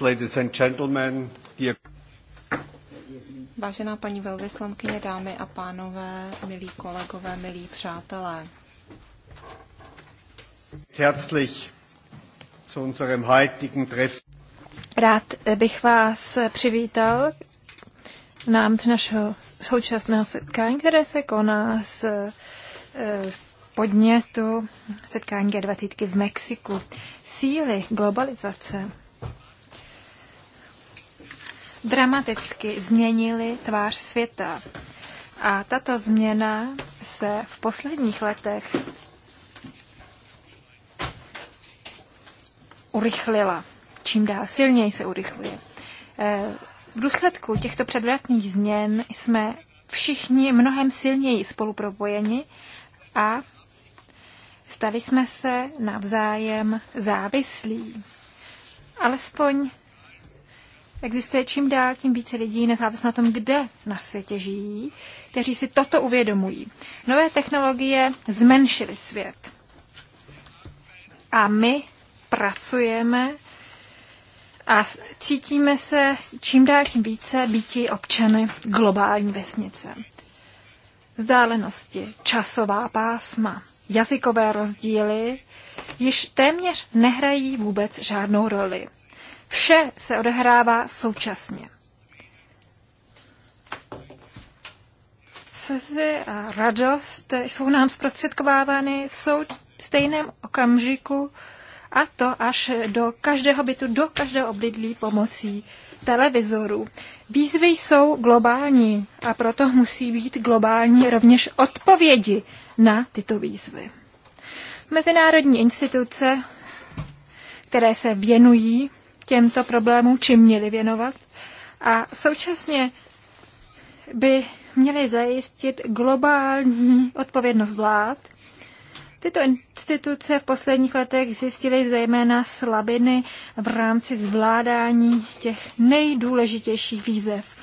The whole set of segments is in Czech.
ladies and gentlemen, dear... Vážená paní velvyslankyně, dámy a pánové, milí kolegové, milí přátelé. Herzlich zu unserem heutigen Treffen. Rád bych vás přivítal v námci našeho současného setkání, které se koná s eh, podnětu setkání G20 v Mexiku. Síly globalizace dramaticky změnily tvář světa. A tato změna se v posledních letech urychlila. Čím dál silněji se urychluje. Eh, v důsledku těchto předvratných změn jsme všichni mnohem silněji spolupropojeni a Stali jsme se navzájem závislí. Alespoň existuje čím dál tím více lidí, nezávisle na tom, kde na světě žijí, kteří si toto uvědomují. Nové technologie zmenšily svět. A my pracujeme a cítíme se čím dál tím více býti občany globální vesnice vzdálenosti, časová pásma, jazykové rozdíly již téměř nehrají vůbec žádnou roli. Vše se odehrává současně. slzy a radost jsou nám zprostředkovávány v sou stejném okamžiku a to až do každého bytu, do každého obydlí pomocí televizorů. Výzvy jsou globální a proto musí být globální rovněž odpovědi na tyto výzvy. Mezinárodní instituce, které se věnují těmto problémům, či měly věnovat, a současně by měly zajistit globální odpovědnost vlád, Tyto instituce v posledních letech zjistily zejména slabiny v rámci zvládání těch nejdůležitějších výzev.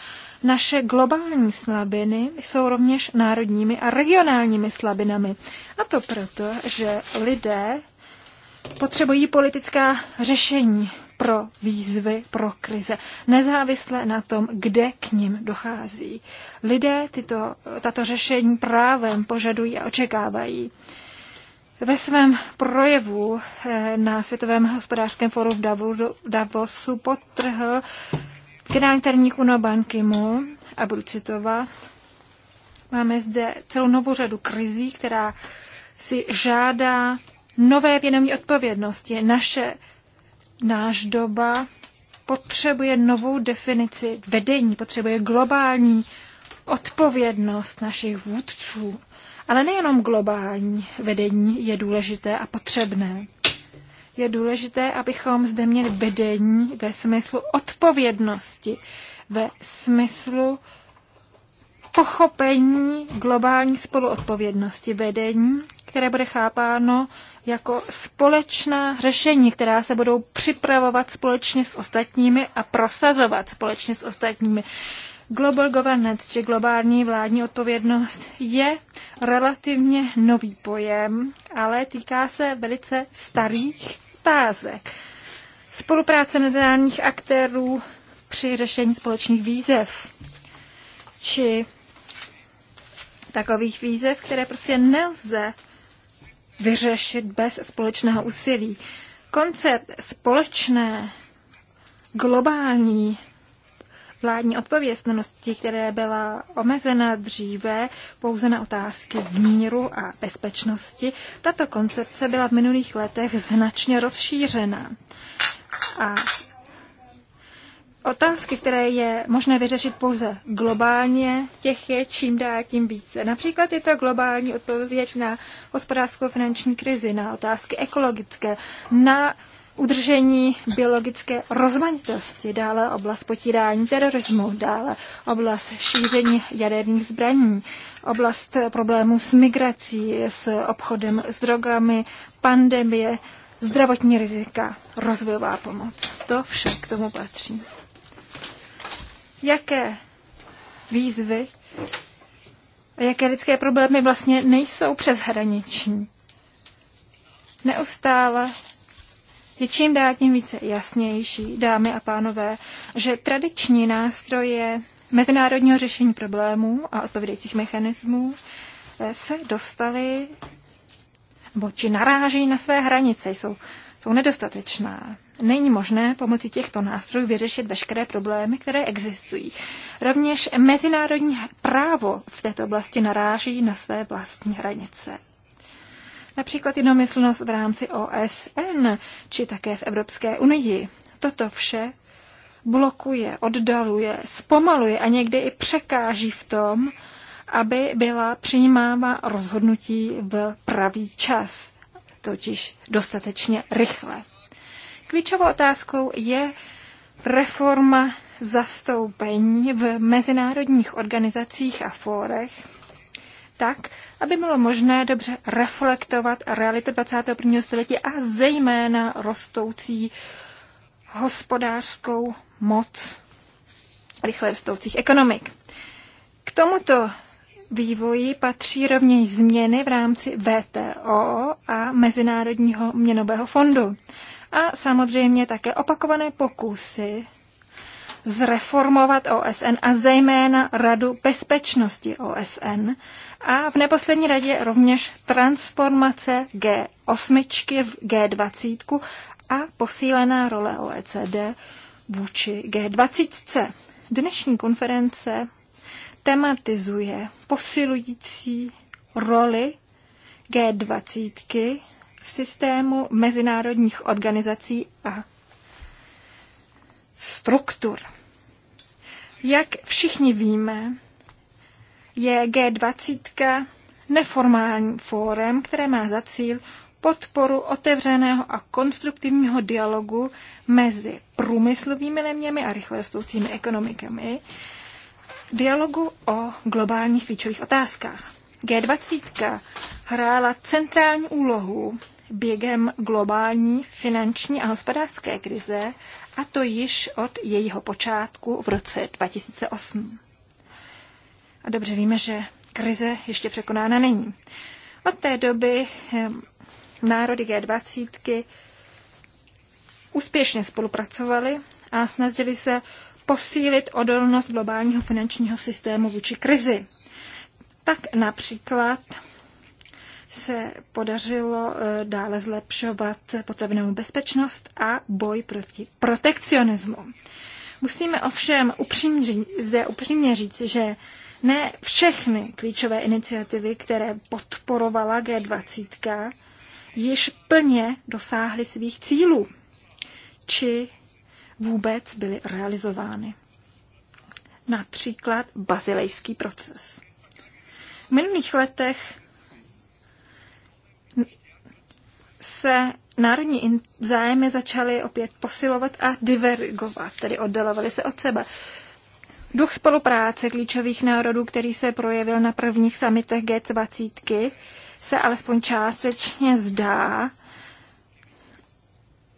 Naše globální slabiny jsou rovněž národními a regionálními slabinami. A to proto, že lidé potřebují politická řešení pro výzvy, pro krize, nezávisle na tom, kde k ním dochází. Lidé tyto, tato řešení právem požadují a očekávají. Ve svém projevu eh, na Světovém hospodářském fóru v Davosu potrhl generální termík Uno banky mu a budu citovat, máme zde celou novou řadu krizí, která si žádá nové vědomí odpovědnosti. Naše, náš doba potřebuje novou definici vedení, potřebuje globální odpovědnost našich vůdců. Ale nejenom globální vedení je důležité a potřebné. Je důležité, abychom zde měli vedení ve smyslu odpovědnosti, ve smyslu pochopení globální spoluodpovědnosti vedení, které bude chápáno jako společná řešení, která se budou připravovat společně s ostatními a prosazovat společně s ostatními. Global governance, či globální vládní odpovědnost, je relativně nový pojem, ale týká se velice starých tázek Spolupráce mezinárodních aktérů při řešení společných výzev, či takových výzev, které prostě nelze vyřešit bez společného úsilí. Koncept společné globální vládní odpověstnosti, které byla omezena dříve pouze na otázky míru a bezpečnosti, tato koncepce byla v minulých letech značně rozšířena. A Otázky, které je možné vyřešit pouze globálně, těch je čím dál tím více. Například je to globální odpověď na hospodářskou finanční krizi, na otázky ekologické, na udržení biologické rozmanitosti, dále oblast potírání terorismu, dále oblast šíření jaderných zbraní, oblast problémů s migrací, s obchodem s drogami, pandemie, zdravotní rizika, rozvojová pomoc. To vše k tomu patří. Jaké výzvy a jaké lidské problémy vlastně nejsou přeshraniční? Neustále je čím dál tím více jasnější, dámy a pánové, že tradiční nástroje mezinárodního řešení problémů a odpovědejících mechanismů eh, se dostaly nebo či naráží na své hranice, jsou, jsou nedostatečná. Není možné pomocí těchto nástrojů vyřešit veškeré problémy, které existují. Rovněž mezinárodní právo v této oblasti naráží na své vlastní hranice například jednomyslnost v rámci OSN či také v Evropské unii. Toto vše blokuje, oddaluje, zpomaluje a někdy i překáží v tom, aby byla přijímána rozhodnutí v pravý čas, totiž dostatečně rychle. Klíčovou otázkou je reforma zastoupení v mezinárodních organizacích a fórech tak, aby bylo možné dobře reflektovat realitu 21. století a zejména rostoucí hospodářskou moc rychle rostoucích ekonomik. K tomuto vývoji patří rovněž změny v rámci VTO a Mezinárodního měnového fondu. A samozřejmě také opakované pokusy zreformovat OSN a zejména Radu bezpečnosti OSN, a v neposlední radě rovněž transformace G8 v G20 a posílená role OECD vůči G20. Dnešní konference tematizuje posilující roli G20 v systému mezinárodních organizací a struktur. Jak všichni víme, je G20 neformálním fórem, které má za cíl podporu otevřeného a konstruktivního dialogu mezi průmyslovými neměmi a rychle rostoucími ekonomikami, dialogu o globálních klíčových otázkách. G20 hrála centrální úlohu během globální finanční a hospodářské krize, a to již od jejího počátku v roce 2008. A dobře víme, že krize ještě překonána není. Od té doby ehm, národy G20 úspěšně spolupracovali a snažili se posílit odolnost globálního finančního systému vůči krizi. Tak například se podařilo e, dále zlepšovat potravinovou bezpečnost a boj proti protekcionismu. Musíme ovšem upřímně, zde upřímně říct, že ne všechny klíčové iniciativy, které podporovala G20, již plně dosáhly svých cílů, či vůbec byly realizovány. Například bazilejský proces. V minulých letech se národní zájmy začaly opět posilovat a divergovat, tedy oddalovaly se od sebe. Duch spolupráce klíčových národů, který se projevil na prvních samitech G20, se alespoň částečně zdá,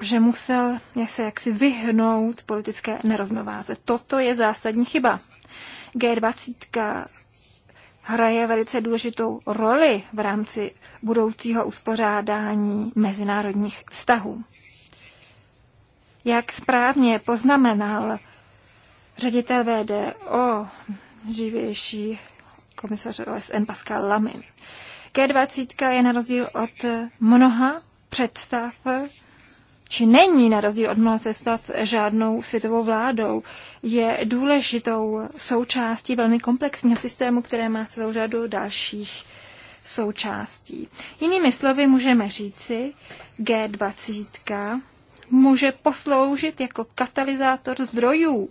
že musel jak se jaksi vyhnout politické nerovnováze. Toto je zásadní chyba. G20 hraje velice důležitou roli v rámci budoucího uspořádání mezinárodních vztahů. Jak správně poznamenal ředitel VDO, živější komisař OSN Pascal Lamy. G20 je na rozdíl od mnoha představ, či není na rozdíl od mnoha představ žádnou světovou vládou. Je důležitou součástí velmi komplexního systému, které má celou řadu dalších součástí. Jinými slovy můžeme říci, G20 může posloužit jako katalyzátor zdrojů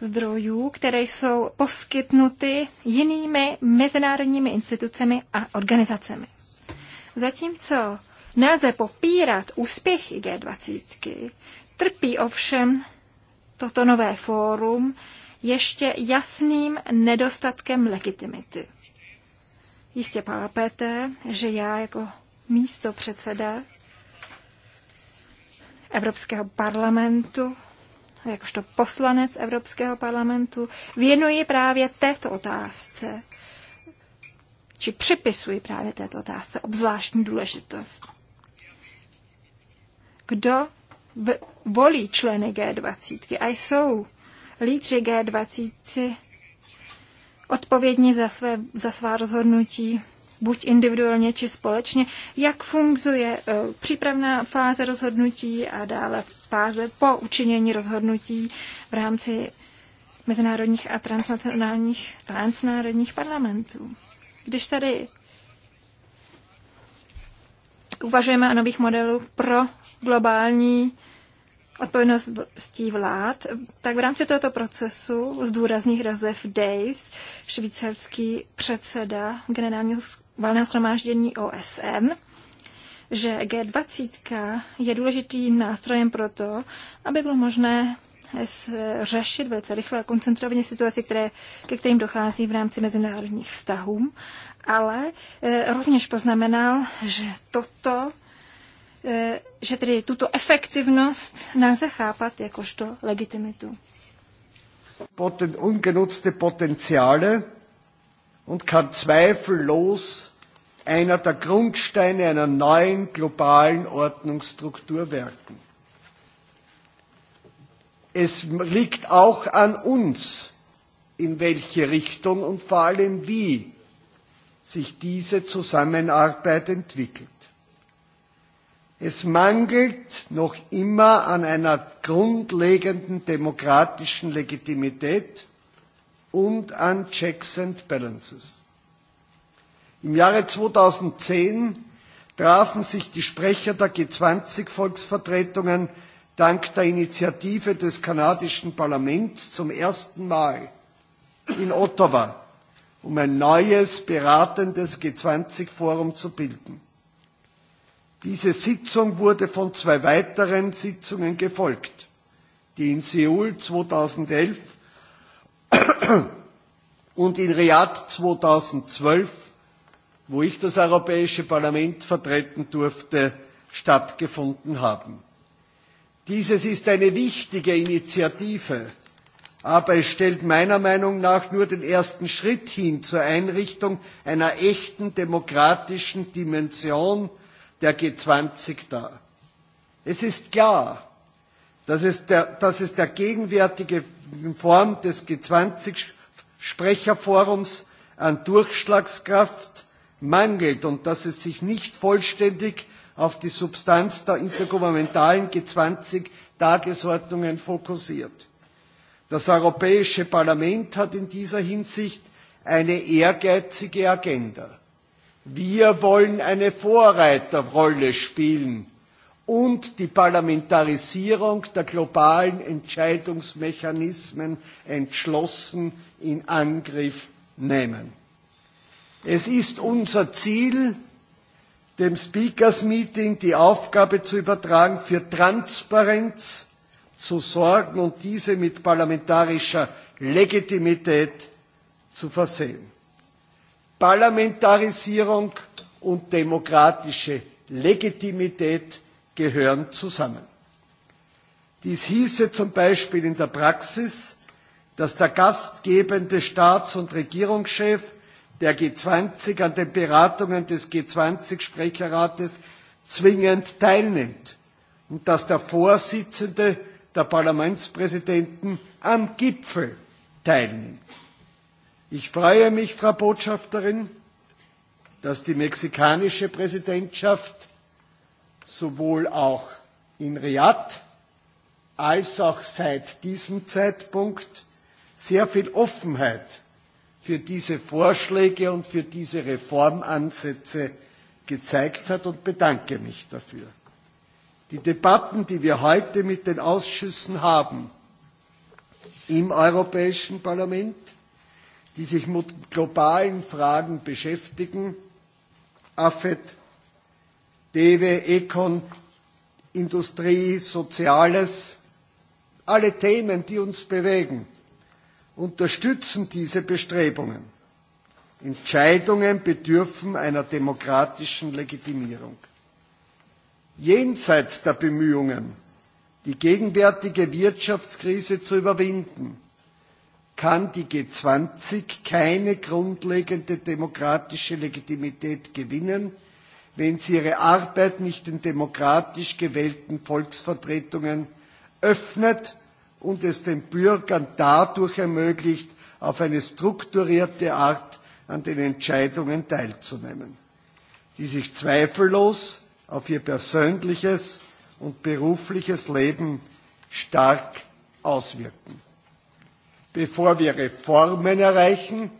zdrojů, které jsou poskytnuty jinými mezinárodními institucemi a organizacemi. Zatímco nelze popírat úspěchy G20, trpí ovšem toto nové fórum ještě jasným nedostatkem legitimity. Jistě pápete, že já jako místo předseda Evropského parlamentu jakožto poslanec Evropského parlamentu, věnuji právě této otázce, či připisuji právě této otázce obzvláštní důležitost. Kdo volí členy G20 a jsou lídři G20 odpovědní za, své, za svá rozhodnutí buď individuálně či společně, jak funguje eh, přípravná fáze rozhodnutí a dále fáze po učinění rozhodnutí v rámci mezinárodních a transnacionálních transnárodních parlamentů. Když tady uvažujeme o nových modelů pro globální odpovědností vlád, tak v rámci tohoto procesu zdůrazní Josef Days, švýcarský předseda generálního valného schromáždění OSN, že G20 je důležitým nástrojem pro to, aby bylo možné řešit velice rychle a koncentrovaně situaci, které, ke kterým dochází v rámci mezinárodních vztahů, ale eh, rovněž poznamenal, že toto eh, že tedy tuto efektivnost nelze chápat jakožto legitimitu. Poten, ungenutzte Potenziale und kann zweifellos einer der Grundsteine einer neuen globalen Ordnungsstruktur werden. Es liegt auch an uns, in welche Richtung und vor allem wie sich diese Zusammenarbeit entwickelt. Es mangelt noch immer an einer grundlegenden demokratischen Legitimität und an Checks and Balances. Im Jahre 2010 trafen sich die Sprecher der G20-Volksvertretungen dank der Initiative des kanadischen Parlaments zum ersten Mal in Ottawa, um ein neues beratendes G20-Forum zu bilden. Diese Sitzung wurde von zwei weiteren Sitzungen gefolgt, die in Seoul 2011 und in Riyadh 2012 wo ich das Europäische Parlament vertreten durfte, stattgefunden haben. Dieses ist eine wichtige Initiative, aber es stellt meiner Meinung nach nur den ersten Schritt hin zur Einrichtung einer echten demokratischen Dimension der G20 dar. Es ist klar, dass es der, dass es der gegenwärtigen Form des G20-Sprecherforums an Durchschlagskraft mangelt und dass es sich nicht vollständig auf die Substanz der intergouvernementalen G20-Tagesordnungen fokussiert. Das Europäische Parlament hat in dieser Hinsicht eine ehrgeizige Agenda. Wir wollen eine Vorreiterrolle spielen und die Parlamentarisierung der globalen Entscheidungsmechanismen entschlossen in Angriff nehmen. Es ist unser Ziel, dem Speakers Meeting die Aufgabe zu übertragen, für Transparenz zu sorgen und diese mit parlamentarischer Legitimität zu versehen. Parlamentarisierung und demokratische Legitimität gehören zusammen. Dies hieße zum Beispiel in der Praxis, dass der gastgebende Staats- und Regierungschef der G20 an den Beratungen des G20-Sprecherrates zwingend teilnimmt und dass der Vorsitzende der Parlamentspräsidenten am Gipfel teilnimmt. Ich freue mich, Frau Botschafterin, dass die mexikanische Präsidentschaft sowohl auch in Riad als auch seit diesem Zeitpunkt sehr viel Offenheit für diese Vorschläge und für diese Reformansätze gezeigt hat und bedanke mich dafür. Die Debatten, die wir heute mit den Ausschüssen haben im Europäischen Parlament, die sich mit globalen Fragen beschäftigen, AFET, DEWE, ECON, Industrie, Soziales, alle Themen, die uns bewegen, unterstützen diese Bestrebungen. Entscheidungen bedürfen einer demokratischen Legitimierung. Jenseits der Bemühungen, die gegenwärtige Wirtschaftskrise zu überwinden, kann die G20 keine grundlegende demokratische Legitimität gewinnen, wenn sie ihre Arbeit nicht den demokratisch gewählten Volksvertretungen öffnet und es den Bürgern dadurch ermöglicht, auf eine strukturierte Art an den Entscheidungen teilzunehmen, die sich zweifellos auf ihr persönliches und berufliches Leben stark auswirken. Bevor wir Reformen erreichen,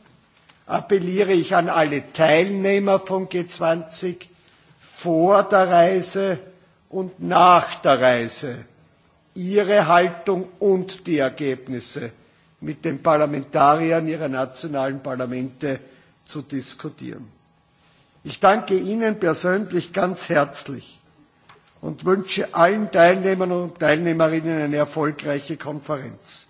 appelliere ich an alle Teilnehmer von G20, vor der Reise und nach der Reise ihre Haltung und die Ergebnisse mit den Parlamentariern ihrer nationalen Parlamente zu diskutieren. Ich danke Ihnen persönlich ganz herzlich und wünsche allen Teilnehmern und Teilnehmerinnen eine erfolgreiche Konferenz.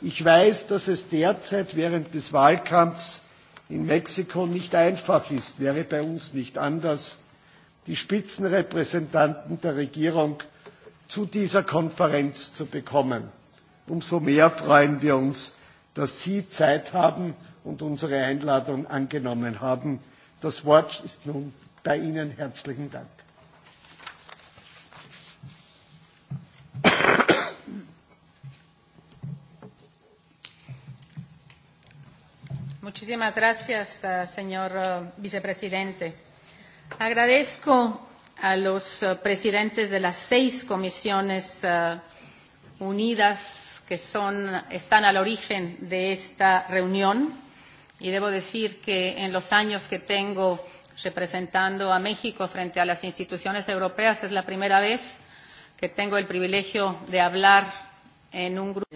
Ich weiß, dass es derzeit während des Wahlkampfs in Mexiko nicht einfach ist, wäre bei uns nicht anders, die Spitzenrepräsentanten der Regierung zu dieser Konferenz zu bekommen. Umso mehr freuen wir uns, dass Sie Zeit haben und unsere Einladung angenommen haben. Das Wort ist nun bei Ihnen. Herzlichen Dank. Muchísimas gracias, eh, señor eh, vicepresidente. Agradezco a los eh, presidentes de las seis comisiones uh, unidas que son, están al origen de esta reunión. Y debo decir que en los años que tengo representando a México frente a las instituciones europeas es la primera vez que tengo el privilegio de hablar en un grupo.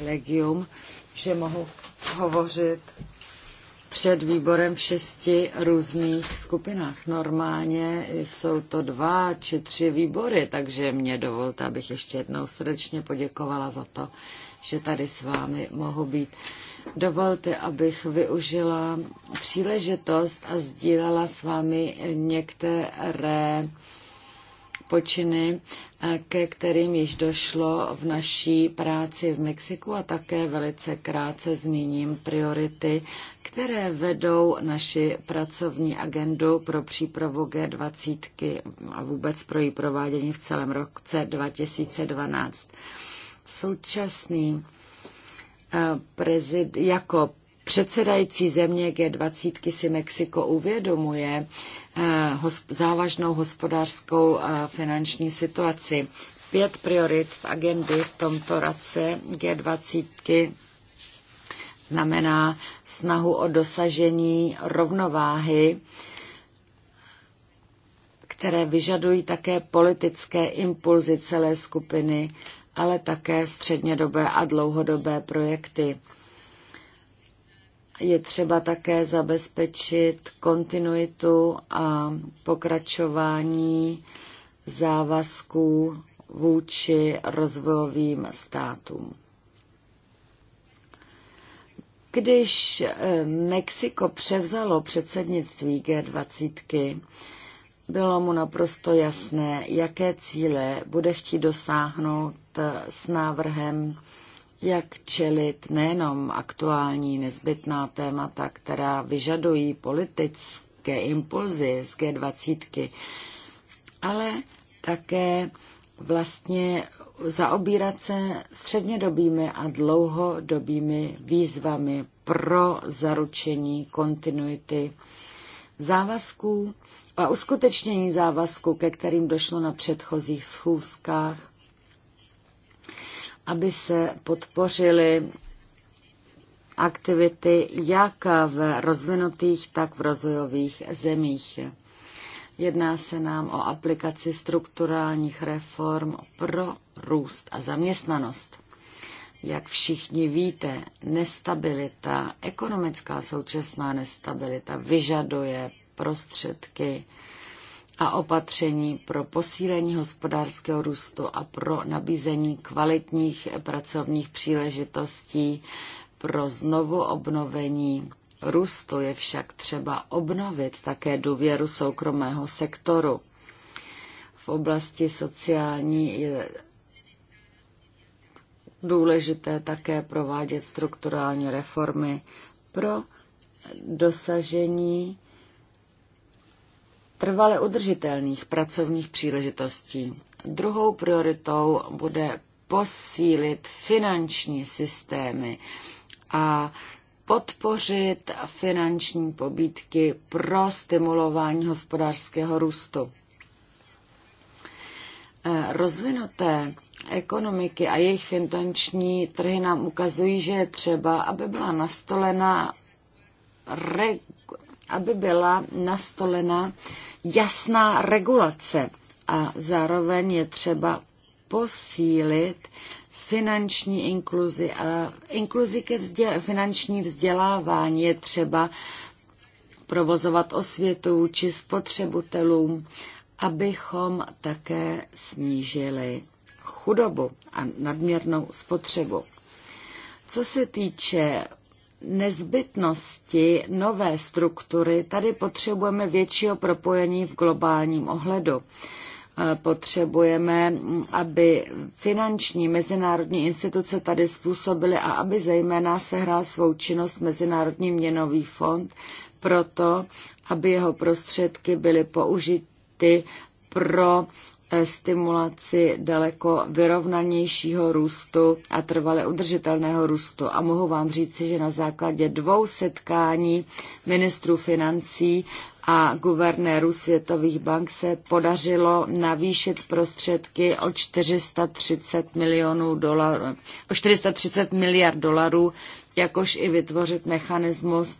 že mohu hovořit před výborem v šesti různých skupinách. Normálně jsou to dva či tři výbory, takže mě dovolte, abych ještě jednou srdečně poděkovala za to, že tady s vámi mohu být. Dovolte, abych využila příležitost a sdílela s vámi některé počiny ke kterým již došlo v naší práci v Mexiku a také velice krátce zmíním priority, které vedou naši pracovní agendu pro přípravu G20 a vůbec pro její provádění v celém roce 2012. Současný eh, prezid, jako Předsedající země G20 si Mexiko uvědomuje eh, závažnou hospodářskou a finanční situaci. Pět priorit v agendy v tomto roce G20 znamená snahu o dosažení rovnováhy které vyžadují také politické impulzy celé skupiny, ale také střednědobé a dlouhodobé projekty je třeba také zabezpečit kontinuitu a pokračování závazků vůči rozvojovým státům. Když eh, Mexiko převzalo předsednictví G20, bylo mu naprosto jasné, jaké cíle bude chtít dosáhnout eh, s návrhem jak čelit nejenom aktuální nezbytná témata, která vyžadují politické impulzy z G20, ale také vlastně zaobírat se střednědobými a dlouhodobými výzvami pro zaručení kontinuity závazků a uskutečnění závazků, ke kterým došlo na předchozích schůzkách aby se podpořily aktivity jak v rozvinutých, tak v rozvojových zemích. Jedná se nám o aplikaci strukturálních reform pro růst a zaměstnanost. Jak všichni víte, nestabilita, ekonomická současná nestabilita vyžaduje prostředky a opatření pro posílení hospodářského růstu a pro nabízení kvalitních pracovních příležitostí pro znovu obnovení růstu je však třeba obnovit také důvěru soukromého sektoru. V oblasti sociální je důležité také provádět strukturální reformy pro dosažení trvale udržitelných pracovních příležitostí. Druhou prioritou bude posílit finanční systémy a podpořit finanční pobídky pro stimulování hospodářského růstu. Eh, rozvinuté ekonomiky a jejich finanční trhy nám ukazují, že je třeba, aby byla nastolena re- aby byla nastolena jasná regulace a zároveň je třeba posílit finanční inkluzi a inkluzi ke vzděl- finanční vzdělávání je třeba provozovat osvětu či spotřebitelům, abychom také snížili chudobu a nadměrnou spotřebu. Co se týče nezbytnosti nové struktury tady potřebujeme většího propojení v globálním ohledu eh, potřebujeme, mm, aby finanční mezinárodní instituce tady způsobily a aby zejména sehrál svou činnost Mezinárodní měnový fond proto, aby jeho prostředky byly použity pro stimulaci daleko vyrovnanějšího růstu a trvale udržitelného růstu. A mohu vám říci, že na základě dvou setkání ministrů financí a guvernérů světových bank se podařilo navýšit prostředky o 430 milionů dolarů, o 430 miliard dolarů, jakož i vytvořit mechanismus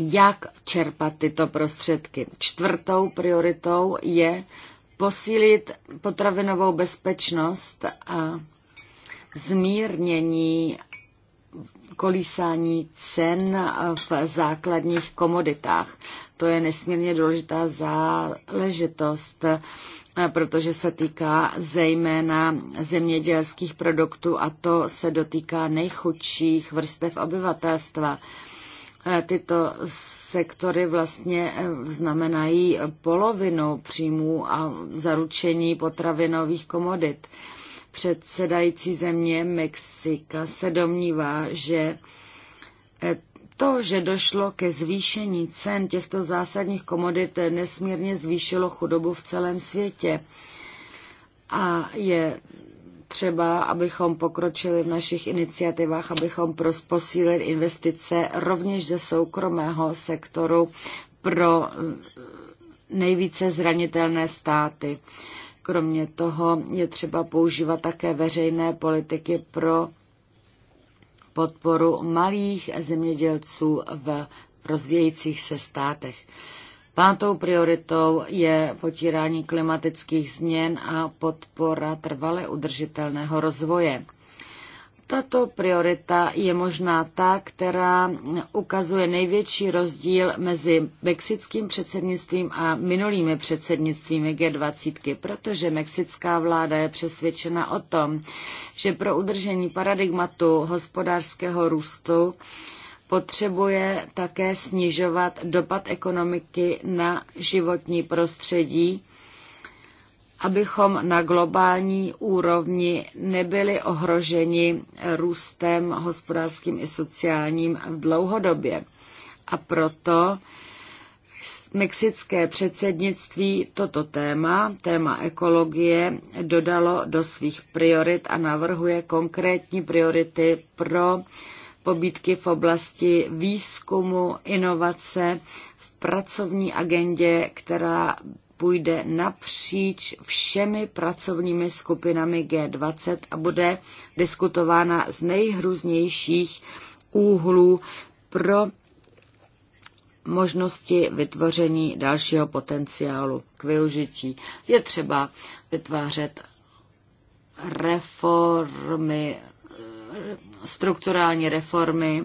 jak čerpat tyto prostředky. Čtvrtou prioritou je posílit potravinovou bezpečnost a zmírnění kolísání cen v základních komoditách. To je nesmírně důležitá záležitost, protože se týká zejména zemědělských produktů a to se dotýká nejchudších vrstev obyvatelstva. E, tyto sektory vlastně e, znamenají polovinu příjmů a zaručení potravinových komodit. Předsedající země Mexika se domnívá, že e, to, že došlo ke zvýšení cen těchto zásadních komodit, nesmírně zvýšilo chudobu v celém světě. A je třeba, abychom pokročili v našich iniciativách, abychom posílili investice rovněž ze soukromého sektoru pro nejvíce zranitelné státy. Kromě toho je třeba používat také veřejné politiky pro podporu malých zemědělců v rozvějících se státech. Pátou prioritou je potírání klimatických změn a podpora trvale udržitelného rozvoje. Tato priorita je možná ta, která ukazuje největší rozdíl mezi mexickým předsednictvím a minulými předsednictvími G20, protože mexická vláda je přesvědčena o tom, že pro udržení paradigmatu hospodářského růstu potřebuje také snižovat dopad ekonomiky na životní prostředí, abychom na globální úrovni nebyli ohroženi růstem hospodářským i sociálním v dlouhodobě. A proto mexické předsednictví toto téma, téma ekologie, dodalo do svých priorit a navrhuje konkrétní priority pro pobídky v oblasti výzkumu, inovace v pracovní agendě, která půjde napříč všemi pracovními skupinami G20 a bude diskutována z nejhrůznějších úhlů pro možnosti vytvoření dalšího potenciálu k využití. Je třeba vytvářet reformy strukturální reformy,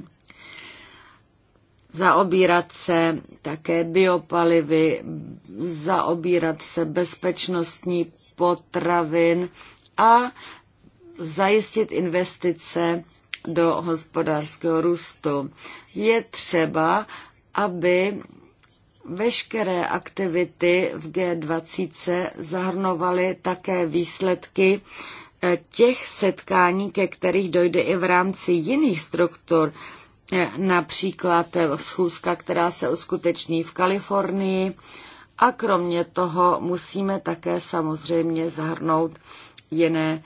zaobírat se také biopalivy, zaobírat se bezpečnostní potravin a zajistit investice do hospodářského růstu. Je třeba, aby veškeré aktivity v G20 zahrnovaly také výsledky těch setkání, ke kterých dojde i v rámci jiných struktur, eh, například eh, schůzka, která se uskuteční v Kalifornii. A kromě toho musíme také samozřejmě zahrnout jiné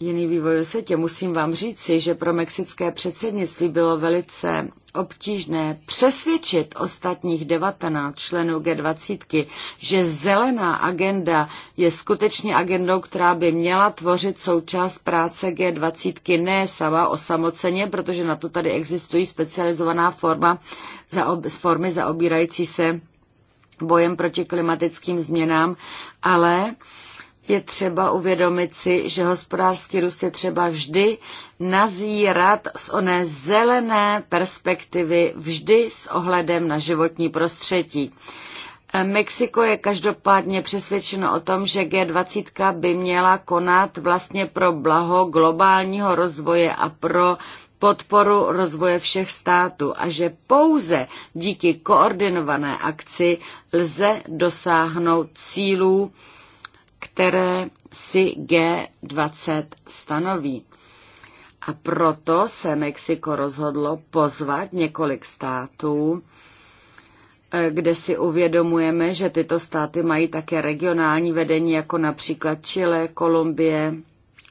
jiný vývoj se tě musím vám říci, že pro mexické předsednictví bylo velice obtížné přesvědčit ostatních 19 členů G20, že zelená agenda je skutečně agendou, která by měla tvořit součást práce G20, ne sama osamoceně, protože na to tady existují specializovaná forma, za, formy zaobírající se bojem proti klimatickým změnám, ale je třeba uvědomit si, že hospodářský růst je třeba vždy nazírat z oné zelené perspektivy, vždy s ohledem na životní prostředí. E, Mexiko je každopádně přesvědčeno o tom, že G20 by měla konat vlastně pro blaho globálního rozvoje a pro podporu rozvoje všech států a že pouze díky koordinované akci lze dosáhnout cílů které si G20 stanoví. A proto se Mexiko rozhodlo pozvat několik států, eh, kde si uvědomujeme, že tyto státy mají také regionální vedení, jako například Chile, Kolumbie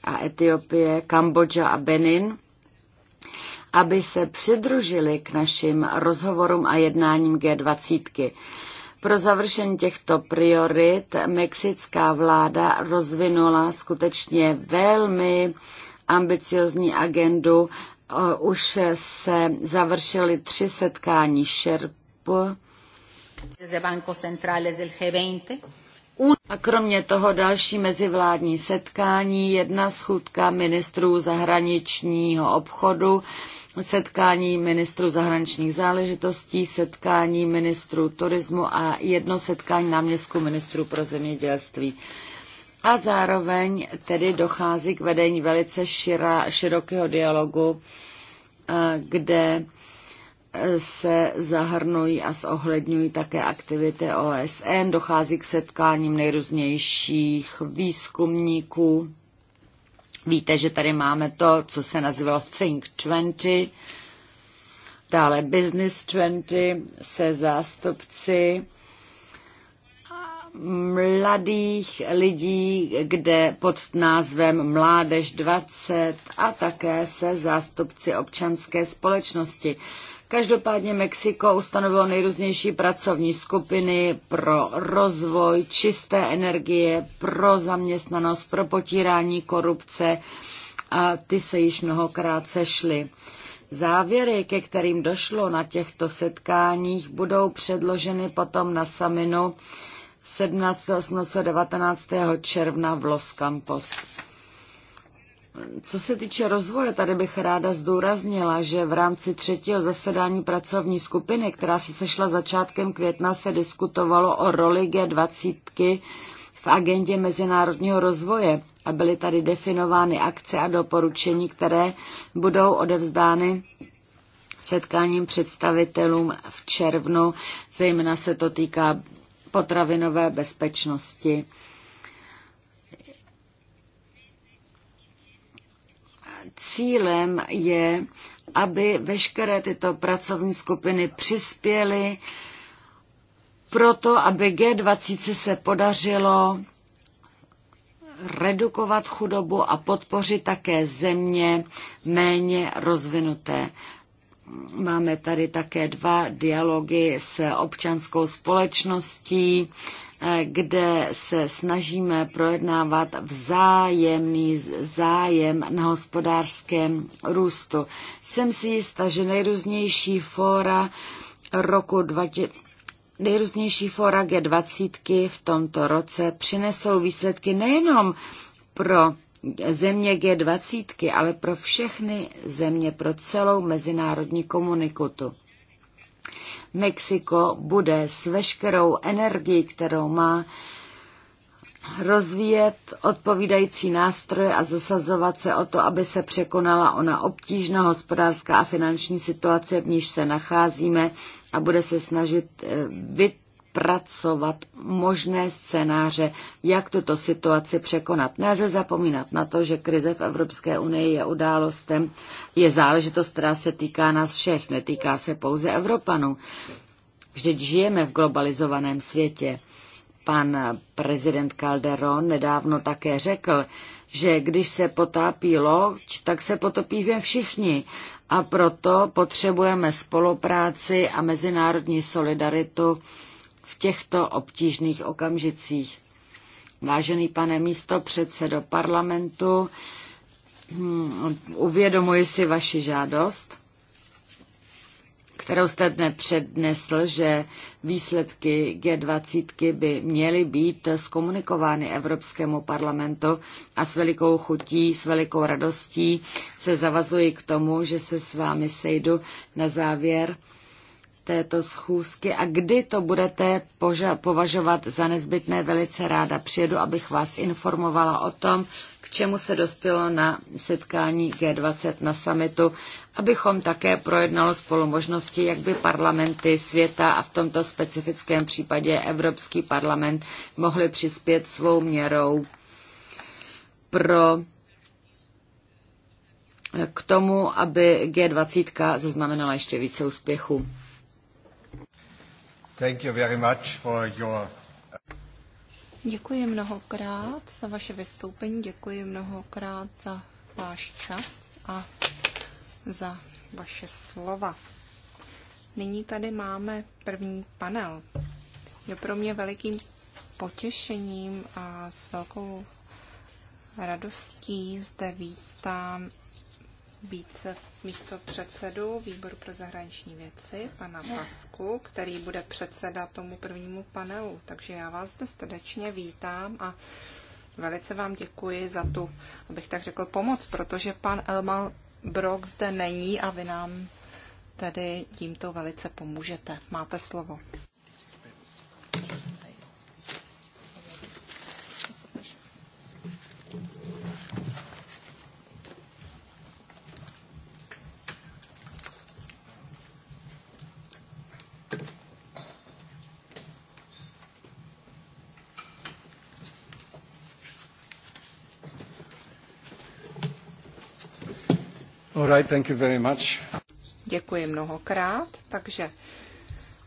a Etiopie, Kambodža a Benin, aby se přidružili k našim rozhovorům a jednáním G20. Pro završení těchto priorit mexická vláda rozvinula skutečně velmi ambiciozní agendu. Eh, už se završily tři setkání šerp. A kromě toho další mezivládní setkání, jedna schůdka ministrů zahraničního obchodu setkání ministru zahraničních záležitostí, setkání ministru turismu a jedno setkání náměstku ministru pro zemědělství. A zároveň tedy dochází k vedení velice šira, širokého dialogu, eh, kde eh, se zahrnují a zohledňují také aktivity OSN, dochází k setkáním nejrůznějších výzkumníků, Víte, že tady máme to, co se nazývalo Think 20, dále Business 20 se zástupci mladých lidí, kde pod názvem Mládež 20 a také se zástupci občanské společnosti. Každopádně Mexiko ustanovilo nejrůznější pracovní skupiny pro rozvoj čisté energie, pro zaměstnanost, pro potírání korupce a ty se již mnohokrát sešly. Závěry, ke kterým došlo na těchto setkáních, budou předloženy potom na saminu 17. 18. 19. června v Los Campos. Co se týče rozvoje, tady bych ráda zdůraznila, že v rámci třetího zasedání pracovní skupiny, která se sešla začátkem května, se diskutovalo o roli G20 v agendě mezinárodního rozvoje a byly tady definovány akce a doporučení, které budou odevzdány setkáním představitelům v červnu, zejména se to týká potravinové bezpečnosti Cílem je, aby veškeré tyto pracovní skupiny přispěly proto, aby G20 se podařilo redukovat chudobu a podpořit také země méně rozvinuté. Máme tady také dva dialogy s občanskou společností, Eh, kde se snažíme projednávat vzájemný zájem na hospodářském růstu. Jsem si jistá, že nejrůznější fóra roku 20 Nejrůznější fora G20 v tomto roce přinesou výsledky nejenom pro země G20, ale pro všechny země, pro celou mezinárodní komunikutu. Mexiko bude s veškerou energií, kterou má, rozvíjet odpovídající nástroje a zasazovat se o to, aby se překonala ona obtížná hospodářská a finanční situace, v níž se nacházíme a bude se snažit eh, vyt pracovat možné scénáře, jak tuto situaci překonat. Nelze zapomínat na to, že krize v Evropské unii je událostem, je záležitost, která se týká nás všech, netýká se pouze Evropanů. Vždyť žijeme v globalizovaném světě. Pan prezident Calderon nedávno také řekl, že když se potápí loď, tak se potopíme všichni. A proto potřebujeme spolupráci a mezinárodní solidaritu v těchto obtížných okamžicích. Vážený pane místo předsedo parlamentu, hm, uvědomuji si vaši žádost, kterou jste dne přednesl, že výsledky G20 by měly být zkomunikovány Evropskému parlamentu a s velikou chutí, s velikou radostí se zavazuji k tomu, že se s vámi sejdu na závěr této schůzky a kdy to budete považovat za nezbytné, velice ráda přijedu, abych vás informovala o tom, k čemu se dospělo na setkání G20 na summitu, abychom také projednalo spolu možnosti, jak by parlamenty světa a v tomto specifickém případě Evropský parlament mohly přispět svou měrou pro eh, k tomu, aby G20 zaznamenala ještě více úspěchů. Thank you very much for your... Děkuji mnohokrát za vaše vystoupení, děkuji mnohokrát za váš čas a za vaše slova. Nyní tady máme první panel. Je pro mě velikým potěšením a s velkou radostí zde vítám více místo předsedu výboru pro zahraniční věci, pana Pasku, který bude předsedat tomu prvnímu panelu. Takže já vás zde srdečně vítám a velice vám děkuji za tu, abych tak řekl, pomoc, protože pan Elmal Brok zde není a vy nám tedy tímto velice pomůžete. Máte slovo. All right, thank you very much. Děkuji mnohokrát, takže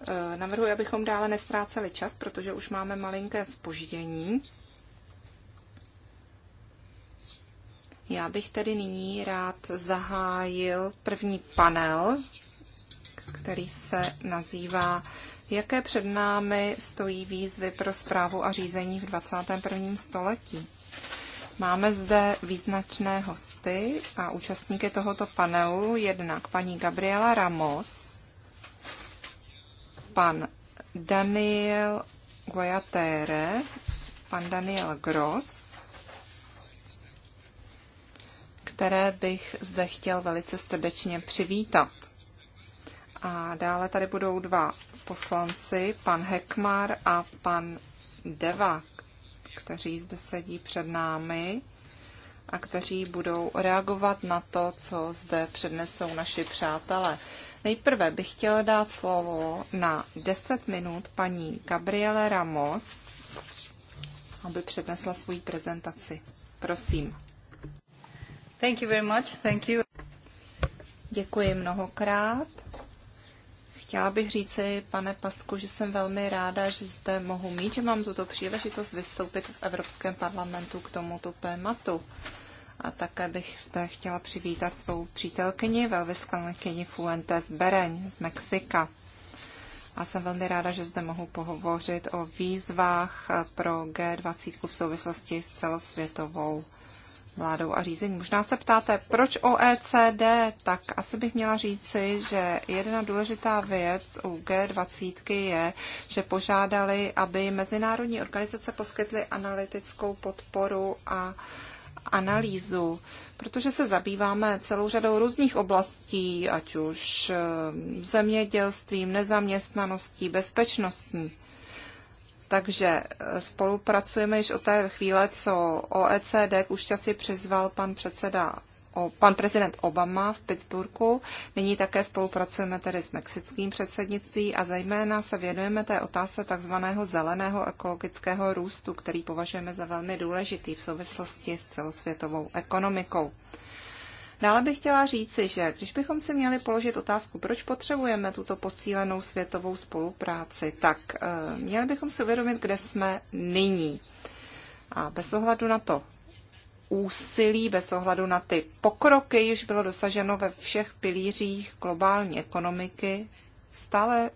eh, navrhuji, abychom dále nestráceli čas, protože už máme malinké spoždění. Já bych tedy nyní rád zahájil první panel, který se nazývá Jaké před námi stojí výzvy pro zprávu a řízení v 21. století? Máme zde význačné hosty a účastníky tohoto panelu. Jednak paní Gabriela Ramos, pan Daniel Guajatere, pan Daniel Gross, které bych zde chtěl velice srdečně přivítat. A dále tady budou dva poslanci, pan Hekmar a pan Deva, kteří zde sedí před námi a kteří budou reagovat na to, co zde přednesou naši přátelé. Nejprve bych chtěla dát slovo na 10 minut paní Gabriele Ramos, aby přednesla svoji prezentaci. Prosím. Thank you very much. Thank you. Děkuji mnohokrát. Chtěla bych říci, pane Pasku, že jsem velmi ráda, že zde mohu mít, že mám tuto příležitost vystoupit v Evropském parlamentu k tomuto tématu. A také bych zde chtěla přivítat svou přítelkyni, velvyslankyni Fuentes Bereň z Mexika. A jsem velmi ráda, že zde mohu pohovořit o výzvách pro G20 v souvislosti s celosvětovou vládou a řízení. Možná se ptáte, proč OECD? Tak asi bych měla říci, že jedna důležitá věc u G20 je, že požádali, aby mezinárodní organizace poskytly analytickou podporu a analýzu, protože se zabýváme celou řadou různých oblastí, ať už eh, zemědělstvím, nezaměstnaností, bezpečnostní. Takže eh, spolupracujeme již od té chvíle, co OECD k účasti přizval pan předseda pan prezident Obama v Pittsburghu. Nyní také spolupracujeme tedy s mexickým předsednictví a zejména se věnujeme té otázce takzvaného zeleného ekologického růstu, který považujeme za velmi důležitý v souvislosti s celosvětovou ekonomikou. Dále bych chtěla říci, že když bychom si měli položit otázku, proč potřebujeme tuto posílenou světovou spolupráci, tak eh, měli bychom si uvědomit, kde jsme nyní. A bez ohledu na to úsilí, bez ohledu na ty pokroky, již bylo dosaženo ve všech pilířích globální ekonomiky, stále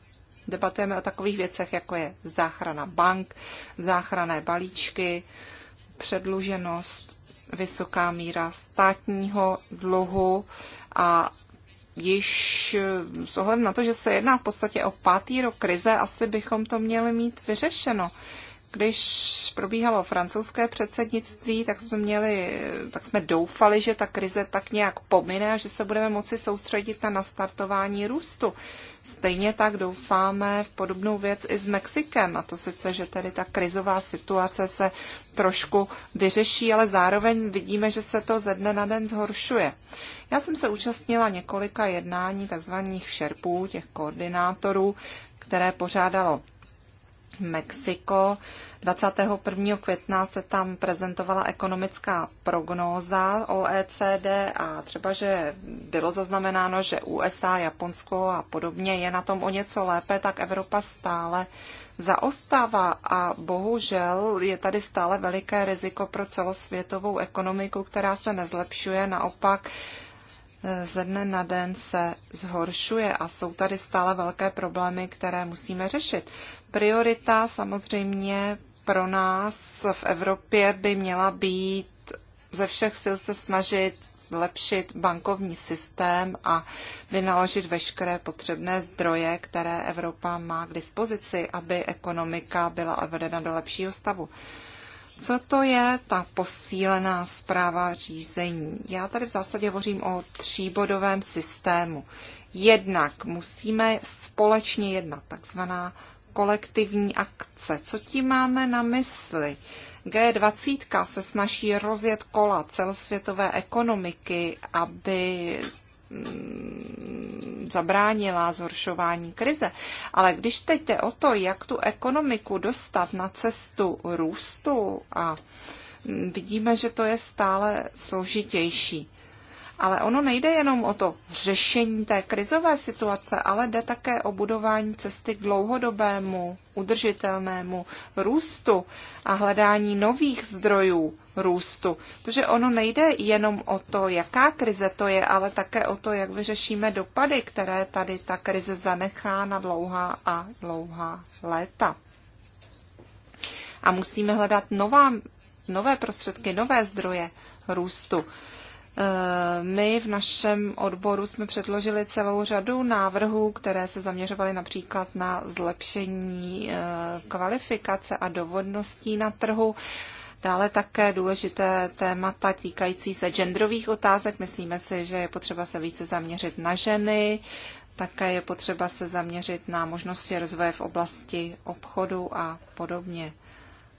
debatujeme o takových věcech, jako je záchrana bank, záchrané balíčky, předluženost vysoká míra státního dluhu a již eh, s ohledem na to, že se jedná v podstatě o pátý rok krize, asi bychom to měli mít vyřešeno když probíhalo francouzské předsednictví, tak jsme měli, tak jsme doufali, že ta krize tak nějak pomine a že se budeme moci soustředit na nastartování růstu. Stejně tak doufáme v podobnou věc i s Mexikem, a to sice, že tedy ta krizová situace se trošku vyřeší, ale zároveň vidíme, že se to ze dne na den zhoršuje. Já jsem se účastnila několika jednání tzv. šerpů, těch koordinátorů, které pořádalo Mexiko. 21. května se tam prezentovala ekonomická prognóza OECD a třeba, že bylo zaznamenáno, že USA, Japonsko a podobně je na tom o něco lépe, tak Evropa stále zaostává a bohužel je tady stále veliké riziko pro celosvětovou ekonomiku, která se nezlepšuje, naopak ze dne na den se zhoršuje a jsou tady stále velké problémy, které musíme řešit. Priorita samozřejmě pro nás v Evropě by měla být ze všech sil se snažit zlepšit bankovní systém a vynaložit veškeré potřebné zdroje, které Evropa má k dispozici, aby ekonomika byla vedena do lepšího stavu. Co to je ta posílená zpráva řízení? Já tady v zásadě hovořím o tříbodovém systému. Jednak musíme společně jednat, takzvaná kolektivní akce. Co tím máme na mysli? G20 se snaží rozjet kola celosvětové ekonomiky, aby Mm, zabránila zhoršování krize. Ale když teď jde o to, jak tu ekonomiku dostat na cestu růstu a mm, vidíme, že to je stále složitější. Ale ono nejde jenom o to řešení té krizové situace, ale jde také o budování cesty k dlouhodobému, udržitelnému růstu a hledání nových zdrojů růstu. Protože ono nejde jenom o to, jaká krize to je, ale také o to, jak vyřešíme dopady, které tady ta krize zanechá na dlouhá a dlouhá léta. A musíme hledat nová, nové prostředky, nové zdroje růstu. Eh, my v našem odboru jsme předložili celou řadu návrhů, které se zaměřovaly například na zlepšení eh, kvalifikace a dovodností na trhu. Dále také důležité témata týkající se genderových otázek. Myslíme si, že je potřeba se více zaměřit na ženy, také je potřeba se zaměřit na možnosti rozvoje v oblasti obchodu a podobně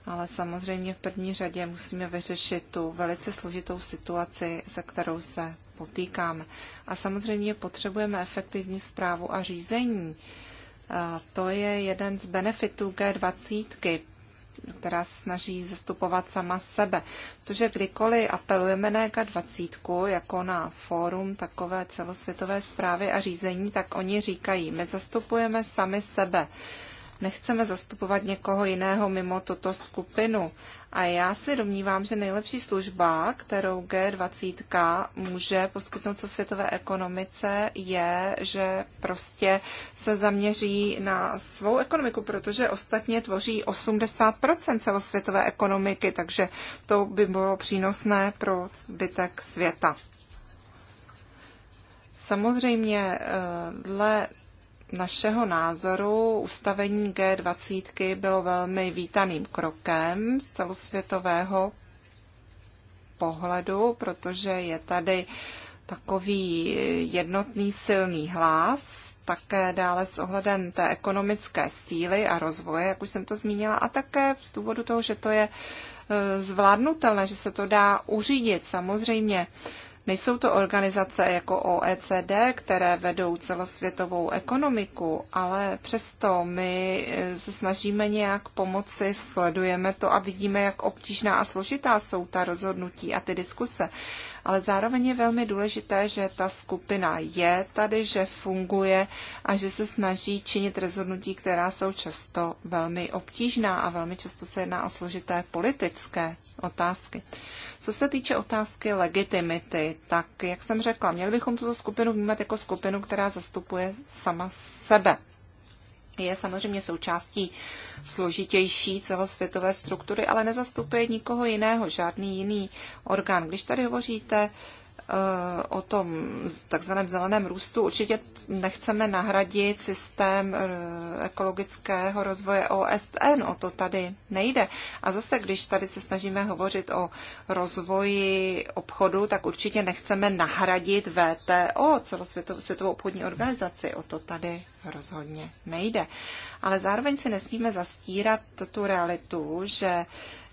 ale samozřejmě v první řadě musíme vyřešit tu velice složitou situaci, se kterou se potýkáme. A samozřejmě potřebujeme efektivní zprávu a řízení. A to je jeden z benefitů G20, která se snaží zastupovat sama sebe. Protože kdykoliv apelujeme na G20, jako na fórum takové celosvětové zprávy a řízení, tak oni říkají, my zastupujeme sami sebe. Nechceme zastupovat někoho jiného mimo tuto skupinu. A já si domnívám, že nejlepší služba, kterou G20 může poskytnout se světové ekonomice, je, že prostě se zaměří na svou ekonomiku, protože ostatně tvoří 80 celosvětové ekonomiky, takže to by bylo přínosné pro zbytek světa. Samozřejmě eh, dle našeho názoru ustavení G20 bylo velmi vítaným krokem z celosvětového pohledu, protože je tady takový jednotný silný hlas, také dále s ohledem té ekonomické síly a rozvoje, jak už jsem to zmínila, a také z důvodu toho, že to je e, zvládnutelné, že se to dá uřídit. Samozřejmě Nejsou to organizace jako OECD, které vedou celosvětovou ekonomiku, ale přesto my eh, se snažíme nějak pomoci, sledujeme to a vidíme, jak obtížná a složitá jsou ta rozhodnutí a ty diskuse. Ale zároveň je velmi důležité, že ta skupina je tady, že funguje a že se snaží činit rozhodnutí, která jsou často velmi obtížná a velmi často se jedná o složité politické otázky. Co se týče otázky legitimity, tak, jak jsem řekla, měli bychom tuto skupinu vnímat jako skupinu, která zastupuje sama sebe. Je samozřejmě součástí složitější celosvětové struktury, ale nezastupuje nikoho jiného, žádný jiný orgán. Když tady hovoříte Eh, o tom takzvaném zeleném růstu. Určitě nechceme nahradit systém eh, ekologického rozvoje OSN, o to tady nejde. A zase, když tady se snažíme hovořit o rozvoji obchodu, tak určitě nechceme nahradit VTO, celosvětovou světovou obchodní organizaci, o to tady rozhodně nejde. Ale zároveň si nesmíme zastírat tu realitu, že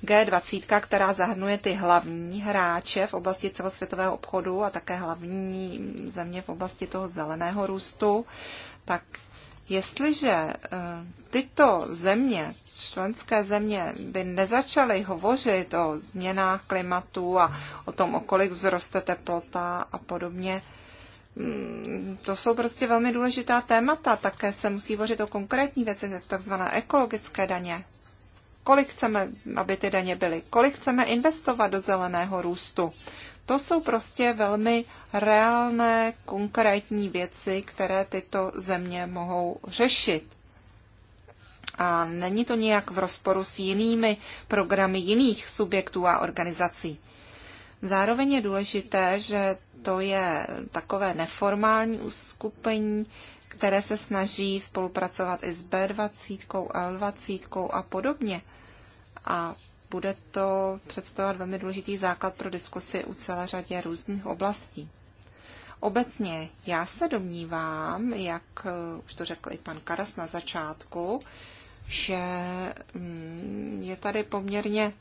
G20, která zahrnuje ty hlavní hráče v oblasti celosvětového obchodu a také hlavní země v oblasti toho zeleného růstu, tak jestliže eh, tyto země, členské země, by nezačaly hovořit o změnách klimatu a o tom, o kolik vzroste teplota a podobně, mm, to jsou prostě velmi důležitá témata. Také se musí hovořit o konkrétní věcech, takzvané ekologické daně, kolik chceme, aby ty daně byly, kolik chceme investovat do zeleného růstu. To jsou prostě velmi reálné, konkrétní věci, které tyto země mohou řešit. A není to nějak v rozporu s jinými programy jiných subjektů a organizací. Zároveň je důležité, že to je takové neformální uskupení, které se snaží spolupracovat i s B20, L20 a podobně. A bude to představovat velmi důležitý základ pro diskusy u celé řadě různých oblastí. Obecně já se domnívám, jak eh, už to řekl i pan Karas na začátku, že mm, je tady poměrně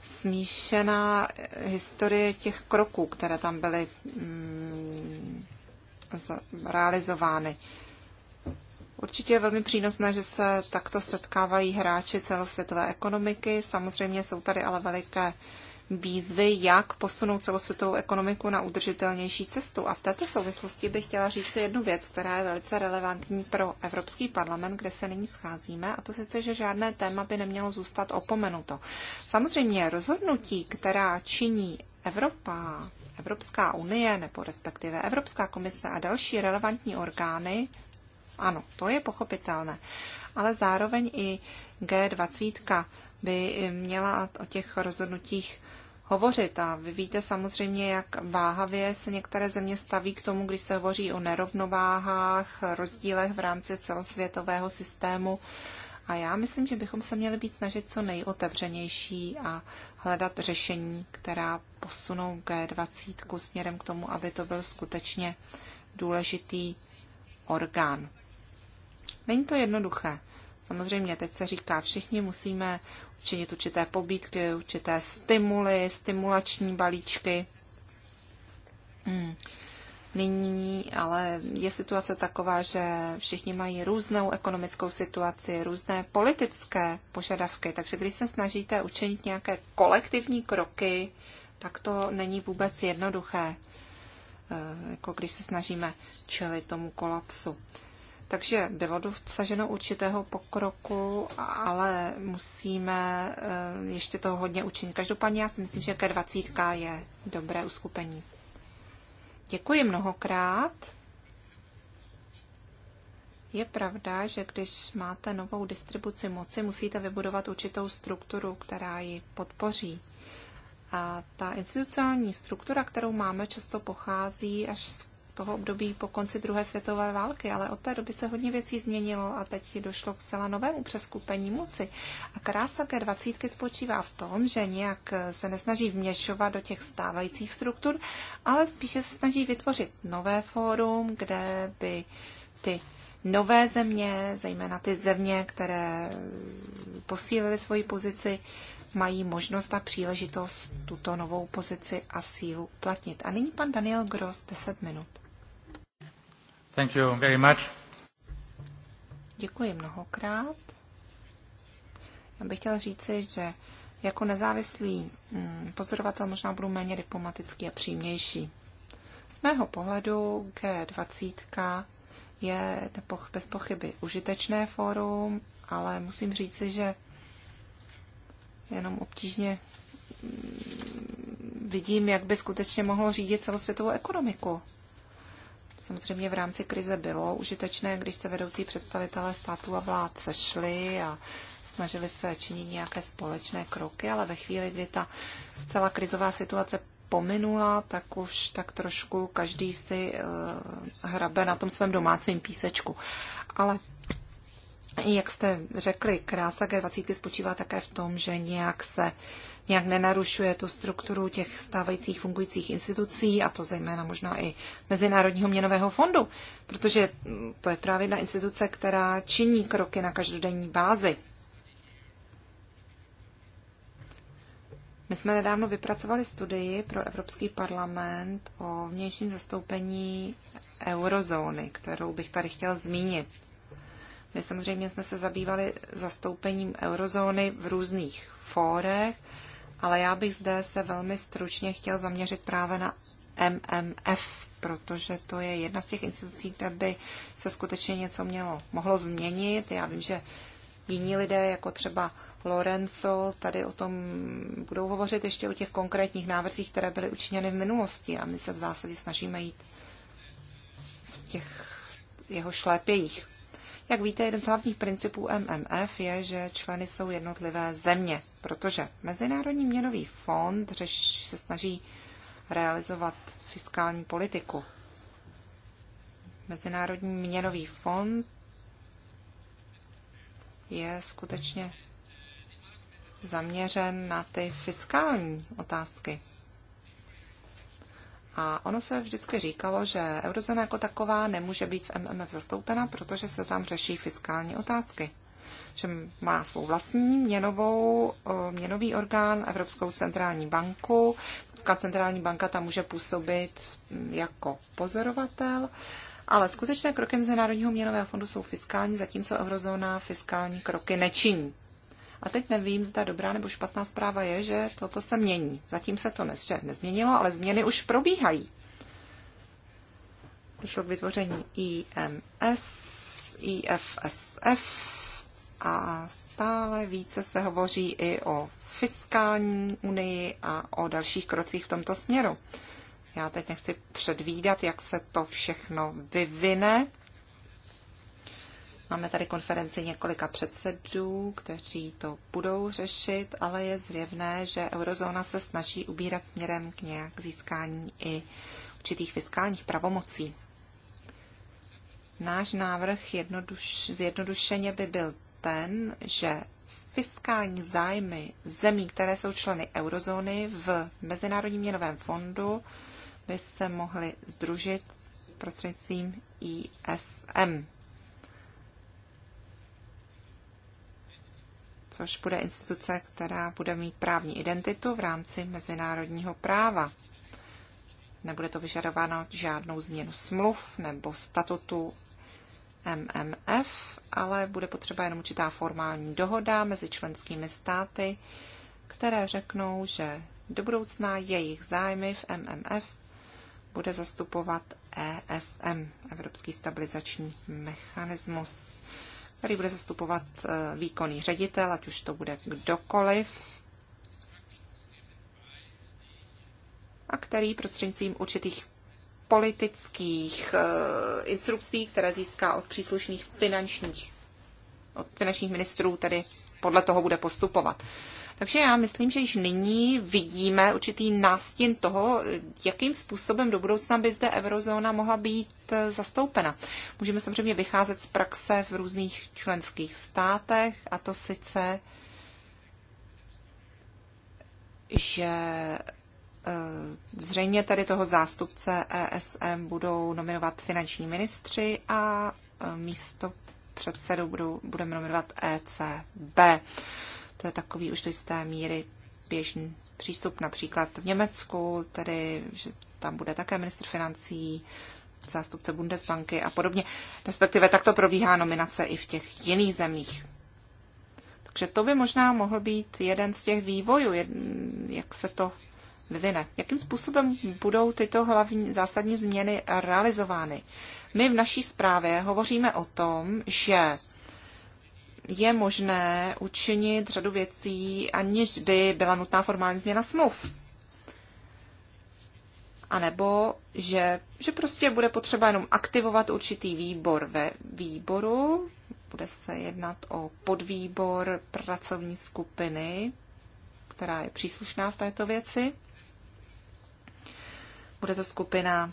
smíšená historie těch kroků, které tam byly mm, realizovány. Určitě je velmi přínosné, že se takto setkávají hráči celosvětové ekonomiky. Samozřejmě jsou tady ale veliké výzvy, jak posunout celosvětovou ekonomiku na udržitelnější cestu. A v této souvislosti bych chtěla říct jednu věc, která je velice relevantní pro Evropský parlament, kde se nyní scházíme, a to sice, že žádné téma by nemělo zůstat opomenuto. Samozřejmě rozhodnutí, která činí Evropa Evropská unie nebo respektive Evropská komise a další relevantní orgány, ano, to je pochopitelné, ale zároveň i G20 by měla o těch rozhodnutích hovořit. A vy víte samozřejmě, jak váhavě se některé země staví k tomu, když se hovoří o nerovnováhách, rozdílech v rámci celosvětového systému. A já myslím, že bychom se měli být snažit co nejotevřenější a hledat řešení, která posunou G20 směrem k tomu, aby to byl skutečně důležitý orgán. Není to jednoduché. Samozřejmě, teď se říká, všichni musíme učinit určité pobídky, určité stimuly, stimulační balíčky. Hmm. Nyní ale je situace taková, že všichni mají různou ekonomickou situaci, různé politické požadavky, takže když se snažíte učinit nějaké kolektivní kroky, tak to není vůbec jednoduché, eh, jako když se snažíme čelit tomu kolapsu. Takže bylo dosaženo určitého pokroku, ale musíme eh, ještě toho hodně učinit. Každopádně já si myslím, že K20 je dobré uskupení. Děkuji mnohokrát. Je pravda, že když máte novou distribuci moci, musíte vybudovat určitou strukturu, která ji podpoří. A ta institucionální struktura, kterou máme, často pochází až z toho období po konci druhé světové války, ale od té doby se hodně věcí změnilo a teď došlo k celá novému přeskupení moci. A krása G20 spočívá v tom, že nějak se nesnaží vměšovat do těch stávajících struktur, ale spíše se snaží vytvořit nové fórum, kde by ty nové země, zejména ty země, které posílily svoji pozici, mají možnost a příležitost tuto novou pozici a sílu uplatnit. A nyní pan Daniel Gross, 10 minut. Thank you very much. Děkuji mnohokrát. Já bych chtěl říci, že jako nezávislý mm, pozorovatel možná budu méně diplomatický a přímější. Z mého pohledu G20 je bez pochyby užitečné fórum, ale musím říci, že jenom obtížně mm, vidím, jak by skutečně mohlo řídit celosvětovou ekonomiku samozřejmě v rámci krize bylo užitečné, když se vedoucí představitelé států a vlád sešli a snažili se činit nějaké společné kroky, ale ve chvíli, kdy ta zcela krizová situace pominula, tak už tak trošku každý si eh, hrabe na tom svém domácím písečku. Ale jak jste řekli, krása G20 spočívá také v tom, že nějak se uh, nějak nenarušuje tu strukturu těch stávajících fungujících institucí, a to zejména možná i Mezinárodního měnového fondu, protože mm, to je právě jedna instituce, která činí kroky na každodenní bázi. My jsme nedávno vypracovali studii pro Evropský parlament o vnějším zastoupení eurozóny, kterou bych tady chtěl zmínit. My samozřejmě jsme se zabývali zastoupením eurozóny v různých fórech ale já bych zde se velmi stručně chtěl zaměřit právě na MMF, protože to je jedna z těch institucí, kde by se skutečně něco mělo, mohlo změnit. Já vím, že jiní lidé, jako třeba Lorenzo, tady o tom budou hovořit ještě o těch konkrétních návrzích, které byly učiněny v minulosti a my se v zásadě snažíme jít v těch jeho šlépějích. Jak víte, jeden z hlavních principů MMF je, že členy jsou jednotlivé země, protože Mezinárodní měnový fond řeš, se snaží realizovat fiskální politiku. Mezinárodní měnový fond je skutečně zaměřen na ty fiskální otázky. A ono se vždycky říkalo, že eurozona jako taková nemůže být v MMF zastoupena, protože se tam řeší fiskální otázky. Že má svou vlastní měnovou, eh, měnový orgán, Evropskou centrální banku. Evropská centrální banka tam může působit hm, jako pozorovatel. Ale skutečné kroky Mezinárodního měnového fondu jsou fiskální, zatímco eurozóna fiskální kroky nečiní. A teď nevím, zda dobrá nebo špatná zpráva je, že toto se mění. Zatím se to ne, nezměnilo, ale změny už probíhají. Došlo k vytvoření IMS, IFSF a stále více se hovoří i o fiskální unii a o dalších krocích v tomto směru. Já teď nechci předvídat, jak se to všechno vyvine, Máme tady konferenci několika předsedů, kteří to budou řešit, ale je zjevné, že eurozóna se snaží ubírat směrem k nějak získání i určitých fiskálních pravomocí. Náš návrh jednoduš, zjednodušeně by byl ten, že fiskální zájmy zemí, které jsou členy eurozóny v Mezinárodním měnovém fondu, by se mohly združit prostřednictvím ISM. což bude instituce, která bude mít právní identitu v rámci mezinárodního práva. Nebude to vyžadováno žádnou změnu smluv nebo statutu MMF, ale bude potřeba jenom určitá formální dohoda mezi členskými státy, které řeknou, že do budoucna jejich zájmy v MMF bude zastupovat ESM, Evropský stabilizační mechanismus který bude zastupovat eh, výkonný ředitel, ať už to bude kdokoliv, a který prostřednictvím určitých politických eh, instrukcí, které získá od příslušných finančních, od finančních ministrů, tedy podle toho bude postupovat. Takže já myslím, že již nyní vidíme určitý nástin toho, jakým způsobem do budoucna by zde eurozóna mohla být eh, zastoupena. Můžeme samozřejmě vycházet z praxe v různých členských státech, a to sice, že eh, zřejmě tady toho zástupce ESM budou nominovat finanční ministři a eh, místo předsedu budou, budeme nominovat ECB. To je takový už do jisté míry běžný přístup například v Německu, tedy že tam bude také minister financí, zástupce Bundesbanky a podobně. Respektive takto probíhá nominace i v těch jiných zemích. Takže to by možná mohl být jeden z těch vývojů, jak se to vyvine. Jakým způsobem budou tyto hlavní zásadní změny realizovány? My v naší zprávě hovoříme o tom, že je možné učinit řadu věcí, aniž by byla nutná formální změna smluv. A nebo, že, že prostě bude potřeba jenom aktivovat určitý výbor ve výboru, bude se jednat o podvýbor pracovní skupiny, která je příslušná v této věci. Bude to skupina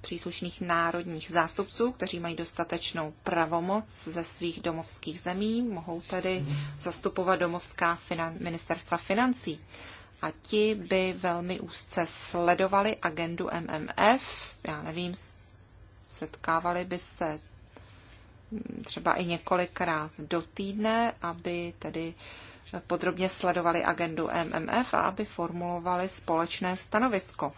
příslušných národních zástupců, kteří mají dostatečnou pravomoc ze svých domovských zemí, mohou tedy zastupovat domovská finan- ministerstva financí. A ti by velmi úzce sledovali agendu MMF, já nevím, setkávali by se třeba i několikrát do týdne, aby tedy podrobně sledovali agendu MMF a aby formulovali společné stanovisko.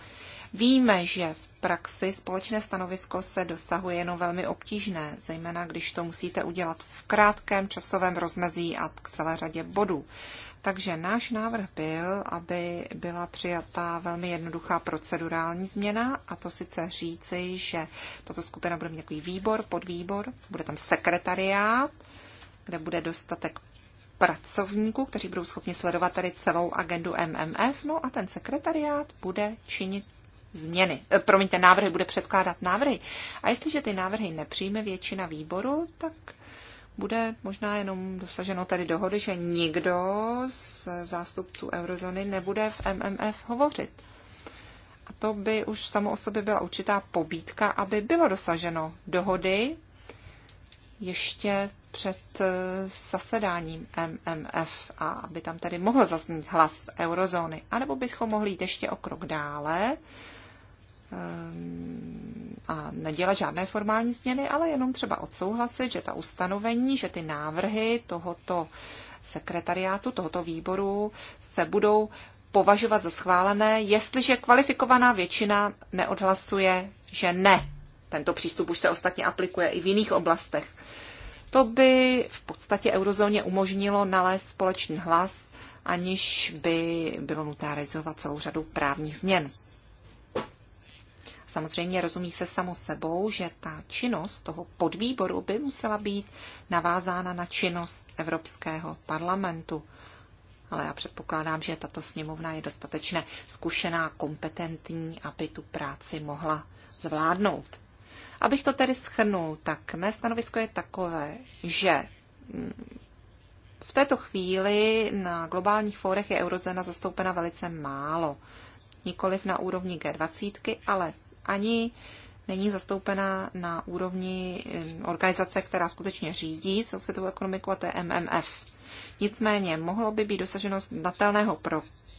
Víme, že v praxi společné stanovisko se dosahuje jenom velmi obtížné, zejména když to musíte udělat v krátkém časovém rozmezí a k celé řadě bodů. Takže náš návrh byl, aby byla přijata velmi jednoduchá procedurální změna, a to sice říci, že tato skupina bude mít takový výbor, podvýbor, bude tam sekretariát, kde bude dostatek pracovníků, kteří budou schopni sledovat tady celou agendu MMF, no a ten sekretariát bude činit změny, eh, promiňte, návrhy, bude předkládat návrhy. A jestliže ty návrhy nepřijme většina výboru, tak bude možná jenom dosaženo tady dohody, že nikdo z zástupců eurozóny nebude v MMF hovořit. A to by už samo o sobě byla určitá pobídka, aby bylo dosaženo dohody ještě před eh, zasedáním MMF a aby tam tady mohl zaznít hlas eurozóny. A nebo bychom mohli jít ještě o krok dále Ehm, a nedělat žádné formální změny, ale jenom třeba odsouhlasit, že ta ustanovení, že ty návrhy tohoto sekretariátu, tohoto výboru se budou považovat za schválené, jestliže kvalifikovaná většina neodhlasuje, že ne. Tento přístup už se ostatně aplikuje i v jiných oblastech. To by v podstatě eurozóně umožnilo nalézt společný hlas, aniž by bylo nutné realizovat celou řadu právních změn. Samozřejmě rozumí se samo sebou, že ta činnost toho podvýboru by musela být navázána na činnost Evropského parlamentu. Ale já předpokládám, že tato sněmovna je dostatečně zkušená, kompetentní, aby tu práci mohla zvládnout. Abych to tedy schrnul, tak mé stanovisko je takové, že mm, v této chvíli na globálních fórech je eurozóna zastoupena velice málo nikoliv na úrovni G20, ale ani není zastoupena na úrovni hm, organizace, která skutečně řídí celosvětovou ekonomiku, a to je MMF. Nicméně mohlo by být dosaženo znatelného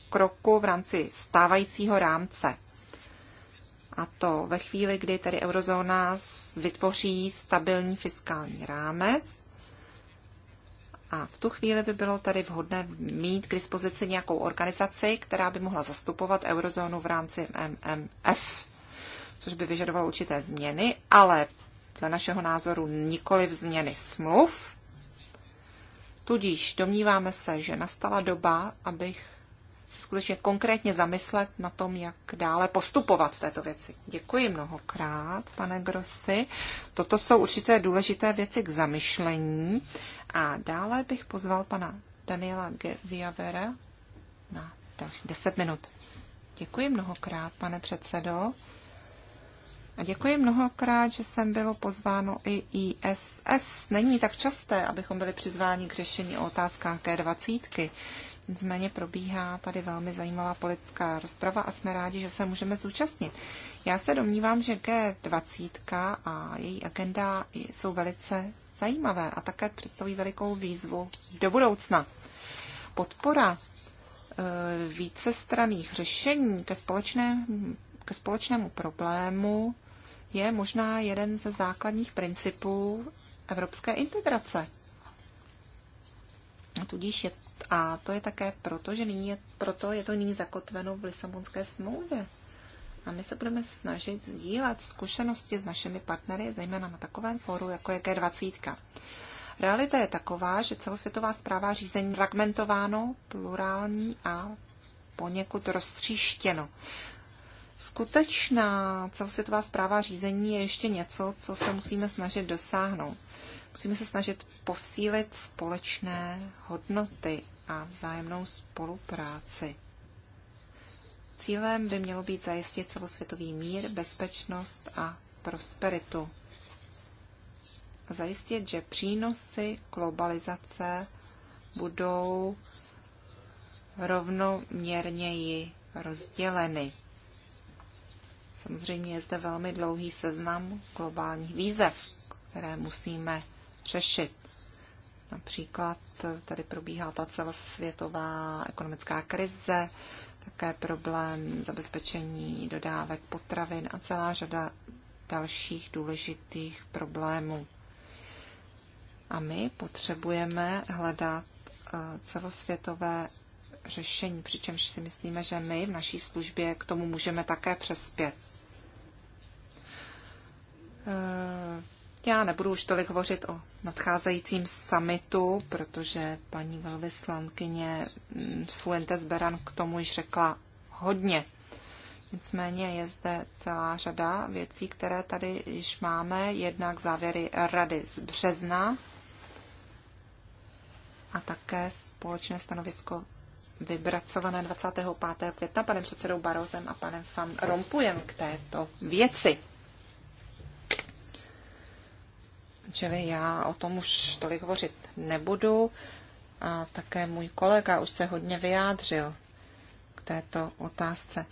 kroku v rámci stávajícího rámce. A to ve chvíli, kdy tedy eurozóna vytvoří stabilní fiskální rámec, a v tu chvíli by bylo tady vhodné mít k dispozici nějakou organizaci, která by mohla zastupovat eurozónu v rámci MMF, což by vyžadovalo určité změny, ale dle našeho názoru nikoli změny smluv. Tudíž domníváme se, že nastala doba, abych se skutečně konkrétně zamyslet na tom, jak dále postupovat v této věci. Děkuji mnohokrát, pane Grossi. Toto jsou určité důležité věci k zamyšlení a dále bych pozval pana Daniela Viavera na další 10 minut. Děkuji mnohokrát, pane předsedo. A děkuji mnohokrát, že jsem bylo pozváno i ISS. Není tak časté, abychom byli přizváni k řešení o otázkách G20. Nicméně probíhá tady velmi zajímavá politická rozprava a jsme rádi, že se můžeme zúčastnit. Já se domnívám, že G20 a její agenda jsou velice zajímavé a také představují velikou výzvu do budoucna. Podpora eh, vícestraných řešení ke, společné, ke společnému problému je možná jeden ze základních principů evropské integrace. Tudíž je, a to je také proto, že nyní je, proto je to nyní zakotveno v Lisabonské smlouvě. A my se budeme snažit sdílet zkušenosti s našimi partnery, zejména na takovém fóru, jako je G20. Realita je taková, že celosvětová zpráva řízení fragmentováno, plurální a poněkud roztříštěno. Skutečná celosvětová zpráva řízení je ještě něco, co se musíme snažit dosáhnout. Musíme se snažit posílit společné hodnoty a vzájemnou spolupráci. Cílem by mělo být zajistit celosvětový mír, bezpečnost a prosperitu. A zajistit, že přínosy globalizace budou rovnoměrněji rozděleny. Samozřejmě je zde velmi dlouhý seznam globálních výzev, které musíme řešit. Například tady probíhá ta celosvětová ekonomická krize, také problém zabezpečení dodávek potravin a celá řada dalších důležitých problémů. A my potřebujeme hledat eh, celosvětové řešení, přičemž si myslíme, že my v naší službě k tomu můžeme také přespět. Eh, já nebudu už tolik hovořit o nadcházejícím summitu, protože paní velvyslankyně Fuentes Beran k tomu již řekla hodně. Nicméně je zde celá řada věcí, které tady již máme. Jednak závěry rady z března a také společné stanovisko vybracované 25. května panem předsedou Barozem a panem Van Rompujem k této věci. Čili já o tom už tolik hovořit nebudu a také můj kolega už se hodně vyjádřil k této otázce.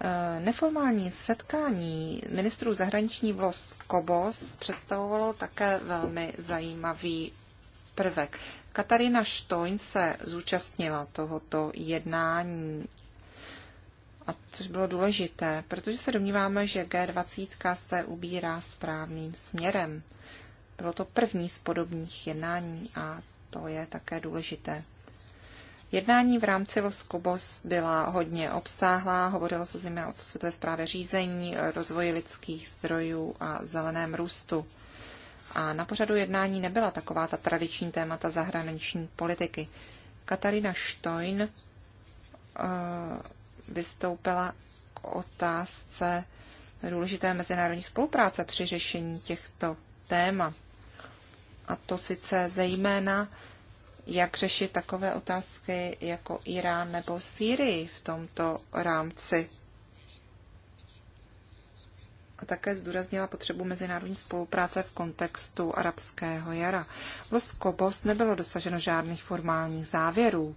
E, neformální setkání ministrů zahraniční v Los Cobos představovalo také velmi zajímavý prvek. Katarina Štoň se zúčastnila tohoto jednání a což bylo důležité, protože se domníváme, že G20 se ubírá správným směrem. Bylo to první z podobných jednání a to je také důležité. Jednání v rámci Los Cobos byla hodně obsáhlá, hovorilo se zejména o světové zprávě řízení, rozvoji lidských zdrojů a zeleném růstu. A na pořadu jednání nebyla taková ta tradiční témata zahraniční politiky. Katarina Štojn uh, eh, vystoupila k otázce důležité mezinárodní spolupráce při řešení těchto témat. A to sice zejména, jak řešit takové otázky jako Irán nebo Sýrii v tomto rámci. A také zdůraznila potřebu mezinárodní spolupráce v kontextu arabského jara. V bos nebylo dosaženo žádných formálních závěrů.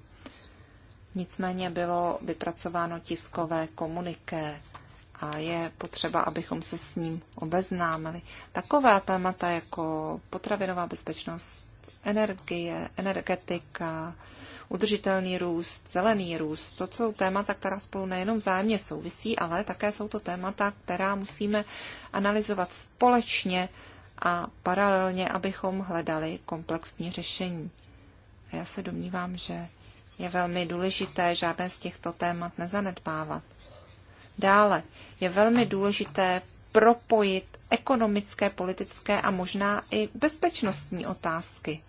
Nicméně bylo vypracováno tiskové komuniké a je potřeba, abychom se s ním obeznámili. Taková témata jako potravinová bezpečnost, energie, energetika, udržitelný růst, zelený růst, to jsou témata, která spolu nejenom vzájemně souvisí, ale také jsou to témata, která musíme analyzovat společně a paralelně, abychom hledali komplexní řešení. A já se domnívám, že je velmi důležité žádné z těchto témat nezanedbávat. Dále je velmi důležité propojit ekonomické, politické a možná i bezpečnostní otázky,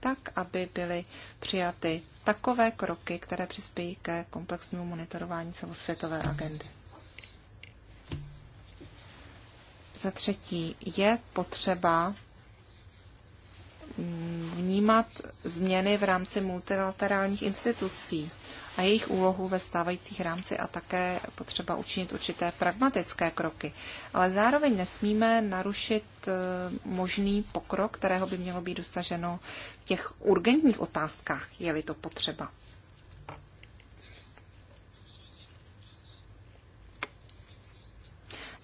tak aby byly přijaty takové kroky, které přispějí ke komplexnímu monitorování celosvětové agendy. Za třetí je potřeba vnímat změny v rámci multilaterálních institucí a jejich úlohu ve stávajících rámci a také potřeba učinit určité pragmatické kroky. Ale zároveň nesmíme narušit eh, možný pokrok, kterého by mělo být dosaženo v těch urgentních otázkách, je-li to potřeba.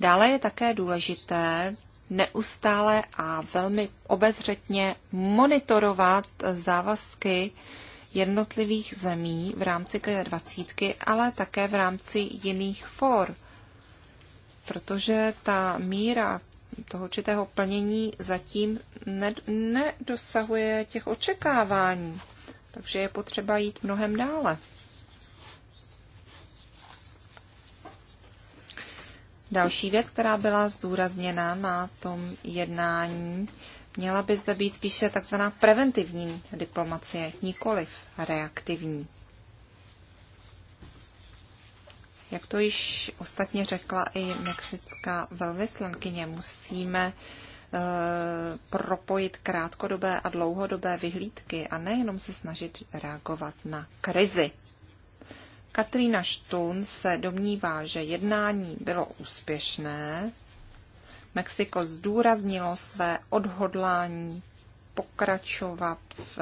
Dále je také důležité neustále a velmi obezřetně monitorovat závazky jednotlivých zemí v rámci G20, ale také v rámci jiných for, protože ta míra toho určitého plnění zatím nedosahuje těch očekávání, takže je potřeba jít mnohem dále. Další věc, která byla zdůrazněna na tom jednání, měla by zde být spíše takzvaná preventivní diplomacie, nikoliv reaktivní. Jak to již ostatně řekla i mexická velvyslankyně, musíme eh, propojit krátkodobé a dlouhodobé vyhlídky a nejenom se snažit reagovat na krizi. Katrina Štun se domnívá, že jednání bylo úspěšné. Mexiko zdůraznilo své odhodlání pokračovat v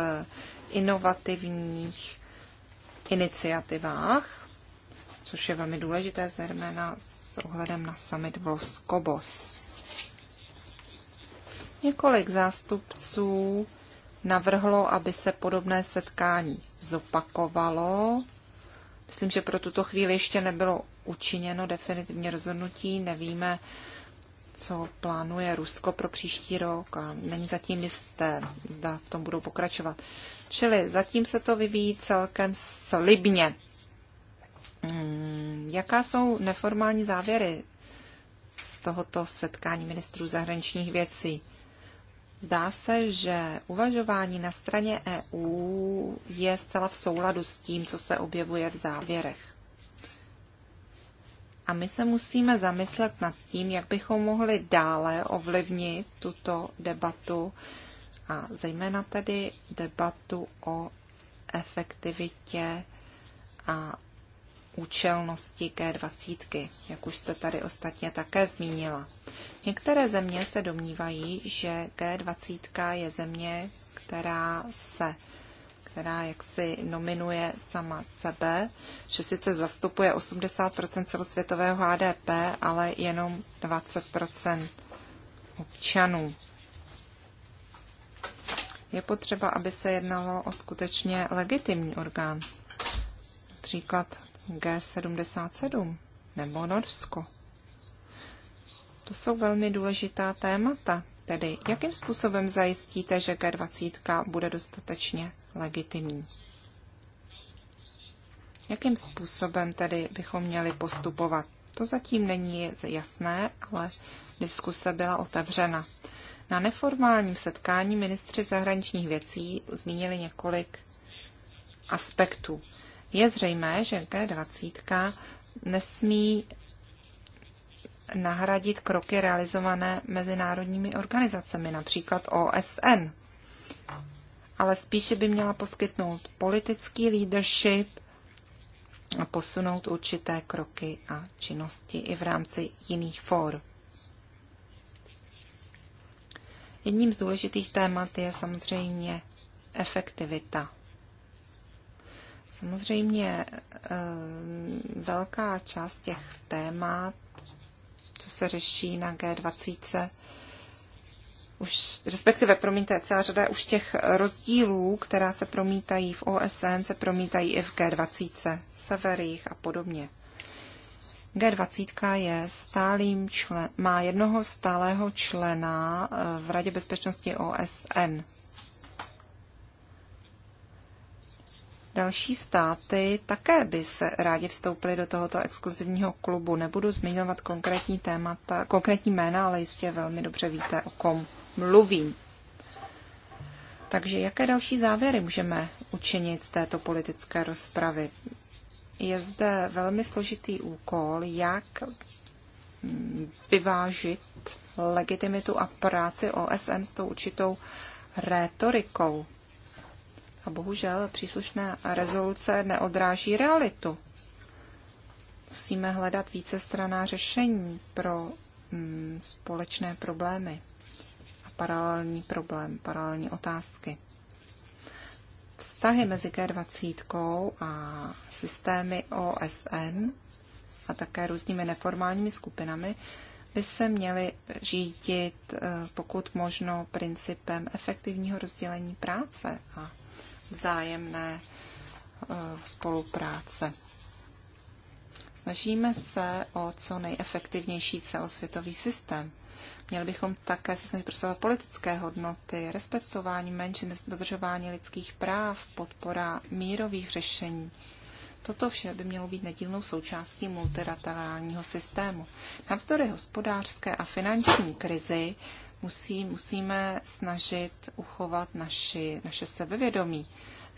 inovativních iniciativách, což je velmi důležité, zejména s ohledem na summit v Los Cobos. Několik zástupců navrhlo, aby se podobné setkání zopakovalo Myslím, že pro tuto chvíli ještě nebylo učiněno definitivně rozhodnutí. Nevíme, co plánuje Rusko pro příští rok a není zatím jisté, zda v tom budou pokračovat. Čili zatím se to vyvíjí celkem slibně. Hmm, jaká jsou neformální závěry z tohoto setkání ministrů zahraničních věcí? Zdá se, že uvažování na straně EU je zcela v souladu s tím, co se objevuje v závěrech. A my se musíme zamyslet nad tím, jak bychom mohli dále ovlivnit tuto debatu a zejména tedy debatu o efektivitě a účelnosti G20, jak už jste tady ostatně také zmínila. Některé země se domnívají, že G20 je země, která se která jaksi nominuje sama sebe, že sice zastupuje 80% celosvětového HDP, ale jenom 20% občanů. Je potřeba, aby se jednalo o skutečně legitimní orgán. Například G77 nebo Norsko. To jsou velmi důležitá témata, tedy jakým způsobem zajistíte, že G20 bude dostatečně legitimní. Jakým způsobem tedy bychom měli postupovat? To zatím není jasné, ale diskuse byla otevřena. Na neformálním setkání ministři zahraničních věcí zmínili několik aspektů. Je zřejmé, že G20 nesmí nahradit kroky realizované mezinárodními organizacemi, například OSN. Ale spíše by měla poskytnout politický leadership a posunout určité kroky a činnosti i v rámci jiných fór. Jedním z důležitých témat je samozřejmě efektivita Samozřejmě eh, velká část těch témat, co se řeší na G20, už, respektive, promiňte, celá řada už těch rozdílů, která se promítají v OSN, se promítají i v G20, severých a podobně. G20 je stálým člen, má jednoho stálého člena eh, v Radě bezpečnosti OSN. Další státy také by se rádi vstoupily do tohoto exkluzivního klubu. Nebudu zmiňovat konkrétní témata, konkrétní jména, ale jistě velmi dobře víte, o kom mluvím. Takže jaké další závěry můžeme učinit z této politické rozpravy? Je zde velmi složitý úkol, jak vyvážit legitimitu a práci OSN s tou určitou rétorikou. A bohužel příslušné rezoluce neodráží realitu. Musíme hledat straná řešení pro mm, společné problémy a paralelní problém, paralelní otázky. Vztahy mezi G20 a systémy OSN a také různými neformálními skupinami by se měly řídit eh, pokud možno principem efektivního rozdělení práce a vzájemné eh, spolupráce. Snažíme se o co nejefektivnější celosvětový systém. Měli bychom také se snažit prosovat politické hodnoty, respektování menšin, dodržování lidských práv, podpora mírových řešení. Toto vše by mělo být nedílnou součástí multilaterálního systému. Navzdory hospodářské a finanční krizi musí, musíme snažit uchovat naši, naše sebevědomí.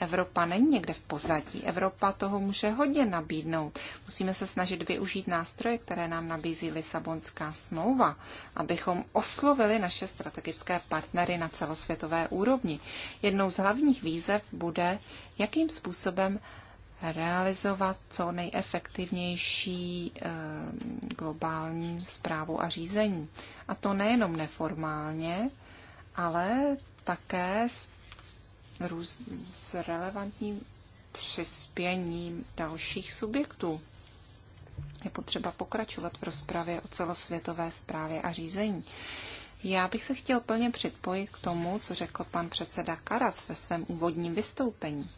Evropa není někde v pozadí. Evropa toho může hodně nabídnout. Musíme se snažit využít nástroje, které nám nabízí Lisabonská smlouva, abychom oslovili naše strategické partnery na celosvětové úrovni. Jednou z hlavních výzev bude, jakým způsobem realizovat co nejefektivnější eh, globální zprávu a řízení. A to nejenom neformálně, ale také s růz, s relevantním přispěním dalších subjektů. Je potřeba pokračovat v rozpravě o celosvětové zprávě a řízení. Já bych se chtěl plně připojit k tomu, co řekl pan předseda Karas ve svém úvodním vystoupení.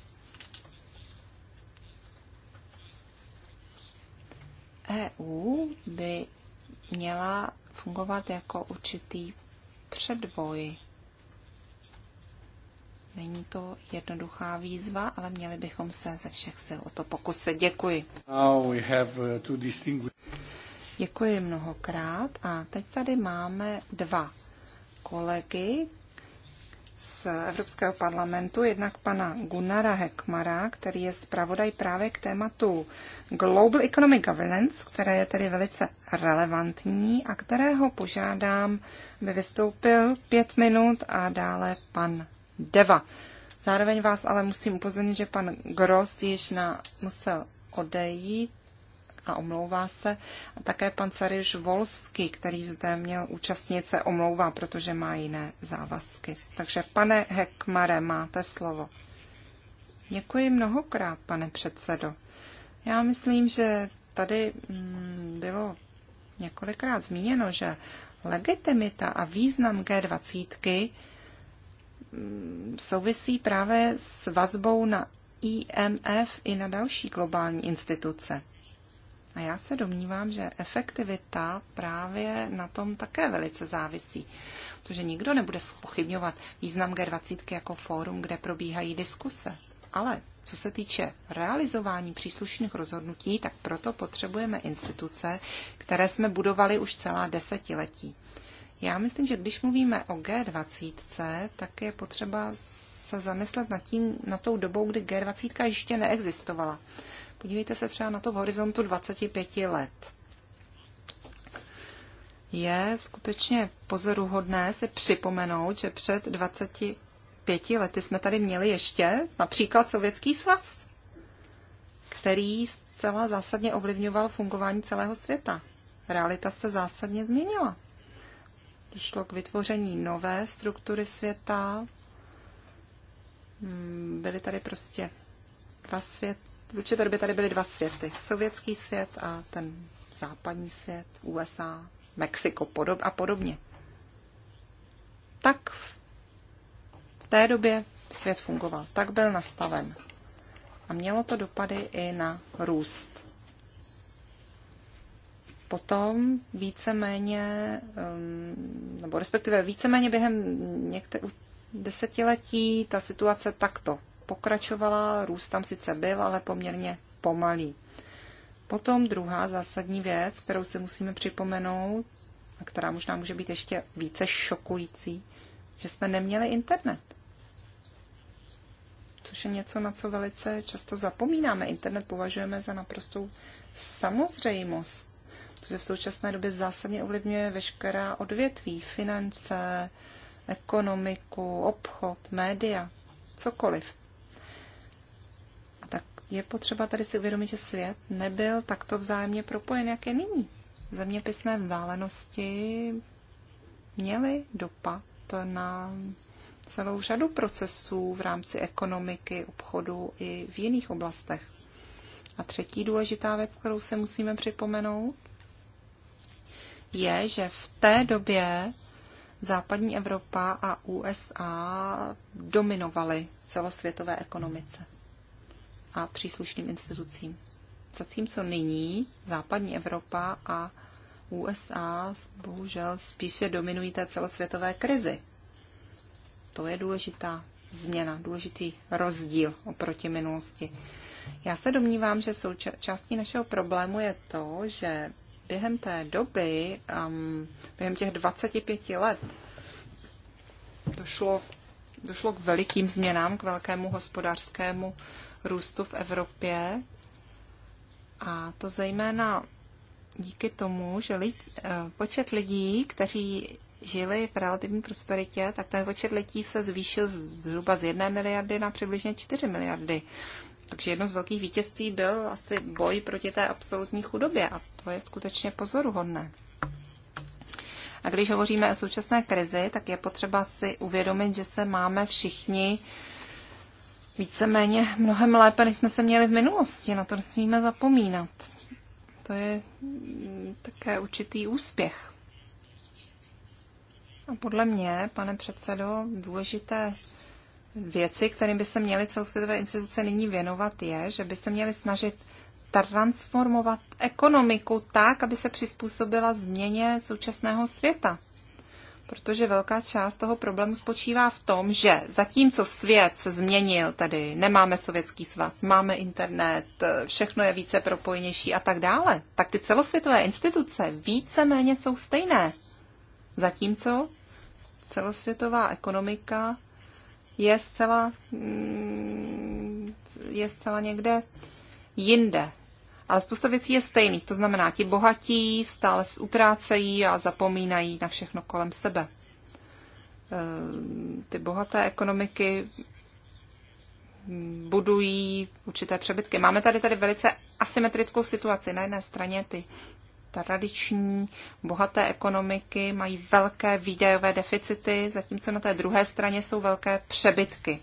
EU by měla fungovat jako určitý předvoj Není to jednoduchá výzva, ale měli bychom se ze všech sil o to pokusit. Děkuji. Uh, Děkuji mnohokrát a teď tady máme dva kolegy z Evropského parlamentu, jednak pana Gunnara Hekmara, který je zpravodaj právě k tématu Global Economic Governance, které je tedy velice relevantní a kterého požádám, aby vystoupil pět minut a dále pan DEVA. Zároveň vás ale musím upozornit, že pan Gross již na, musel odejít a omlouvá se. A také pan Cariš Volsky, který zde měl účastnit, se omlouvá, protože má jiné závazky. Takže pane Hekmare, máte slovo. Děkuji mnohokrát, pane předsedo. Já myslím, že tady mm, bylo několikrát zmíněno, že legitimita a význam G20 Mm, souvisí právě s vazbou na IMF i na další globální instituce. A já se domnívám, že efektivita právě na tom také velice závisí, protože nikdo nebude spochybňovat význam G20 jako fórum, kde probíhají diskuse. Ale co se týče realizování příslušných rozhodnutí, tak proto potřebujeme instituce, které jsme budovali už celá desetiletí. Já myslím, že když mluvíme o G20, tak je potřeba se zamyslet nad, tím, na tou dobou, kdy G20 ještě neexistovala. Podívejte se třeba na to v horizontu 25 let. Je skutečně pozoruhodné si připomenout, že před 25 lety jsme tady měli ještě například Sovětský svaz, který zcela zásadně ovlivňoval fungování celého světa. Realita se zásadně změnila došlo k vytvoření nové struktury světa. Hmm, byly tady prostě dva světy. V určité době tady byly dva světy. Sovětský svět a ten západní svět, USA, Mexiko podob a podobně. Tak v té době svět fungoval. Tak byl nastaven. A mělo to dopady i na růst potom víceméně, um, nebo respektive víceméně během některých desetiletí ta situace takto pokračovala, růst tam sice byl, ale poměrně pomalý. Potom druhá zásadní věc, kterou si musíme připomenout, a která možná může být ještě více šokující, že jsme neměli internet. Což je něco, na co velice často zapomínáme. Internet považujeme za naprostou samozřejmost protože v současné době zásadně ovlivňuje veškerá odvětví, finance, ekonomiku, obchod, média, cokoliv. A tak je potřeba tady si uvědomit, že svět nebyl takto vzájemně propojen, jak je nyní. Zeměpisné vzdálenosti měly dopad na celou řadu procesů v rámci ekonomiky, obchodu i v jiných oblastech. A třetí důležitá věc, kterou se musíme připomenout, je, že v té době západní Evropa a USA dominovaly celosvětové ekonomice a příslušným institucím. Zatímco nyní západní Evropa a USA bohužel spíše dominují té celosvětové krizi. To je důležitá změna, důležitý rozdíl oproti minulosti. Já se domnívám, že součástí našeho problému je to, že během té doby, um, během těch 25 let, došlo, došlo k velikým změnám, k velkému hospodářskému růstu v Evropě. A to zejména díky tomu, že lidi, eh, počet lidí, kteří žili v relativní prosperitě, tak ten počet lidí se zvýšil zhruba z 1 miliardy na přibližně 4 miliardy. Takže jedno z velkých vítězství byl asi boj proti té absolutní chudobě a to je skutečně pozoruhodné. A když hovoříme o současné krizi, tak je potřeba si uvědomit, že se máme všichni víceméně mnohem lépe, než jsme se měli v minulosti. Na to nesmíme zapomínat. To je také určitý úspěch. A podle mě, pane předsedo, důležité věci, kterým by se měly celosvětové instituce nyní věnovat, je, že by se měly snažit transformovat ekonomiku tak, aby se přizpůsobila změně současného světa. Protože velká část toho problému spočívá v tom, že zatímco svět se změnil, tedy nemáme sovětský svaz, máme internet, všechno je více propojenější a tak dále, tak ty celosvětové instituce víceméně jsou stejné. Zatímco celosvětová ekonomika je zcela, mm, je zcela někde jinde. Ale spousta věcí je stejných, to znamená, ti bohatí stále utrácejí a zapomínají na všechno kolem sebe. Ehm, ty bohaté ekonomiky budují určité přebytky. Máme tady tady velice asymetrickou situaci. Na jedné straně ty tradiční, bohaté ekonomiky mají velké výdajové deficity, zatímco na té druhé straně jsou velké přebytky.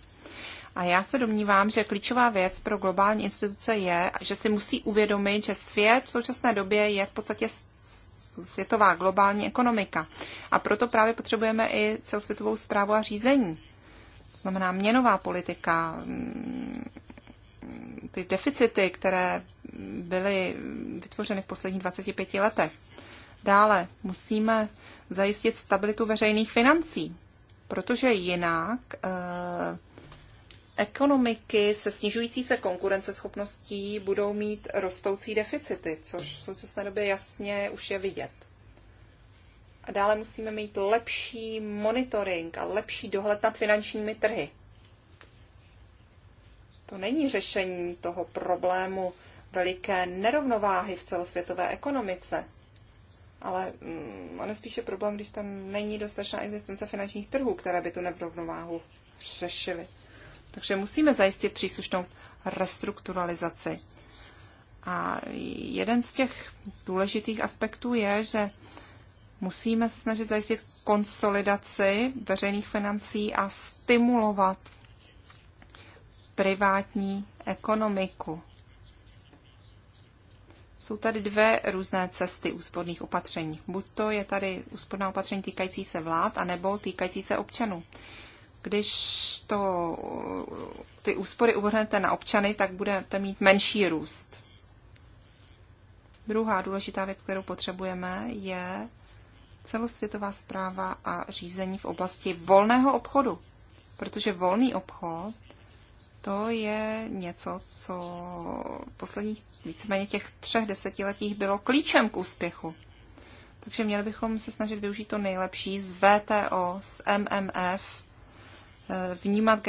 A já se domnívám, že klíčová věc pro globální instituce je, že si musí uvědomit, že svět v současné době je v podstatě světová globální ekonomika. A proto právě potřebujeme i celosvětovou zprávu a řízení. To znamená měnová politika, ty deficity, které byly vytvořeny v posledních 25 letech. Dále musíme zajistit stabilitu veřejných financí, protože jinak eh, ekonomiky se snižující se konkurenceschopností budou mít rostoucí deficity, což v současné době jasně už je vidět. A dále musíme mít lepší monitoring a lepší dohled nad finančními trhy. To není řešení toho problému veliké nerovnováhy v celosvětové ekonomice. Ale mm, on je spíše problém, když tam není dostatečná existence finančních trhů, které by tu nerovnováhu řešily. Takže musíme zajistit příslušnou restrukturalizaci. A jeden z těch důležitých aspektů je, že musíme snažit zajistit konsolidaci veřejných financí a stimulovat privátní ekonomiku. Jsou tady dvě různé cesty úsporných opatření. Buď to je tady úsporná opatření týkající se vlád, anebo týkající se občanů. Když to, ty úspory uvrhnete na občany, tak budete mít menší růst. Druhá důležitá věc, kterou potřebujeme, je celosvětová zpráva a řízení v oblasti volného obchodu. Protože volný obchod to je něco, co v posledních víceméně těch třech desetiletích bylo klíčem k úspěchu. Takže měli bychom se snažit využít to nejlepší z VTO, z MMF, eh, vnímat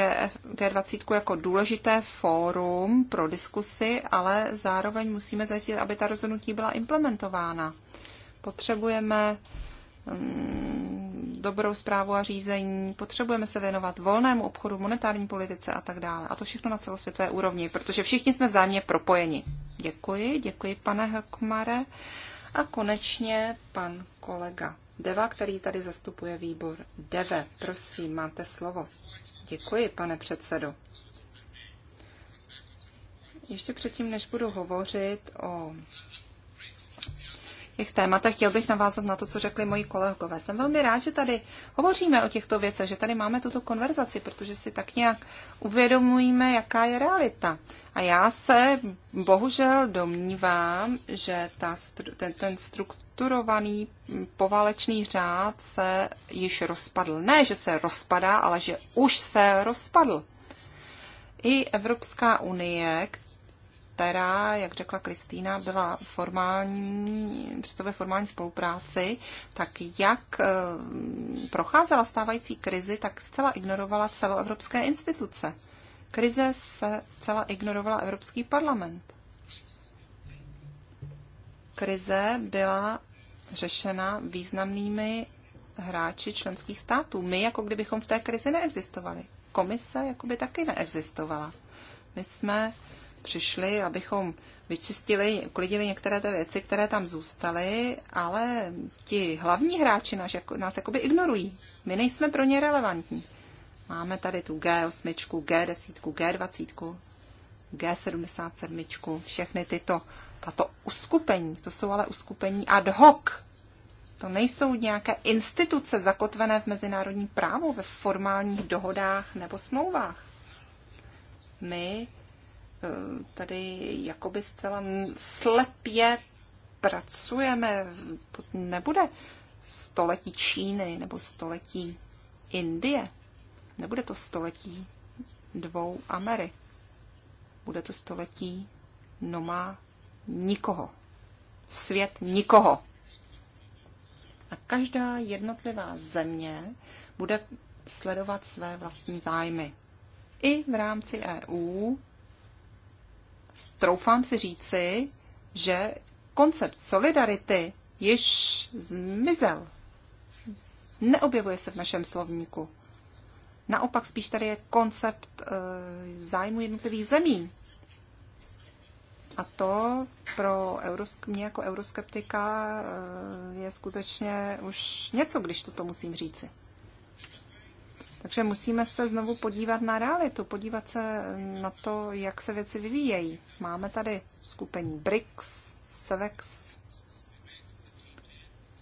G20 jako důležité fórum pro diskusy, ale zároveň musíme zajistit, aby ta rozhodnutí byla implementována. Potřebujeme Mm, dobrou zprávu a řízení, potřebujeme se věnovat volnému obchodu, monetární politice a tak dále. A to všechno na celosvětové úrovni, protože všichni jsme vzájemně propojeni. Děkuji, děkuji pane Hekmare. A konečně pan kolega Deva, který tady zastupuje výbor Deve. Prosím, máte slovo. Děkuji, pane předsedo. Ještě předtím, než budu hovořit o těch tématech. Chtěl bych navázat na to, co řekli moji kolegové. Jsem velmi rád, že tady hovoříme o těchto věcech, že tady máme tuto konverzaci, protože si tak nějak uvědomujeme, jaká je realita. A já se bohužel domnívám, že ta, ten, ten strukturovaný poválečný řád se již rozpadl. Ne, že se rozpadá, ale že už se rozpadl. I Evropská unie, která, jak řekla Kristýna, byla formální, ve formální spolupráci, tak jak eh, procházela stávající krizi, tak zcela ignorovala celoevropské instituce. Krize se celá ignorovala Evropský parlament. Krize byla řešena významnými hráči členských států. My, jako kdybychom v té krizi neexistovali. Komise, jako by taky neexistovala. My jsme uh, přišli, abychom vyčistili, uklidili některé ty věci, které tam zůstaly, ale ti hlavní hráči nás, jako nás jakoby ignorují. My nejsme pro ně relevantní. Máme tady tu G8, G10, G20, G77, všechny tyto, tato uskupení, to jsou ale uskupení ad hoc. To nejsou nějaké instituce zakotvené v mezinárodním právu ve formálních dohodách nebo smlouvách. My Eh, tady jakoby zcela slepě pracujeme. To nebude století Číny nebo století Indie. Nebude to století dvou Amery. Bude to století nomá nikoho. Svět nikoho. A každá jednotlivá země bude sledovat své vlastní zájmy. I v rámci EU troufám si říci, že koncept solidarity již zmizel. Neobjevuje se v našem slovníku. Naopak spíš tady je koncept e, zájmu jednotlivých zemí. A to pro eurosk- mě jako euroskeptika e, je skutečně už něco, když toto musím říci. Takže musíme se znovu podívat na realitu, podívat se na to, jak se věci vyvíjejí. Máme tady skupení BRICS, SEVEX,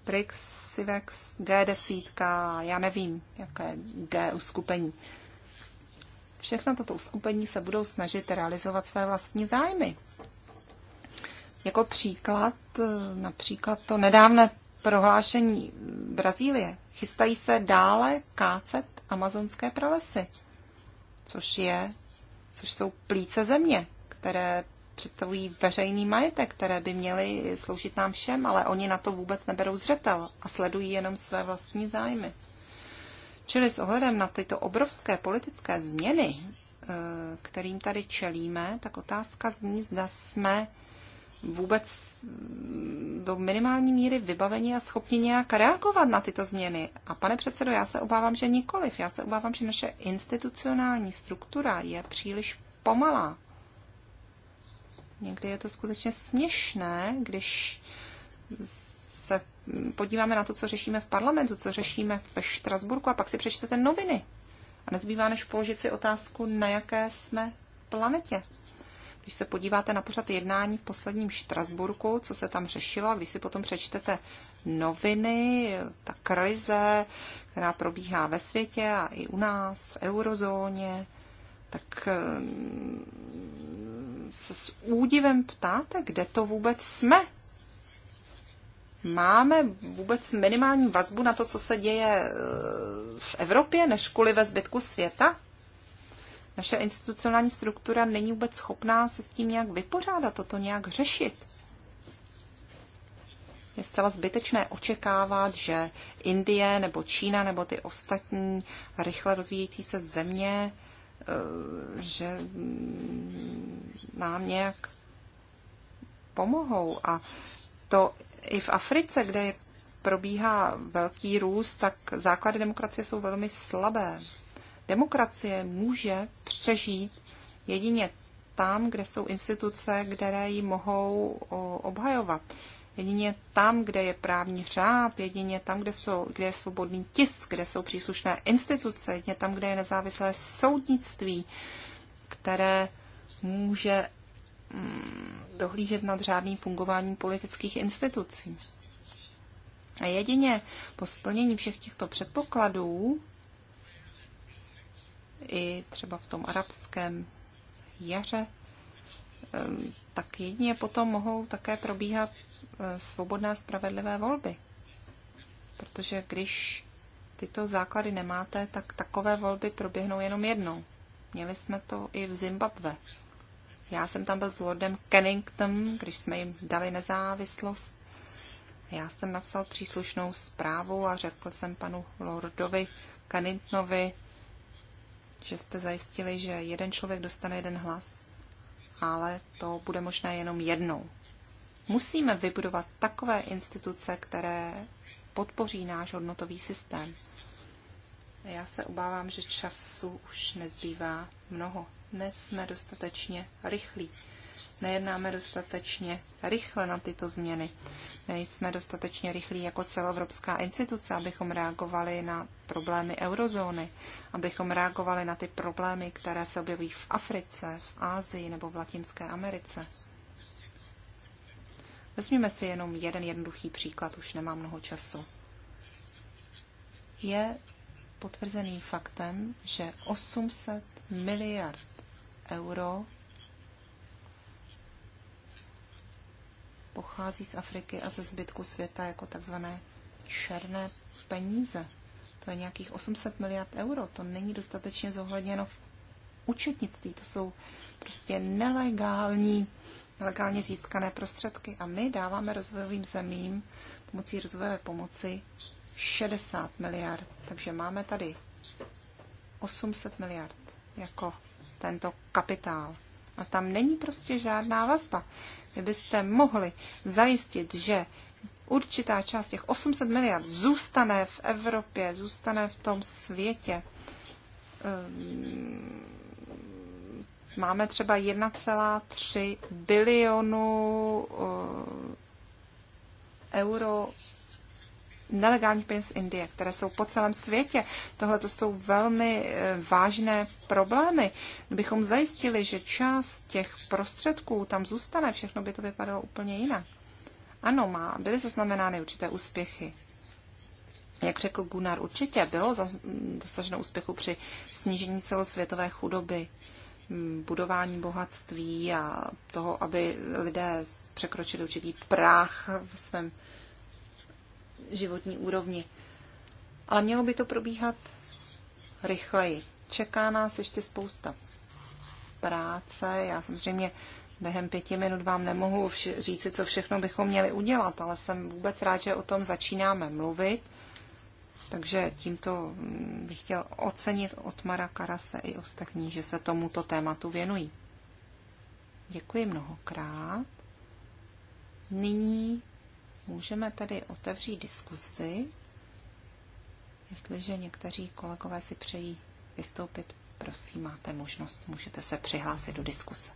BRICS, SIVEX, G10, já nevím, jaké G uskupení. Všechna tato uskupení se budou snažit realizovat své vlastní zájmy. Jako příklad, například to nedávné prohlášení Brazílie. Chystají se dále kácet amazonské pralesy, což je, což jsou plíce země, které představují veřejný majetek, které by měly sloužit nám všem, ale oni na to vůbec neberou zřetel a sledují jenom své vlastní zájmy. Čili s ohledem na tyto obrovské politické změny, eh, kterým tady čelíme, tak otázka zní, zda jsme vůbec do minimální míry vybaveni a schopni nějak reagovat na tyto změny. A pane předsedo, já se obávám, že nikoliv. Já se obávám, že naše institucionální struktura je příliš pomalá. Někdy je to skutečně směšné, když se podíváme na to, co řešíme v parlamentu, co řešíme ve Štrasburku a pak si přečtete noviny. A nezbývá, než položit si otázku, na jaké jsme planetě. Když se podíváte na pořad jednání v posledním Štrasburku, co se tam řešilo, a když si potom přečtete noviny, ta krize, která probíhá ve světě a i u nás, v eurozóně, tak eh, se s údivem ptáte, kde to vůbec jsme. Máme vůbec minimální vazbu na to, co se děje eh, v Evropě, než kvůli ve zbytku světa? Naše institucionální struktura není vůbec schopná se s tím nějak vypořádat, toto nějak řešit. Je zcela zbytečné očekávat, že Indie nebo Čína nebo ty ostatní rychle rozvíjející se země, eh, že mm, nám nějak pomohou. A to i v Africe, kde probíhá velký růst, tak základy demokracie jsou velmi slabé. Demokracie může přežít jedině tam, kde jsou instituce, které ji mohou obhajovat. Jedině tam, kde je právní řád, jedině tam, kde, jsou, kde je svobodný tisk, kde jsou příslušné instituce, jedině tam, kde je nezávislé soudnictví, které může mm, dohlížet nad řádným fungováním politických institucí. A jedině po splnění všech těchto předpokladů i třeba v tom arabském jaře, tak jedině potom mohou také probíhat e, svobodné spravedlivé volby. Protože když tyto základy nemáte, tak takové volby proběhnou jenom jednou. Měli jsme to i v Zimbabve. Já jsem tam byl s Lordem Kennington, když jsme jim dali nezávislost. Já jsem napsal příslušnou zprávu a řekl jsem panu Lordovi Kenningtonovi, že jste zajistili, že jeden člověk dostane jeden hlas, ale to bude možné jenom jednou. Musíme vybudovat takové instituce, které podpoří náš hodnotový systém. Já se obávám, že času už nezbývá mnoho. Dnes jsme dostatečně rychlí nejednáme dostatečně rychle na tyto změny. Nejsme dostatečně rychlí jako celoevropská instituce, abychom reagovali na problémy eurozóny, abychom reagovali na ty problémy, které se objeví v Africe, v Ázii nebo v Latinské Americe. Vezměme si jenom jeden jednoduchý příklad, už nemám mnoho času. Je potvrzeným faktem, že 800 miliard euro pochází z Afriky a ze zbytku světa jako takzvané černé peníze. To je nějakých 800 miliard euro. To není dostatečně zohledněno v účetnictví. To jsou prostě nelegální, nelegálně získané prostředky. A my dáváme rozvojovým zemím pomocí rozvojové pomoci 60 miliard. Takže máme tady 800 miliard jako tento kapitál. A tam není prostě žádná vazba kdybyste mohli zajistit, že určitá část těch 800 miliard zůstane v Evropě, zůstane v tom světě. Ehm, máme třeba 1,3 bilionu eh, euro nelegálních peněz z Indie, které jsou po celém světě. Tohle to jsou velmi eh, vážné problémy. Kdybychom zajistili, že část těch prostředků tam zůstane, všechno by to vypadalo úplně jinak. Ano, má, byly zaznamenány určité úspěchy. Jak řekl Gunnar, určitě bylo dosaženo úspěchu při snížení celosvětové chudoby, budování bohatství a toho, aby lidé překročili určitý práh v svém životní úrovni. Ale mělo by to probíhat rychleji. Čeká nás ještě spousta práce. Já samozřejmě během pěti minut vám nemohu vš- říci, co všechno bychom měli udělat, ale jsem vůbec rád, že o tom začínáme mluvit. Takže tímto mm, bych chtěl ocenit Otmara Karase i ostatní, že se tomuto tématu věnují. Děkuji mnohokrát. Nyní Můžeme tady otevřít diskusy, jestliže někteří kolegové si přejí vystoupit, prosím, máte možnost, můžete se přihlásit do diskuse.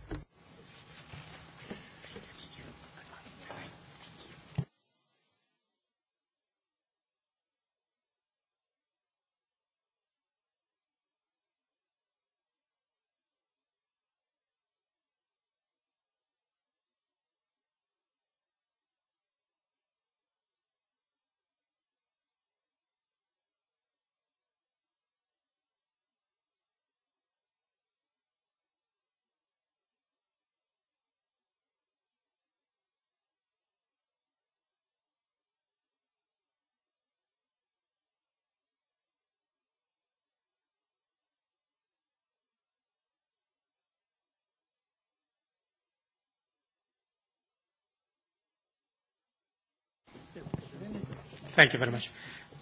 Thank you very much.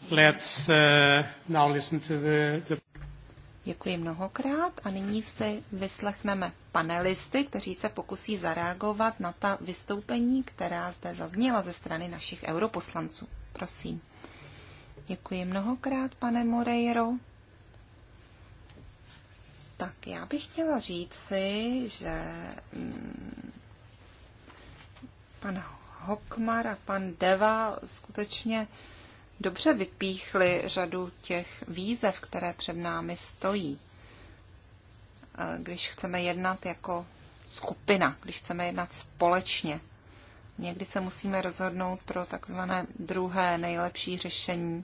Let's uh, now listen to the, the... Děkuji mnohokrát a nyní si vyslechneme panelisty, kteří se pokusí zareagovat na ta vystoupení, která zde zazněla ze strany našich europoslanců. Prosím. Děkuji mnohokrát, pane Moreiro. Tak já bych chtěla říci, že mm, pan Hokmar a pan Deva skutečně dobře vypíchli řadu těch výzev, které před námi stojí. Eh, když chceme jednat jako skupina, když chceme jednat společně, někdy se musíme rozhodnout pro takzvané druhé nejlepší řešení,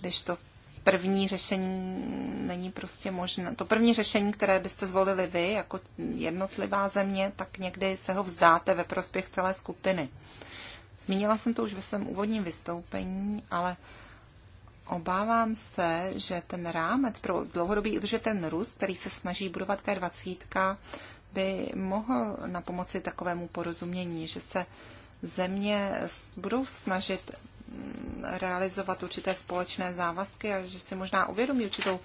když to první řešení není prostě možné. To první řešení, které byste zvolili vy jako jednotlivá země, tak někdy se ho vzdáte ve prospěch celé skupiny. Zmínila jsem to už ve svém úvodním vystoupení, ale obávám se, že ten rámec pro dlouhodobý udržitelný růst, který se snaží budovat K20, by mohl na pomoci takovému porozumění, že se země budou snažit realizovat určité společné závazky a že si možná uvědomí určitou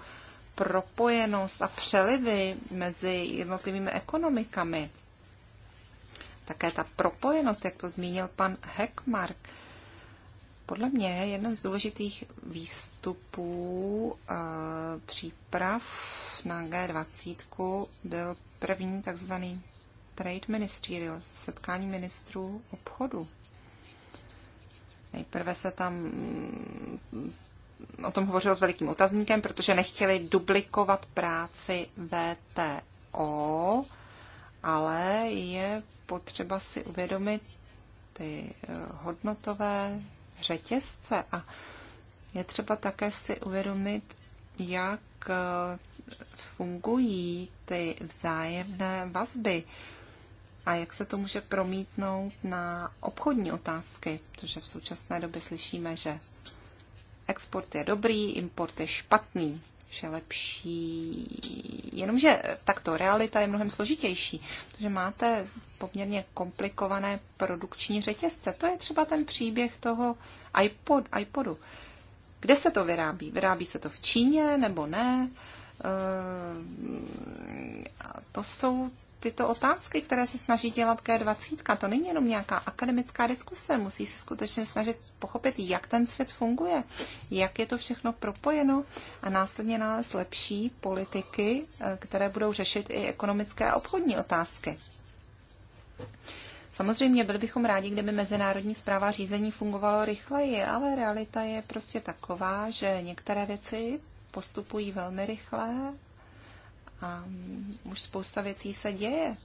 propojenost a přelivy mezi jednotlivými ekonomikami. Také ta propojenost, jak to zmínil pan Heckmark, podle mě je jeden z důležitých výstupů e, příprav na G20 byl první takzvaný Trade Ministerial, setkání ministrů obchodu. Nejprve se tam mm, o tom hovořilo s velikým otazníkem, protože nechtěli duplikovat práci VTO, ale je potřeba si uvědomit ty eh, hodnotové řetězce a je třeba také si uvědomit, jak eh, fungují ty vzájemné vazby a jak se to může promítnout na obchodní otázky, protože v současné době slyšíme, že export je dobrý, import je špatný, že lepší. Jenomže takto realita je mnohem složitější, protože máte poměrně komplikované produkční řetězce. To je třeba ten příběh toho iPod, iPodu. Kde se to vyrábí? Vyrábí se to v Číně nebo ne? Ehm, to jsou tyto otázky, které se snaží dělat G20. To není jenom nějaká akademická diskuse, musí se skutečně snažit pochopit, jak ten svět funguje, jak je to všechno propojeno a následně nás lepší politiky, eh, které budou řešit i ekonomické a obchodní otázky. Samozřejmě byli bychom rádi, kdyby mezinárodní zpráva řízení fungovalo rychleji, ale realita je prostě taková, že některé věci postupují velmi rychle a už spousta věcí se děje.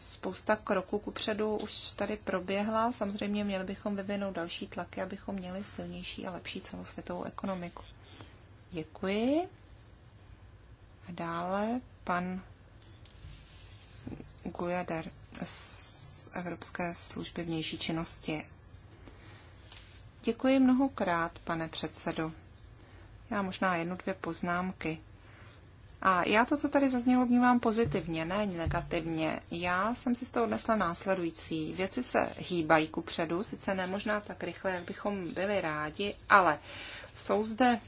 Spousta kroků kupředu už tady proběhla. Samozřejmě měli bychom vyvinout další tlaky, abychom měli silnější a lepší celosvětovou ekonomiku. Děkuji. A dále pan Gujader z Evropské služby vnější činnosti. Děkuji mnohokrát, pane předsedo. Já možná jednu, dvě poznámky. A já to, co tady zaznělo, vnímám pozitivně, ne negativně. Já jsem si z toho odnesla následující. Věci se hýbají ku předu, sice ne možná tak rychle, jak bychom byli rádi, ale jsou zde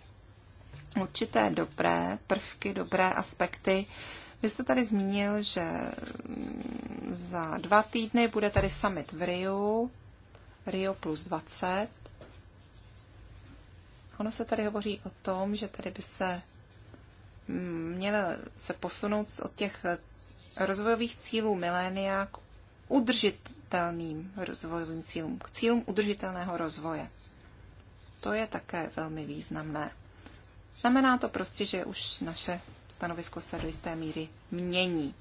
určité dobré prvky, dobré aspekty. Vy jste tady zmínil, že za dva týdny bude tady summit v Rio, Rio plus 20. Ono se tady hovoří o tom, že tady by se měl se posunout od těch rozvojových cílů milénia k udržitelným rozvojovým cílům, k cílům udržitelného rozvoje. To je také velmi významné. Znamená to prostě, že už naše stanovisko se do jisté míry mění.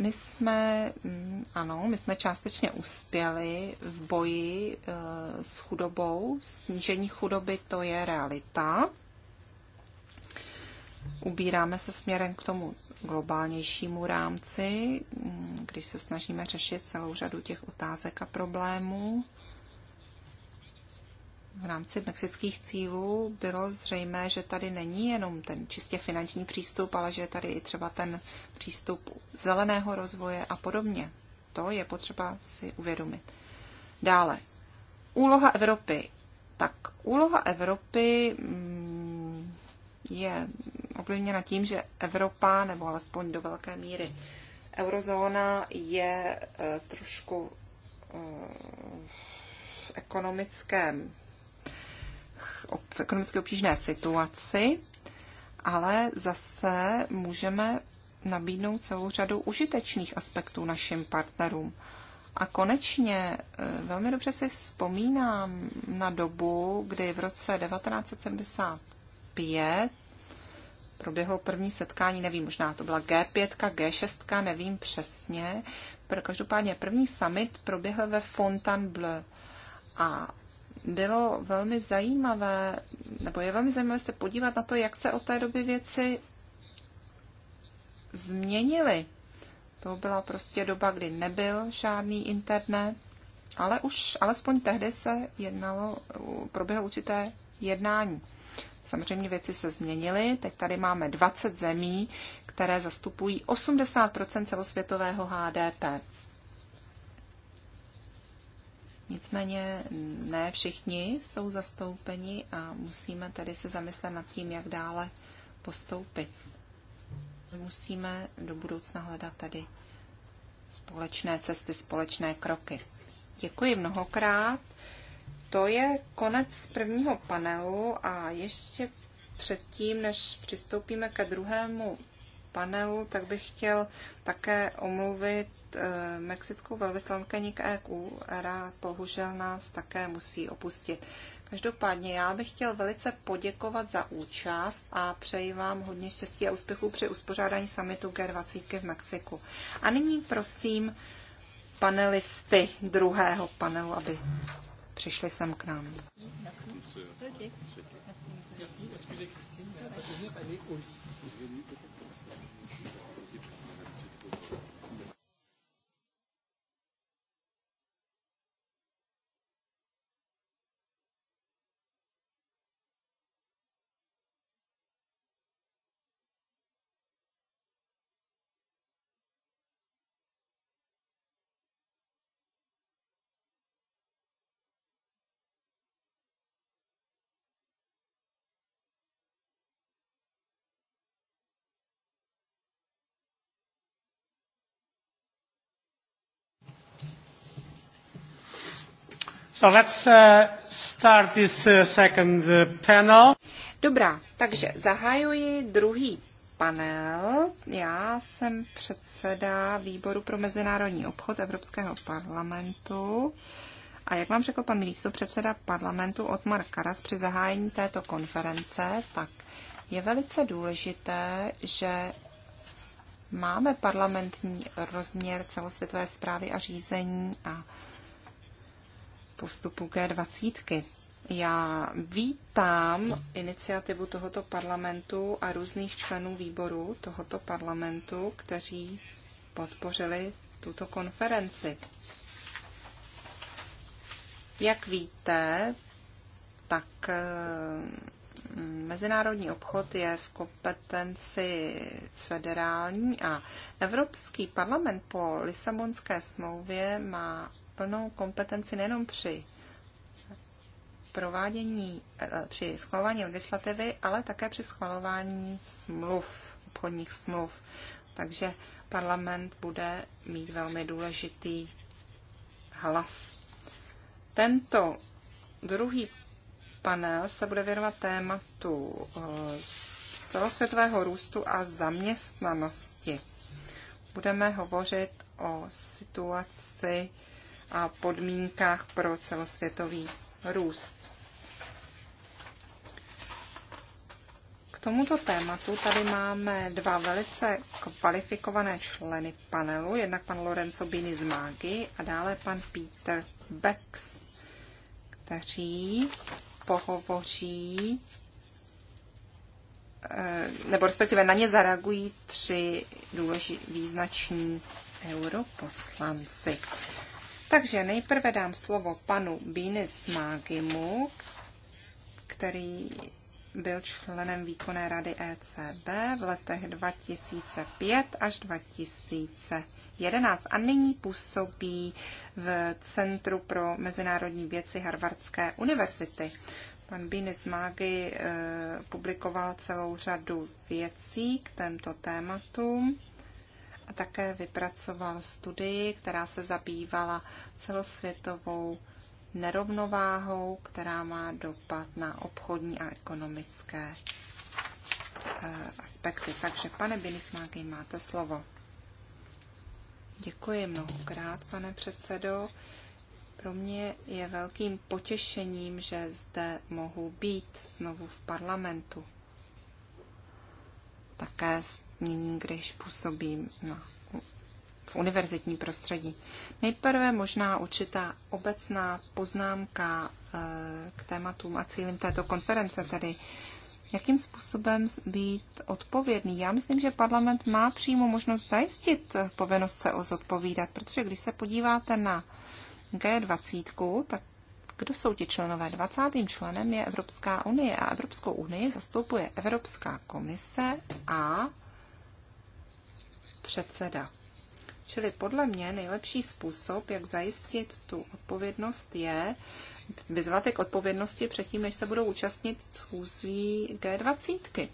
My jsme, mm, ano, my jsme částečně uspěli v boji eh, s chudobou. Snížení chudoby to je realita. Ubíráme se směrem k tomu globálnějšímu rámci, mm, když se snažíme řešit celou řadu těch otázek a problémů v rámci mexických cílů bylo zřejmé, že tady není jenom ten čistě finanční přístup, ale že je tady i třeba ten přístup zeleného rozvoje a podobně. To je potřeba si uvědomit. Dále, úloha Evropy. Tak úloha Evropy mm, je ovlivněna tím, že Evropa, nebo alespoň do velké míry eurozóna, je eh, trošku eh, v ekonomickém v ekonomicky obtížné situaci, ale zase můžeme nabídnout celou řadu užitečných aspektů našim partnerům. A konečně eh, velmi dobře si vzpomínám na dobu, kdy v roce 1975 proběhlo první setkání, nevím, možná to byla G5, G6, nevím přesně. Každopádně první summit proběhl ve Fontainebleau. A bylo velmi zajímavé, nebo je velmi zajímavé se podívat na to, jak se od té doby věci změnily. To byla prostě doba, kdy nebyl žádný internet, ale už alespoň tehdy se jednalo, proběhlo určité jednání. Samozřejmě věci se změnily. Teď tady máme 20 zemí, které zastupují 80 celosvětového HDP. Nicméně ne všichni jsou zastoupeni a musíme tedy se zamyslet nad tím, jak dále postoupit. Musíme do budoucna hledat tady společné cesty, společné kroky. Děkuji mnohokrát. To je konec prvního panelu a ještě předtím, než přistoupíme ke druhému panelu, tak bych chtěl také omluvit mexickou velvyslankyni k EU, která bohužel nás také musí opustit. Každopádně já bych chtěl velice poděkovat za účast a přeji vám hodně štěstí a úspěchů při uspořádání samitu G20 v Mexiku. A nyní prosím panelisty druhého panelu, aby přišli sem k nám. Okay. So let's uh, start this uh, second uh, panel. Dobrá, takže zahajuji druhý panel. Já jsem předseda výboru pro mezinárodní obchod Evropského parlamentu. A jak vám řekl pan Milíso, předseda parlamentu Otmar Karas při zahájení této konference, tak je velice důležité, že máme parlamentní rozměr celosvětové zprávy a řízení a postupu G20. Já vítám iniciativu tohoto parlamentu a různých členů výboru tohoto parlamentu, kteří podpořili tuto konferenci. Jak víte, tak eh, mezinárodní obchod je v kompetenci federální a Evropský parlament po Lisabonské smlouvě má plnou kompetenci nejenom při provádění, eh, při schvalování legislativy, ale také při schvalování smluv, obchodních smluv. Takže parlament bude mít velmi důležitý hlas. Tento druhý panel se bude věnovat tématu eh, celosvětového růstu a zaměstnanosti. Budeme hovořit o situaci a podmínkách pro celosvětový růst. K tomuto tématu tady máme dva velice kvalifikované členy panelu, jednak pan Lorenzo Bini z Mágy a dále pan Peter Bex, kteří pohovoří eh, nebo respektive na ně zareagují tři důležitý význační europoslanci. Takže nejprve dám slovo panu Bínis Mágimu, který byl členem výkonné rady ECB v letech 2005 až 2011 a nyní působí v Centru pro mezinárodní věci Harvardské univerzity. Pan Binis Mágy eh, publikoval celou řadu věcí k těmto tématům a také vypracoval studii, která se zabývala celosvětovou nerovnováhou, která má dopad na obchodní a ekonomické eh, aspekty. Takže, pane Binismáky, máte slovo. Děkuji mnohokrát, pane předsedo. Pro mě je velkým potěšením, že zde mohu být znovu v parlamentu také změním, když působím na, v univerzitní prostředí. Nejprve možná určitá obecná poznámka eh, k tématům a cílům této konference, tedy jakým způsobem být odpovědný. Já myslím, že parlament má přímo možnost zajistit povinnost se o zodpovídat, protože když se podíváte na G20, tak kdo jsou ti členové? 20. členem je Evropská unie a Evropskou unii zastupuje Evropská komise a předseda. Čili podle mě nejlepší způsob, jak zajistit tu odpovědnost, je vyzvat k odpovědnosti předtím, než se budou účastnit schůzí G20.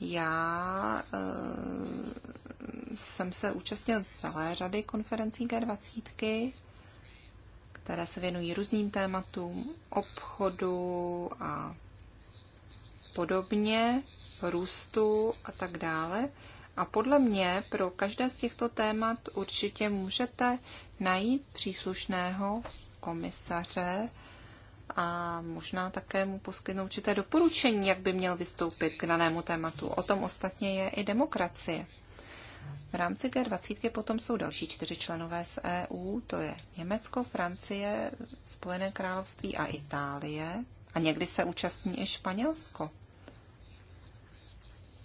Já eh, jsem se účastnil celé řady konferencí G20, které se věnují různým tématům obchodu a podobně, růstu a tak dále. A podle mě pro každé z těchto témat určitě můžete najít příslušného komisaře a možná také mu poskytnout určité doporučení, jak by měl vystoupit k danému tématu. O tom ostatně je i demokracie. V rámci G20 potom jsou další čtyři členové z EU, to je Německo, Francie, Spojené království a Itálie. A někdy se účastní i Španělsko.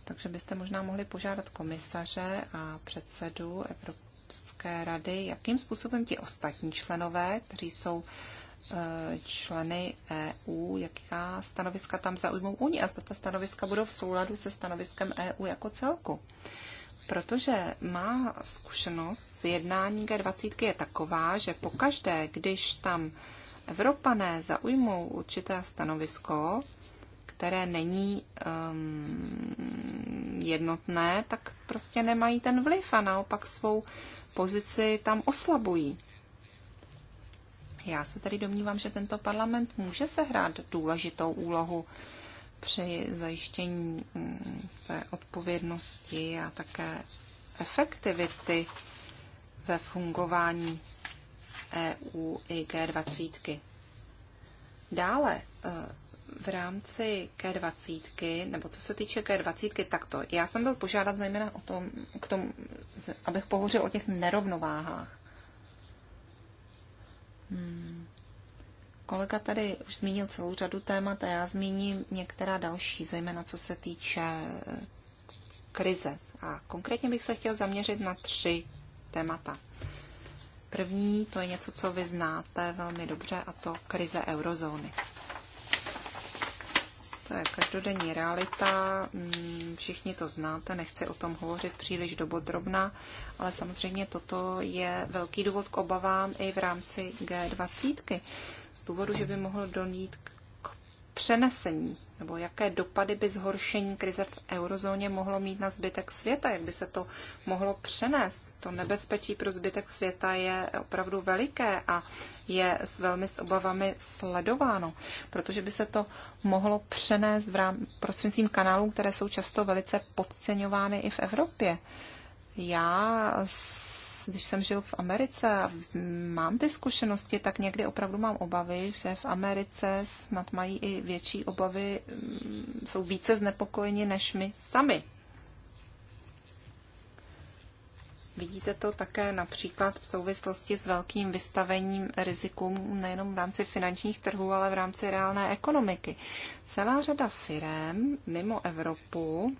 Takže byste možná mohli požádat komisaře a předsedu Evropské rady, jakým způsobem ti ostatní členové, kteří jsou e, členy EU, jaká stanoviska tam zaujmou oni a zda ta stanoviska budou v souladu se stanoviskem EU jako celku protože má zkušenost s jednání G20 je taková, že pokaždé, když tam Evropané zaujmou určité stanovisko, které není um, jednotné, tak prostě nemají ten vliv a naopak svou pozici tam oslabují. Já se tedy domnívám, že tento parlament může sehrát důležitou úlohu uh, přeji zajištění mm, té odpovědnosti a také efektivity ve fungování EU i G20. Dále e, v rámci G20, nebo co se týče G20, tak to. Já jsem byl požádat zejména o tom, k tomu, abych pohořil o těch nerovnováhách. Hmm. Kolega tady už zmínil celou řadu témat a já zmíním některá další, zejména co se týče eh, krize. A konkrétně bych se chtěl zaměřit na tři témata. První, to je něco, co vy znáte velmi dobře, a to krize eurozóny. To je každodenní realita, mm, všichni to znáte, nechci o tom hovořit příliš dobodrobna, ale samozřejmě toto je velký důvod k obavám i v rámci G20 z důvodu, že by mohlo donít k přenesení, nebo jaké dopady by zhoršení krize v eurozóně mohlo mít na zbytek světa, jak by se to mohlo přenést. To nebezpečí pro zbytek světa je opravdu veliké a je s velmi s obavami sledováno, protože by se to mohlo přenést v rám, prostřednictvím kanálů, které jsou často velice podceňovány i v Evropě. Já když jsem žil v Americe a mám ty zkušenosti, tak někdy opravdu mám obavy, že v Americe snad mají i větší obavy, mm, jsou více znepokojeni než my sami. Vidíte to také například v souvislosti s velkým vystavením rizikům nejenom v rámci finančních trhů, ale v rámci reálné ekonomiky. Celá řada firm mimo Evropu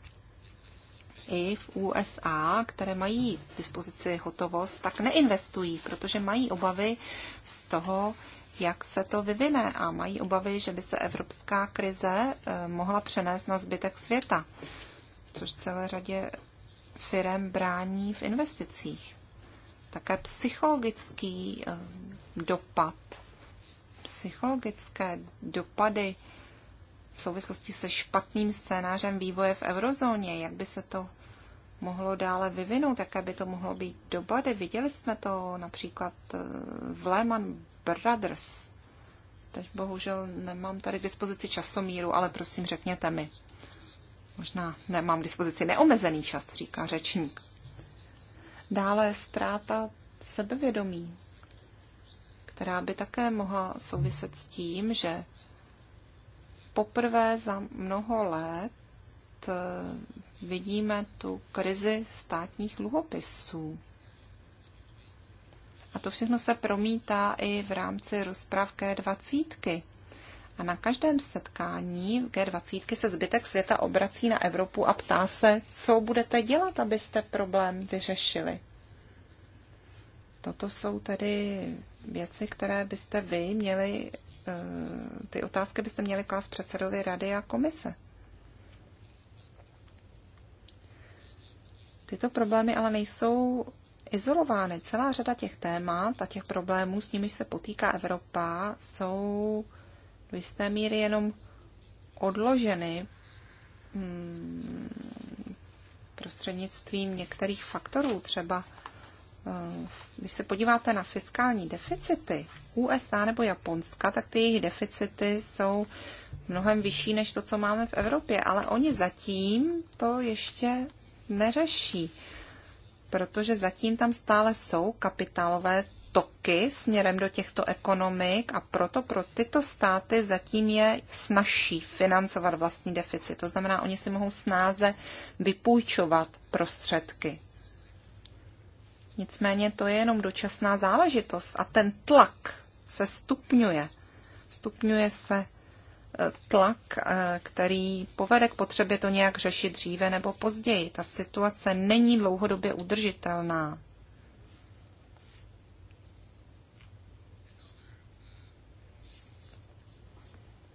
i v USA, které mají k dispozici hotovost, tak neinvestují, protože mají obavy z toho, jak se to vyvine a mají obavy, že by se evropská krize eh, mohla přenést na zbytek světa, což celé řadě firem brání v investicích. Také psychologický eh, dopad, psychologické dopady v souvislosti se špatným scénářem vývoje v eurozóně, jak by se to mohlo dále vyvinout, jaké by to mohlo být dopady. Viděli jsme to například eh, v Lehman Brothers. Teď bohužel nemám tady k dispozici časomíru, ale prosím řekněte mi. Možná nemám k dispozici neomezený čas, říká řečník. Dále ztráta sebevědomí, která by také mohla souviset s tím, že poprvé za mnoho let eh, vidíme tu krizi státních dluhopisů. A to všechno se promítá i v rámci rozprav G20. A na každém setkání G20 se zbytek světa obrací na Evropu a ptá se, co budete dělat, abyste problém vyřešili. Toto jsou tedy věci, které byste vy měli, eh, ty otázky byste měli klást předsedovi rady a komise. Tyto problémy ale nejsou izolovány. Celá řada těch témat a těch problémů, s nimiž se potýká Evropa, jsou do jisté míry jenom odloženy hmm, prostřednictvím některých faktorů. Třeba eh, když se podíváte na fiskální deficity USA nebo Japonska, tak ty jejich deficity jsou mnohem vyšší než to, co máme v Evropě, ale oni zatím to ještě neřeší, protože zatím tam stále jsou kapitálové toky směrem do těchto ekonomik a proto pro tyto státy zatím je snažší financovat vlastní deficit. To znamená, oni si mohou snáze vypůjčovat prostředky. Nicméně to je jenom dočasná záležitost a ten tlak se stupňuje. Stupňuje se tlak, eh, který povede k potřebě to nějak řešit dříve nebo později. Ta situace není dlouhodobě udržitelná.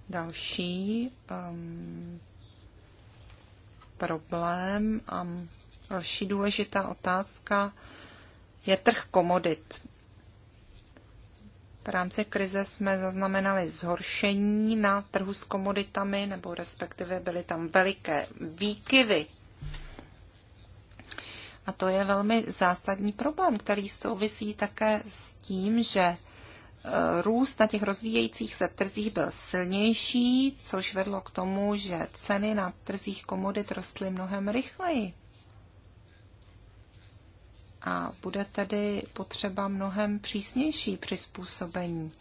Další um, problém a um, další důležitá otázka je trh komodit. V rámci krize jsme zaznamenali zhoršení na trhu s komoditami, nebo respektive byly tam veliké výkyvy. A to je velmi zásadní problém, který souvisí také s tím, že e, růst na těch rozvíjejících se trzích byl silnější, což vedlo k tomu, že ceny na trzích komodit rostly mnohem rychleji a bude tedy potřeba mnohem přísnější přizpůsobení.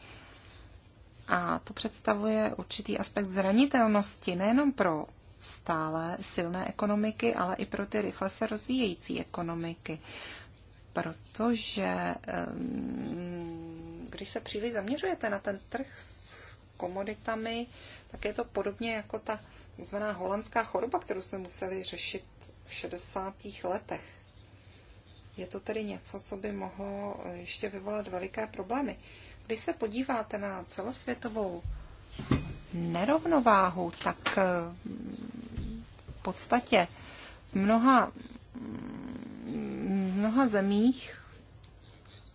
A to představuje určitý aspekt zranitelnosti nejenom pro stále silné ekonomiky, ale i pro ty rychle se rozvíjející ekonomiky. Protože když se příliš zaměřujete na ten trh s komoditami, tak je to podobně jako ta zvaná holandská choroba, kterou jsme museli řešit v 60. letech. Je to tedy něco, co by mohlo eh, ještě vyvolat veliké problémy. Když se podíváte na celosvětovou nerovnováhu, tak eh, v podstatě v mnoha, mm, mnoha zemích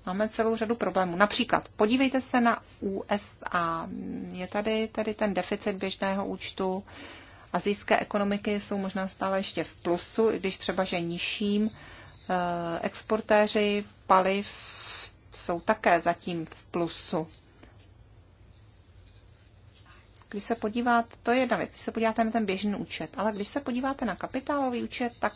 máme celou řadu problémů. Například, podívejte se na USA. Je tady, tady ten deficit běžného účtu. Azijské ekonomiky jsou možná stále ještě v plusu, i když třeba, že nižším Eh, exportéři paliv jsou také zatím v plusu. Když se podíváte, to je jedna věc, když se podíváte na ten běžný účet, ale když se podíváte na kapitálový účet, tak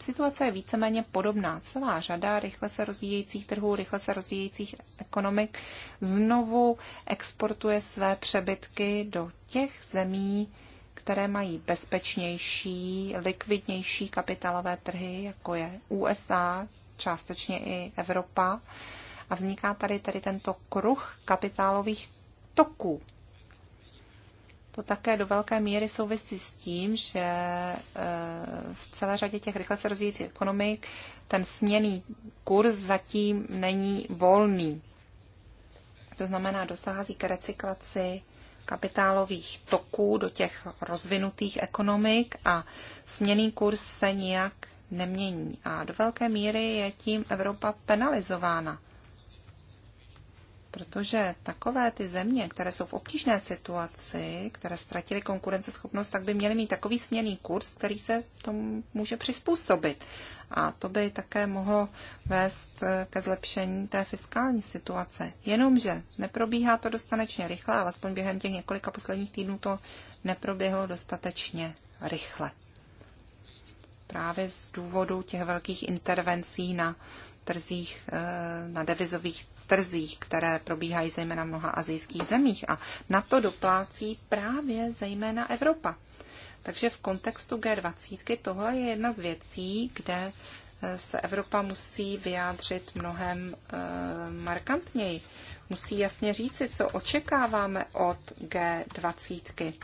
situace je víceméně podobná. Celá řada rychle se rozvíjejících trhů, rychle se rozvíjejících ekonomik znovu exportuje své přebytky do těch zemí, které mají bezpečnější, likvidnější kapitálové trhy, jako je USA, částečně i Evropa. A vzniká tady tady tento kruh kapitálových toků. To také do velké míry souvisí s tím, že e, v celé řadě těch rychle se rozvíjících ekonomik ten směný kurz zatím není volný. To znamená, dosahází k recyklaci kapitálových toků do těch rozvinutých ekonomik a směný kurz se nijak nemění. A do velké míry je tím Evropa penalizována. Protože takové ty země, které jsou v obtížné situaci, které ztratily konkurenceschopnost, tak by měly mít takový směný kurz, který se tomu může přizpůsobit. A to by také mohlo vést eh, ke zlepšení té fiskální situace. Jenomže neprobíhá to dostatečně rychle, ale aspoň během těch několika posledních týdnů to neproběhlo dostatečně rychle. Právě z důvodu těch velkých intervencí na trzích, eh, na devizových trzích, které probíhají zejména v mnoha azijských zemích. A na to doplácí právě zejména Evropa. Takže v kontextu G20 tohle je jedna z věcí, kde eh, se Evropa musí vyjádřit mnohem e, markantněji. Musí jasně říci, co očekáváme od G20.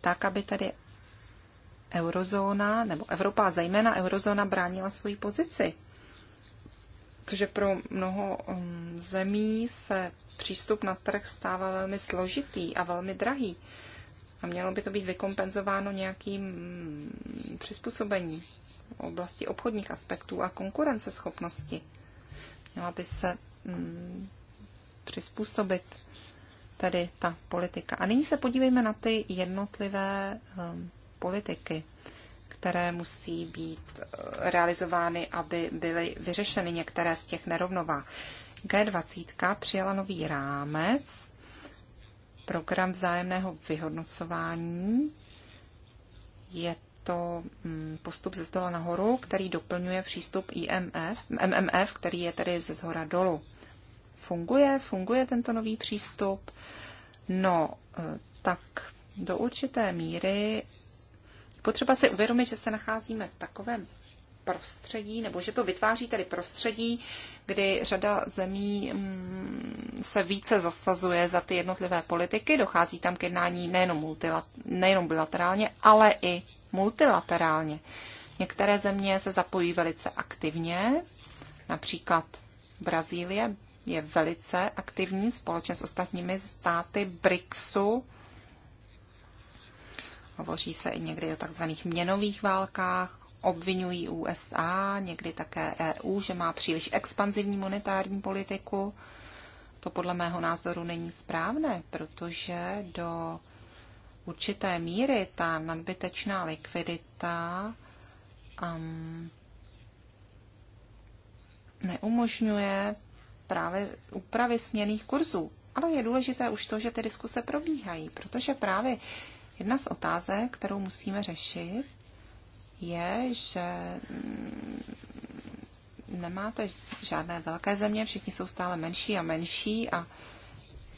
Tak, aby tedy eurozóna, nebo Evropa, zejména eurozóna, bránila svoji pozici protože pro mnoho um, zemí se přístup na trh stává velmi složitý a velmi drahý. A mělo by to být vykompenzováno nějakým mm, přizpůsobením v oblasti obchodních aspektů a konkurenceschopnosti. Měla by se mm, přizpůsobit tedy ta politika. A nyní se podívejme na ty jednotlivé um, politiky které musí být eh, realizovány, aby byly vyřešeny některé z těch nerovnová. G20 přijala nový rámec, program vzájemného vyhodnocování. Je to mm, postup ze zdola nahoru, který doplňuje přístup IMF, MMF, který je tedy ze zhora dolů. Funguje? Funguje tento nový přístup? No, eh, tak do určité míry Potřeba si uvědomit, že se nacházíme v takovém prostředí, nebo že to vytváří tedy prostředí, kdy řada zemí mm, se více zasazuje za ty jednotlivé politiky, dochází tam k jednání nejenom, nejenom bilaterálně, ale i multilaterálně. Některé země se zapojí velice aktivně, například Brazílie je velice aktivní společně s ostatními státy BRICSu, Hovoří se i někdy o takzvaných měnových válkách, obvinují USA, někdy také EU, že má příliš expanzivní monetární politiku. To podle mého názoru není správné, protože do určité míry ta nadbytečná likvidita um, neumožňuje právě úpravy směných kurzů. Ale je důležité už to, že ty diskuse probíhají, protože právě Jedna z otázek, kterou musíme řešit, je, že mm, nemáte žádné velké země, všichni jsou stále menší a menší a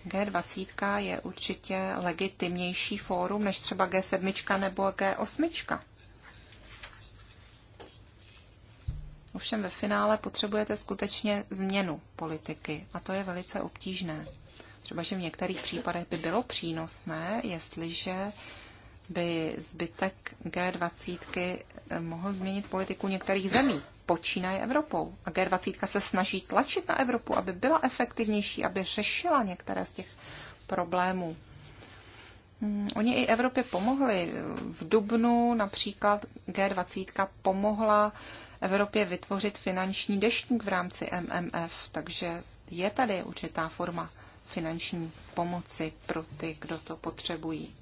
G20 je určitě legitimnější fórum než třeba G7 nebo G8. Ovšem ve finále potřebujete skutečně změnu politiky a to je velice obtížné. Třeba, že v některých případech by bylo přínosné, jestliže by zbytek G20 eh, mohl změnit politiku některých zemí, počínaje Evropou. A G20 se snaží tlačit na Evropu, aby byla efektivnější, aby řešila některé z těch problémů. Hmm, oni i Evropě pomohli. V Dubnu například G20 pomohla Evropě vytvořit finanční deštník v rámci MMF, takže je tady určitá forma finanční pomoci pro ty, kdo to potřebují.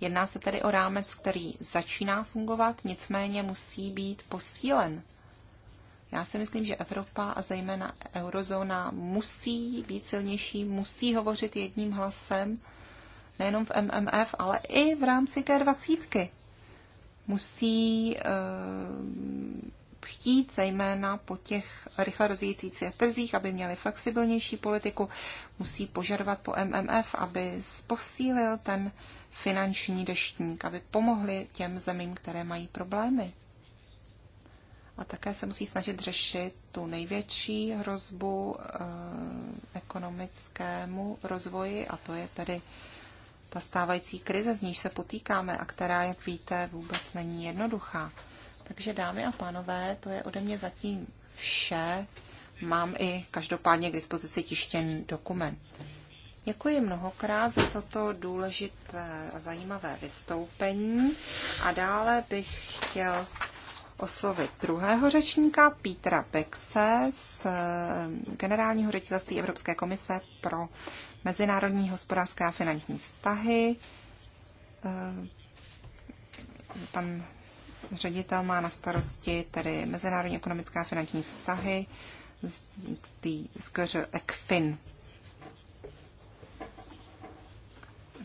Jedná se tedy o rámec, který začíná fungovat, nicméně musí být posílen. Já si myslím, že Evropa a zejména eurozóna musí být silnější, musí hovořit jedním hlasem, nejenom v MMF, ale i v rámci té dvacítky. Musí eh, chtít, zejména po těch rychle rozvíjících se trzích, aby měli flexibilnější politiku, musí požadovat po MMF, aby posílil ten finanční deštník, aby pomohli těm zemím, které mají problémy. A také se musí snažit řešit tu největší hrozbu eh, ekonomickému rozvoji, a to je tedy ta stávající krize, z níž se potýkáme a která, jak víte, vůbec není jednoduchá. Takže dámy a pánové, to je ode mě zatím vše. Mám i každopádně k dispozici tištěný dokument. Děkuji mnohokrát za toto důležité a zajímavé vystoupení a dále bych chtěl oslovit druhého řečníka Petra Pexe z eh, Generálního ředitelství Evropské komise pro mezinárodní hospodářské a finanční vztahy. Eh, pan ředitel má na starosti tedy mezinárodní ekonomická a finanční vztahy z, z GŘ ECFIN.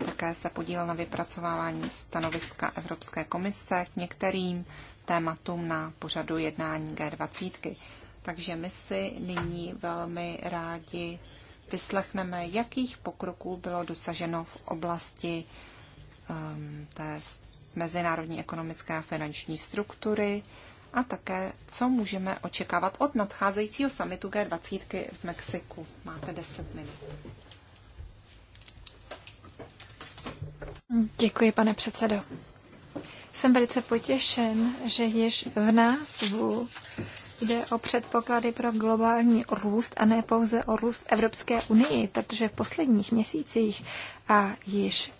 Také se podílel na vypracovávání stanoviska Evropské komise k některým tématům na pořadu jednání G20. Takže my si nyní velmi rádi vyslechneme, jakých pokroků bylo dosaženo v oblasti um, té mezinárodní ekonomické a finanční struktury a také, co můžeme očekávat od nadcházejícího samitu G20 v Mexiku. Máte 10 minut. Děkuji, pane předsedo. Jsem velice potěšen, že již v názvu jde o předpoklady pro globální růst a ne pouze o růst Evropské unii, protože v posledních měsících a již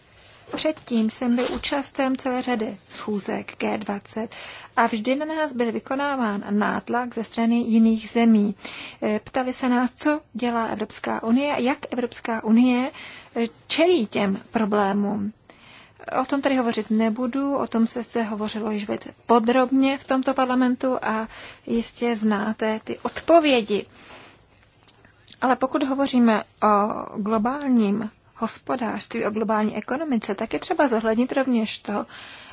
Předtím jsem byl účastem celé řady schůzek G20 a vždy na nás byl vykonáván nátlak ze strany jiných zemí. E, ptali se nás, co dělá Evropská unie a jak Evropská unie e, čelí těm problémům. O tom tady hovořit nebudu, o tom se zde hovořilo již podrobně v tomto parlamentu a jistě znáte ty odpovědi. Ale pokud hovoříme o globálním hospodářství, o globální ekonomice, tak je třeba zohlednit rovněž to,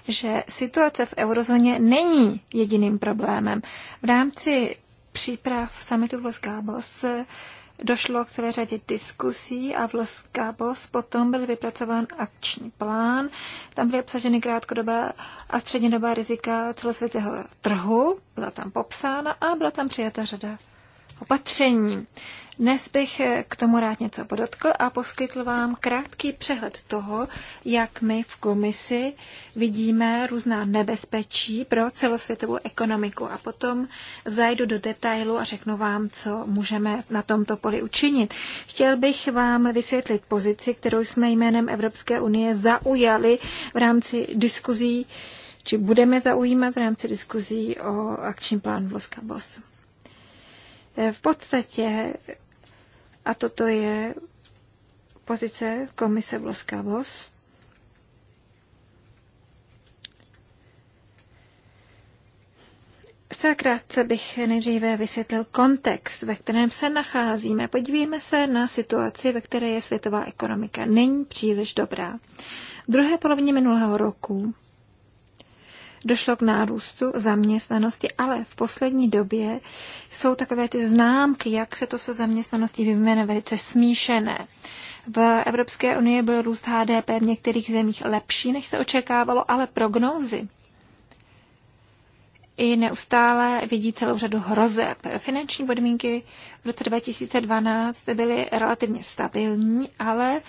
že situace v eurozóně není jediným problémem. V rámci příprav summitu v Los Gábos došlo k celé řadě diskusí a v Los Gábos potom byl vypracován akční plán. Tam byly obsaženy krátkodobá a střednědobá rizika celosvětého trhu, byla tam popsána a byla tam přijata řada opatření. Dnes bych eh, k tomu rád něco podotkl a poskytl vám krátký přehled toho, jak my v komisi vidíme různá nebezpečí pro celosvětovou ekonomiku a potom zajdu do detailu a řeknu vám, co můžeme na tomto poli učinit. Chtěl bych vám vysvětlit pozici, kterou jsme jménem Evropské unie zaujali v rámci diskuzí či budeme zaujímat v rámci diskuzí o akčním plánu BOS. V podstatě a toto je pozice komise Bloskavos. Zcela krátce bych nejdříve vysvětlil kontext, ve kterém se nacházíme. Podívejme se na situaci, ve které je světová ekonomika. Není příliš dobrá. V druhé polovině minulého roku došlo k nárůstu zaměstnanosti, ale v poslední době jsou takové ty známky, jak se to se zaměstnaností vyvine velice smíšené. V Evropské unii byl růst HDP v některých zemích lepší, než se očekávalo, ale prognózy i neustále vidí celou řadu hrozeb. Finanční podmínky v roce 2012 byly relativně stabilní, ale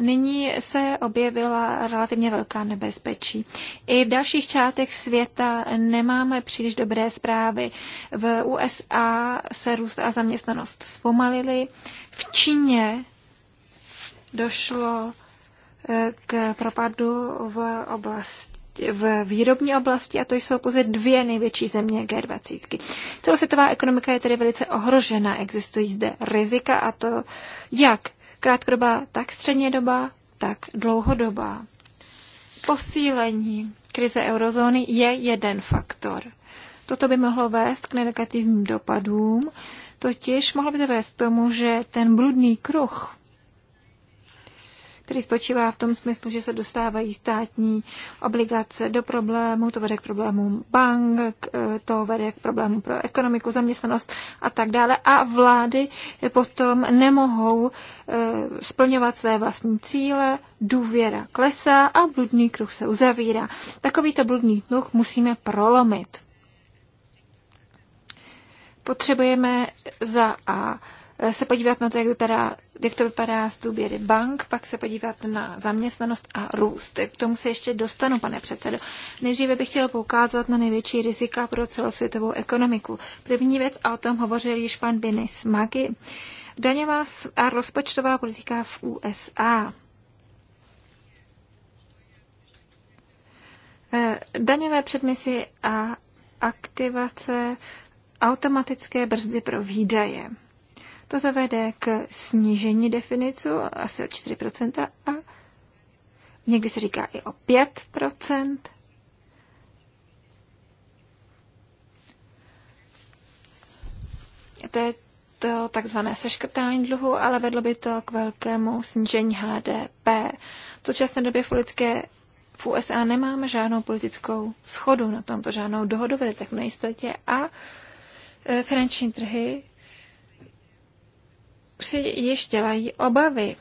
nyní se objevila relativně velká nebezpečí. I v dalších částech světa nemáme příliš dobré zprávy. V USA se růst a zaměstnanost zpomalily. V Číně došlo eh, k propadu v oblasti v výrobní oblasti a to jsou pouze dvě největší země G20. Celosvětová ekonomika je tedy velice ohrožena. Existují zde rizika a to jak krátkodobá, tak středně doba, tak dlouhodobá. Posílení krize eurozóny je jeden faktor. Toto by mohlo vést k negativním dopadům, totiž mohlo by to vést k tomu, že ten bludný kruh který spočívá v tom smyslu, že se dostávají státní obligace do problémů, to vede k problémům bank, e, to vede k problémům pro ekonomiku, zaměstnanost a tak dále. A vlády potom nemohou e, splňovat své vlastní cíle, důvěra klesá a bludný kruh se uzavírá. Takovýto bludný kruh musíme prolomit potřebujeme za A Eh, se podívat na to, jak, vypadá, jak to vypadá z důběry bank, pak se podívat na zaměstnanost a růst. K tomu se ještě dostanu, pane předsedo. Nejdříve bych chtěla poukázat na největší rizika pro celosvětovou ekonomiku. První věc, a o tom hovořil již pan Binis Magy, daňová a rozpočtová politika v USA. Eh, daňové předmisy a aktivace automatické brzdy pro výdaje to zavede k snížení definicu asi o 4% a někdy se říká i o 5%. To je to takzvané seškrtání dluhu, ale vedlo by to k velkému snížení HDP. V současné době v politické v USA nemáme žádnou politickou schodu na tomto, žádnou dohodu ve technojistotě a e, finanční trhy psi již dělají obavy.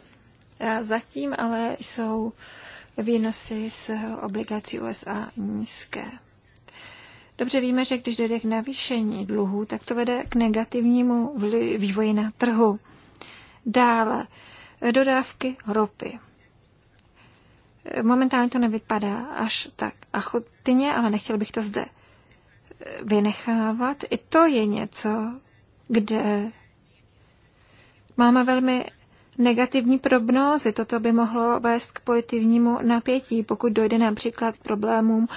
A zatím ale jsou výnosy z obligací USA nízké. Dobře víme, že když dojde k navýšení dluhů, tak to vede k negativnímu vývoji na trhu. Dále, dodávky ropy. Momentálně to nevypadá až tak achotně, ale nechtěl bych to zde vynechávat. I to je něco, kde Máme velmi negativní prognózy. Toto by mohlo vést k politivnímu napětí, pokud dojde například k problémům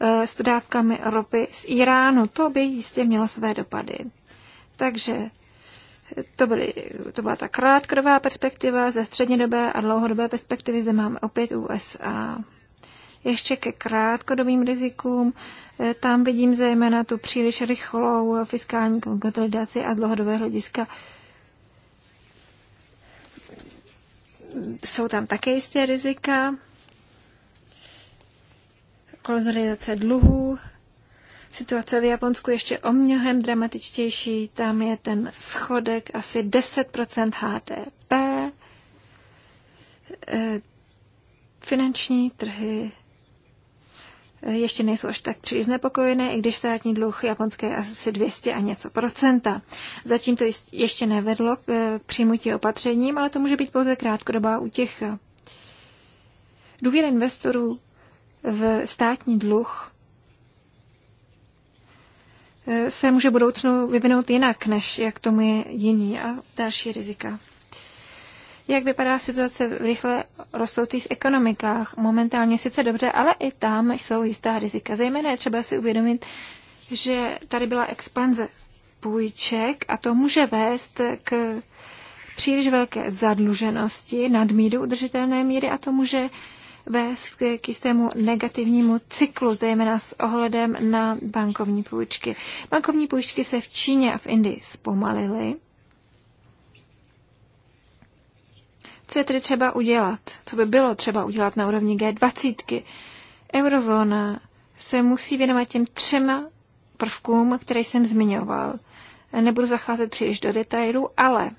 eh, s dodávkami ropy z Iránu. To by jistě mělo své dopady. Takže to, byly, to byla ta krátkodobá perspektiva, ze střednědobé a dlouhodobé perspektivy zde máme opět USA. Ještě ke krátkodobým rizikům, eh, tam vidím zejména tu příliš rychlou fiskální konsolidaci a dlouhodobé hlediska jsou tam také jistě rizika konsolidace dluhů. Situace v Japonsku ještě o mnohem dramatičtější. Tam je ten schodek asi 10% HDP. Eh, finanční trhy ještě nejsou až tak příliš znepokojené, i když státní dluh japonské je asi 200 a něco procenta. Zatím to ještě nevedlo k e, přijmutí opatřením, ale to může být pouze krátkodobá útěcha. Důvěra investorů v státní dluh e, se může budoucnu vyvinout jinak, než jak tomu je jiní a další rizika jak vypadá situace v rychle rostoucích ekonomikách. Momentálně sice dobře, ale i tam jsou jistá rizika. Zejména je třeba si uvědomit, že tady byla expanze půjček a to může vést k příliš velké zadluženosti nadmíru udržitelné míry a to může vést k jistému negativnímu cyklu, zejména s ohledem na bankovní půjčky. Bankovní půjčky se v Číně a v Indii zpomalily Co je tedy třeba udělat? Co by bylo třeba udělat na úrovni G20? Eurozóna se musí věnovat těm třema prvkům, které jsem zmiňoval. Nebudu zacházet příliš do detailů, ale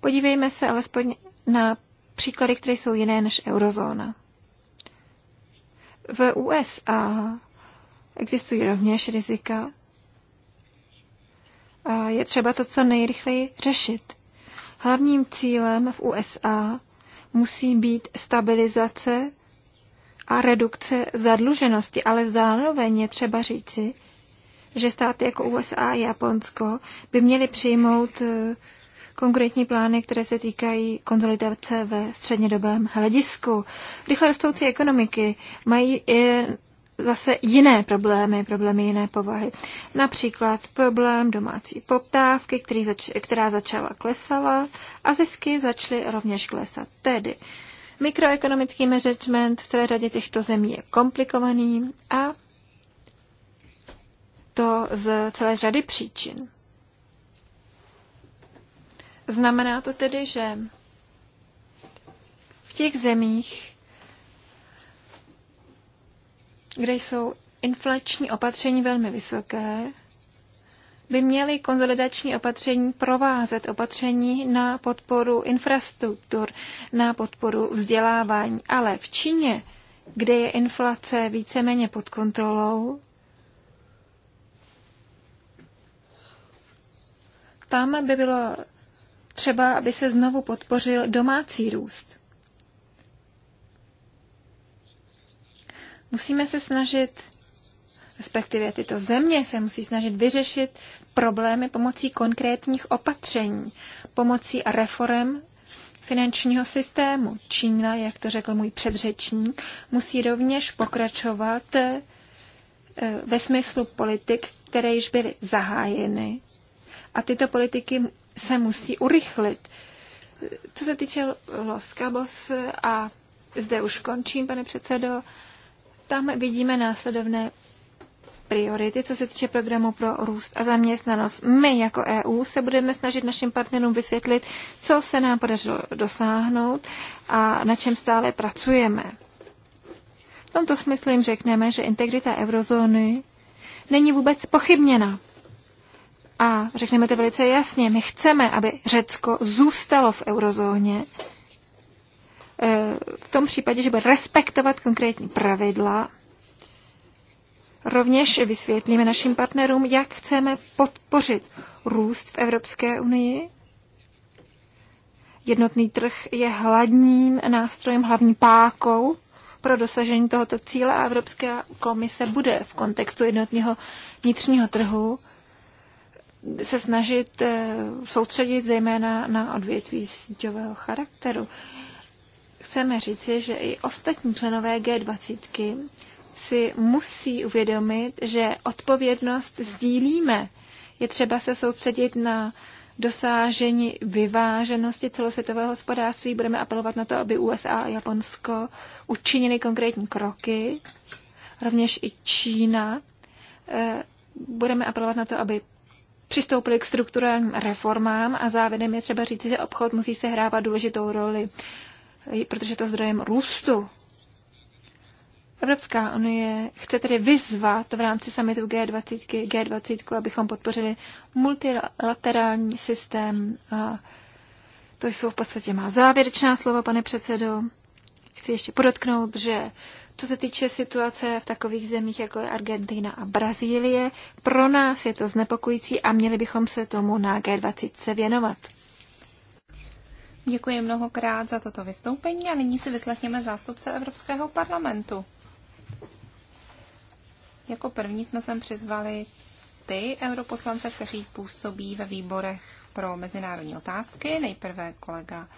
podívejme se alespoň na příklady, které jsou jiné než eurozóna. V USA existují rovněž rizika a je třeba to co nejrychleji řešit. Hlavním cílem v USA musí být stabilizace a redukce zadluženosti, ale zároveň je třeba říci, že státy jako USA a Japonsko by měly přijmout eh, konkrétní plány, které se týkají konsolidace ve střednědobém hledisku. Rychle rostoucí ekonomiky mají zase jiné problémy, problémy jiné povahy. Například problém domácí poptávky, který zač- která začala klesala a zisky začaly rovněž klesat. Tedy mikroekonomický management v celé řadě těchto zemí je komplikovaný a to z celé řady příčin. Znamená to tedy, že v těch zemích kde jsou inflační opatření velmi vysoké, by měly konzolidační opatření provázet opatření na podporu infrastruktur, na podporu vzdělávání. Ale v Číně, kde je inflace víceméně pod kontrolou, tam by bylo třeba, aby se znovu podpořil domácí růst. Musíme se snažit, respektive tyto země se musí snažit vyřešit problémy pomocí konkrétních opatření, pomocí reform finančního systému. Čína, jak to řekl můj předřečník, musí rovněž pokračovat eh, ve smyslu politik, které již byly zahájeny. A tyto politiky se musí urychlit. Co se týče Los Cabos, eh, a zde už končím, pane předsedo, tam vidíme následovné priority, co se týče programu pro růst a zaměstnanost. My jako EU se budeme snažit našim partnerům vysvětlit, co se nám podařilo dosáhnout a na čem stále pracujeme. V tomto smyslu jim řekneme, že integrita eurozóny není vůbec pochybněna. A řekneme to velice jasně, my chceme, aby Řecko zůstalo v eurozóně Eh, v tom případě, že bude respektovat konkrétní pravidla. Rovněž vysvětlíme našim partnerům, jak chceme podpořit růst v Evropské unii. Jednotný trh je hladním nástrojem, hlavní pákou pro dosažení tohoto cíle a Evropská komise bude v kontextu jednotného vnitřního trhu se snažit eh, soustředit zejména na odvětví síťového charakteru chceme je, že i ostatní členové G20 si musí uvědomit, že odpovědnost sdílíme. Je třeba se soustředit na dosážení vyváženosti celosvětového hospodářství. Budeme apelovat na to, aby USA a Japonsko učinili konkrétní kroky, rovněž i Čína. Eh, budeme apelovat na to, aby přistoupili k strukturálním reformám a závěrem je třeba říct, že obchod musí se hrávat důležitou roli protože to zdrojem růstu. Evropská unie chce tedy vyzvat v rámci summitu G20, G20 abychom podpořili multilaterální systém. A to jsou v podstatě má závěrečná slova, pane předsedo. Chci ještě podotknout, že co se týče situace v takových zemích, jako je Argentina a Brazílie, pro nás je to znepokojící a měli bychom se tomu na G20 věnovat. Děkuji mnohokrát za toto vystoupení a nyní si vyslechněme zástupce Evropského parlamentu. Jako první jsme sem přizvali ty europoslance, kteří působí ve výborech pro mezinárodní otázky. Nejprve kolega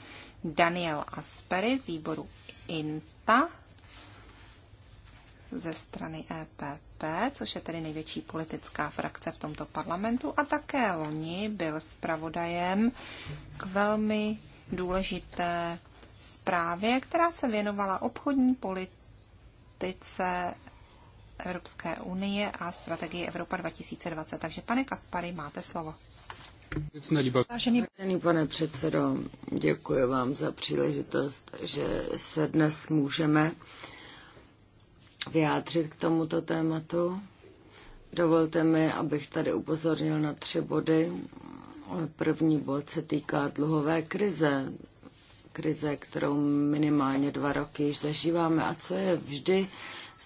Daniel Aspery z výboru INTA ze strany EPP, což je tedy největší politická frakce v tomto parlamentu a také loni byl zpravodajem k velmi důležité zprávě, která se věnovala obchodní politice Evropské unie a strategii Evropa 2020. Takže pane Kaspary, máte slovo. Vážený pane předsedo, děkuji vám za příležitost, že se dnes můžeme vyjádřit k tomuto tématu. Dovolte mi, abych tady upozornil na tři body, První bod se týká dluhové krize. Krize, kterou minimálně dva roky již zažíváme a co je vždy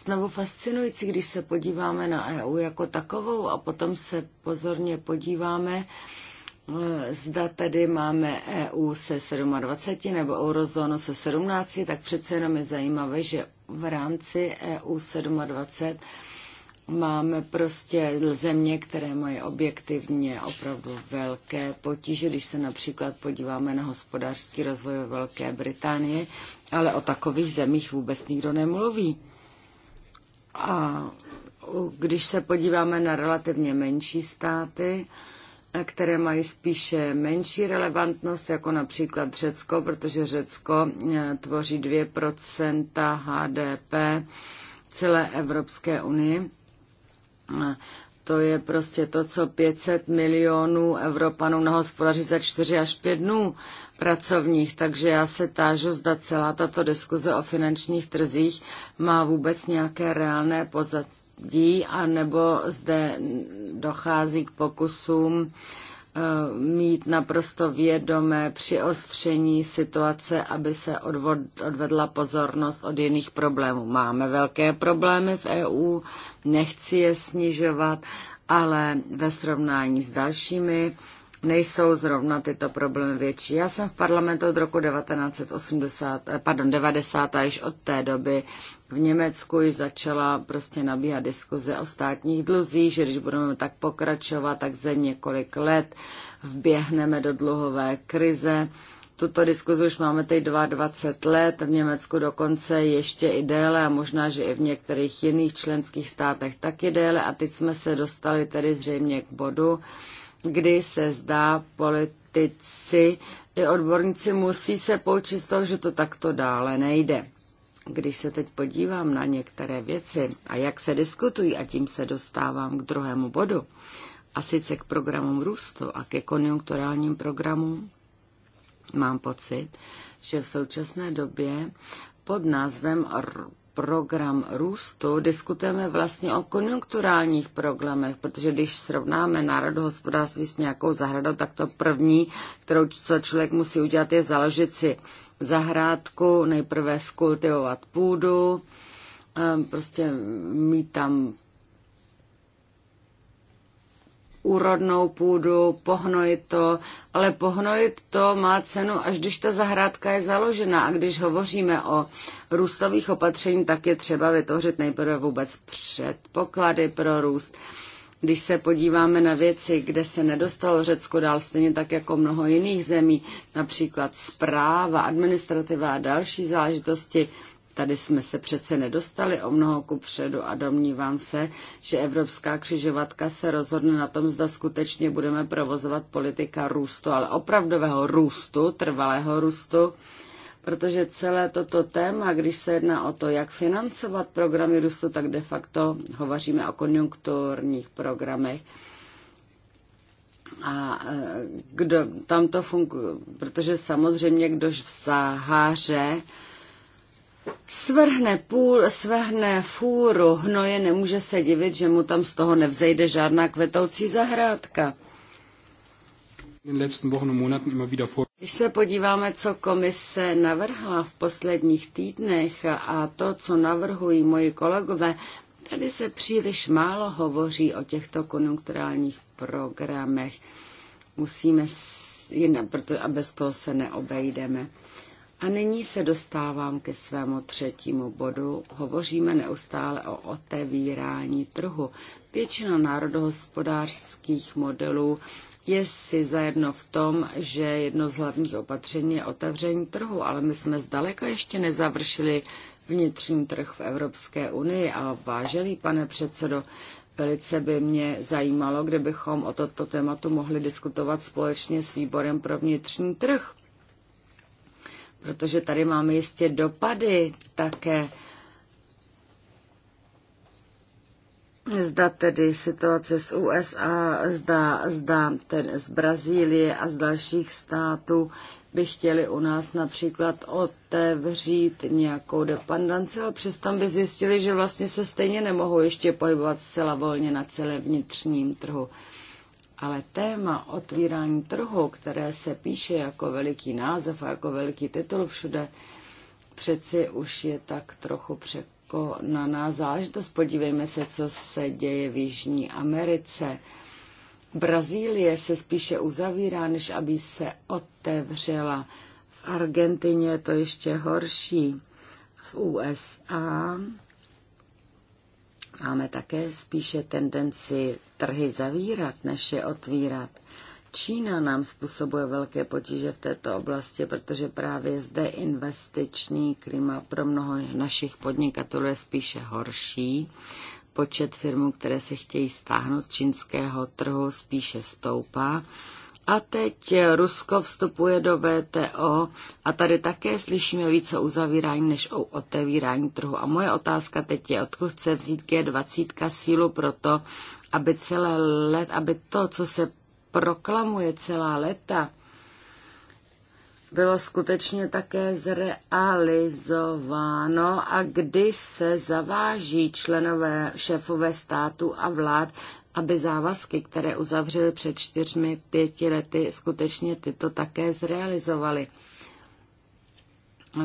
znovu fascinující, když se podíváme na EU jako takovou a potom se pozorně podíváme, eh, zda tedy máme EU se 27 nebo eurozónu se 17, tak přece jenom je zajímavé, že v rámci EU 27 máme prostě země, které mají objektivně opravdu velké potíže, když se například podíváme na hospodářský rozvoj ve Velké Británie, ale o takových zemích vůbec nikdo nemluví. A když se podíváme na relativně menší státy, které mají spíše menší relevantnost, jako například Řecko, protože Řecko eh, tvoří 2% HDP celé Evropské unie, to je prostě to, co 500 milionů Evropanů nahospodaří za 4 až 5 dnů pracovních. Takže já se tážu, zda celá tato diskuze o finančních trzích má vůbec nějaké reálné pozadí, anebo zde dochází k pokusům Eh, mít naprosto vědomé při ostření situace, aby se odvedla pozornost od jiných problémů. Máme velké problémy v EU, nechci je snižovat, ale ve srovnání s dalšími nejsou zrovna tyto problémy větší. Já jsem v parlamentu od roku 1980, eh, pardon, 90 a již od té doby v Německu již začala prostě nabíhat diskuze o státních dluzích, že když budeme tak pokračovat, tak ze několik let vběhneme do dluhové krize. Tuto diskuzi už máme teď 22 let, v Německu dokonce ještě i déle a možná, že i v některých jiných členských státech taky déle a teď jsme se dostali tedy zřejmě k bodu, kdy se zdá politici i odborníci musí se poučit z toho, že to takto dále nejde. Když se teď podívám na některé věci a jak se diskutují, a tím se dostávám k druhému bodu, a sice k programům růstu a ke konjunkturálním programům, mám pocit, že v současné době pod názvem program růstu, diskutujeme vlastně o konjunkturálních programech, protože když srovnáme hospodářství s nějakou zahradou, tak to první, kterou co člověk musí udělat, je založit si zahrádku, nejprve skultivovat půdu, ehm, prostě mít tam úrodnou půdu, pohnojit to, ale pohnojit to má cenu, až když ta zahrádka je založena. A když hovoříme o růstových opatření, tak je třeba vytvořit nejprve vůbec předpoklady pro růst. Když se podíváme na věci, kde se nedostalo Řecko dál, stejně tak jako mnoho jiných zemí, například zpráva, administrativa a další záležitosti, Tady jsme se přece nedostali o mnoho ku předu a domnívám se, že Evropská křižovatka se rozhodne na tom, zda skutečně budeme provozovat politika růstu, ale opravdového růstu, trvalého růstu, protože celé toto téma, když se jedná o to, jak financovat programy růstu, tak de facto hovoříme o konjunkturních programech. A e, kdo tam to funguje, protože samozřejmě kdož v Saháře svrhne, půl, svrhne fůru hnoje, nemůže se divit, že mu tam z toho nevzejde žádná kvetoucí zahrádka. Když se podíváme, co komise navrhla v posledních týdnech a to, co navrhují moji kolegové, tady se příliš málo hovoří o těchto konjunkturálních programech. Musíme, jinak, protože a bez toho se neobejdeme. A nyní se dostávám ke svému třetímu bodu. Hovoříme neustále o otevírání trhu. Většina národohospodářských modelů je si zajedno v tom, že jedno z hlavních opatření je otevření trhu, ale my jsme zdaleka ještě nezavršili vnitřní trh v Evropské unii a vážený pane předsedo, Velice by mě zajímalo, kdybychom o toto tématu mohli diskutovat společně s výborem pro vnitřní trh protože tady máme jistě dopady také. Zda tedy situace z USA, zda, zda ten z Brazílie a z dalších států by chtěli u nás například otevřít nějakou dependenci, ale přesto by zjistili, že vlastně se stejně nemohou ještě pohybovat zcela volně na celém vnitřním trhu. Ale téma otvírání trhu, které se píše jako veliký název a jako veliký titul všude, přeci už je tak trochu překonaná záležitost. Podívejme se, co se děje v Jižní Americe. Brazílie se spíše uzavírá, než aby se otevřela. V Argentině je to ještě horší. V USA Máme také spíše tendenci trhy zavírat, než je otvírat. Čína nám způsobuje velké potíže v této oblasti, protože právě zde investiční klima pro mnoho našich podnikatelů je spíše horší. Počet firm, které se chtějí stáhnout z čínského trhu, spíše stoupá a teď Rusko vstupuje do VTO a tady také slyšíme více o uzavírání než o otevírání trhu. A moje otázka teď je, odkud chce vzít G20 sílu pro to, aby celé let, aby to, co se proklamuje celá leta, bylo skutečně také zrealizováno a kdy se zaváží členové šéfové státu a vlád, aby závazky, které uzavřeli před čtyřmi, pěti lety, skutečně tyto také zrealizovali.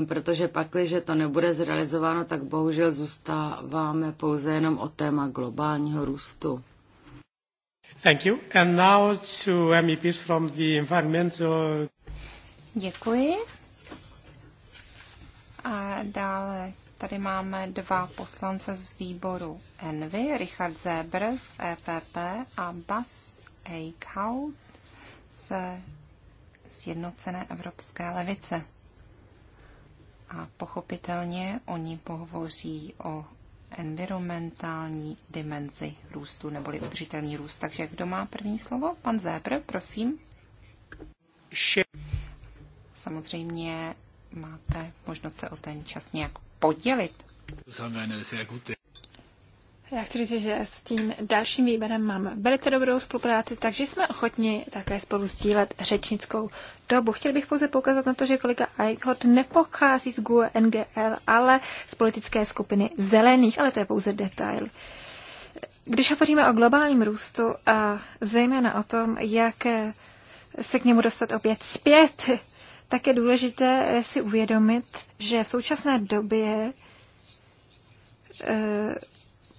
Protože když to nebude zrealizováno, tak bohužel zůstáváme pouze jenom o téma globálního růstu. Thank you. And now to MEPs from the environmental... Děkuji. A dále Tady máme dva poslance z výboru Envy, Richard Zebr z EPP a Bas Eichhout z Sjednocené evropské levice. A pochopitelně oni pohovoří o environmentální dimenzi růstu neboli udržitelný růst. Takže kdo má první slovo? Pan Zébr, prosím. Samozřejmě máte možnost se o ten čas nějak podělit. Já chci říct, že s tím dalším výběrem mám velice dobrou spolupráci, takže jsme ochotni také spolu sdílet řečnickou dobu. Chtěl bych pouze poukázat na to, že kolega Eichhot nepochází z GUE NGL, ale z politické skupiny zelených, ale to je pouze detail. Když hovoříme o globálním růstu a zejména o tom, jak se k němu dostat opět zpět, tak je důležité eh, si uvědomit, že v současné době eh,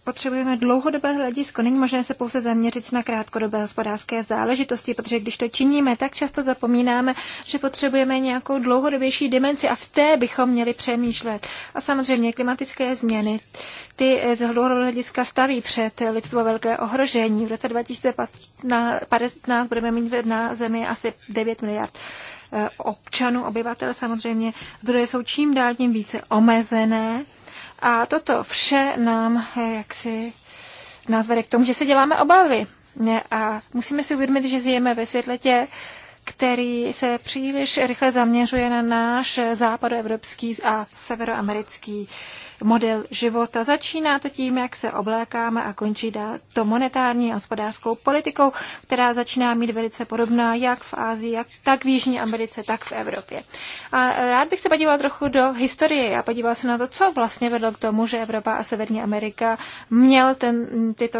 potřebujeme dlouhodobé hledisko. Není možné se pouze zaměřit na krátkodobé hospodářské záležitosti, protože když to činíme, tak často zapomínáme, že potřebujeme nějakou dlouhodobější dimenzi a v té bychom měli přemýšlet. A samozřejmě klimatické změny, ty eh, z dlouhodobého hlediska staví před lidstvo velké ohrožení. V roce 2015 budeme mít na zemi asi 9 miliard Eh, občanů, obyvatel samozřejmě, zdroje jsou čím dál tím více omezené a toto vše nám eh, jaksi nás vede k tomu, že se děláme obavy. A musíme si uvědomit, že žijeme ve světletě, který se příliš rychle zaměřuje na náš západoevropský a severoamerický uh, model života. Začíná to tím, jak se oblékáme a končí to monetární a hospodářskou politikou, která začíná mít velice podobná jak v Ázii, jak, tak v Jižní Americe, tak v Evropě. A rád bych se podíval trochu do historie a podíval se na to, co vlastně vedlo k tomu, že Evropa a Severní Amerika měl ten, tyto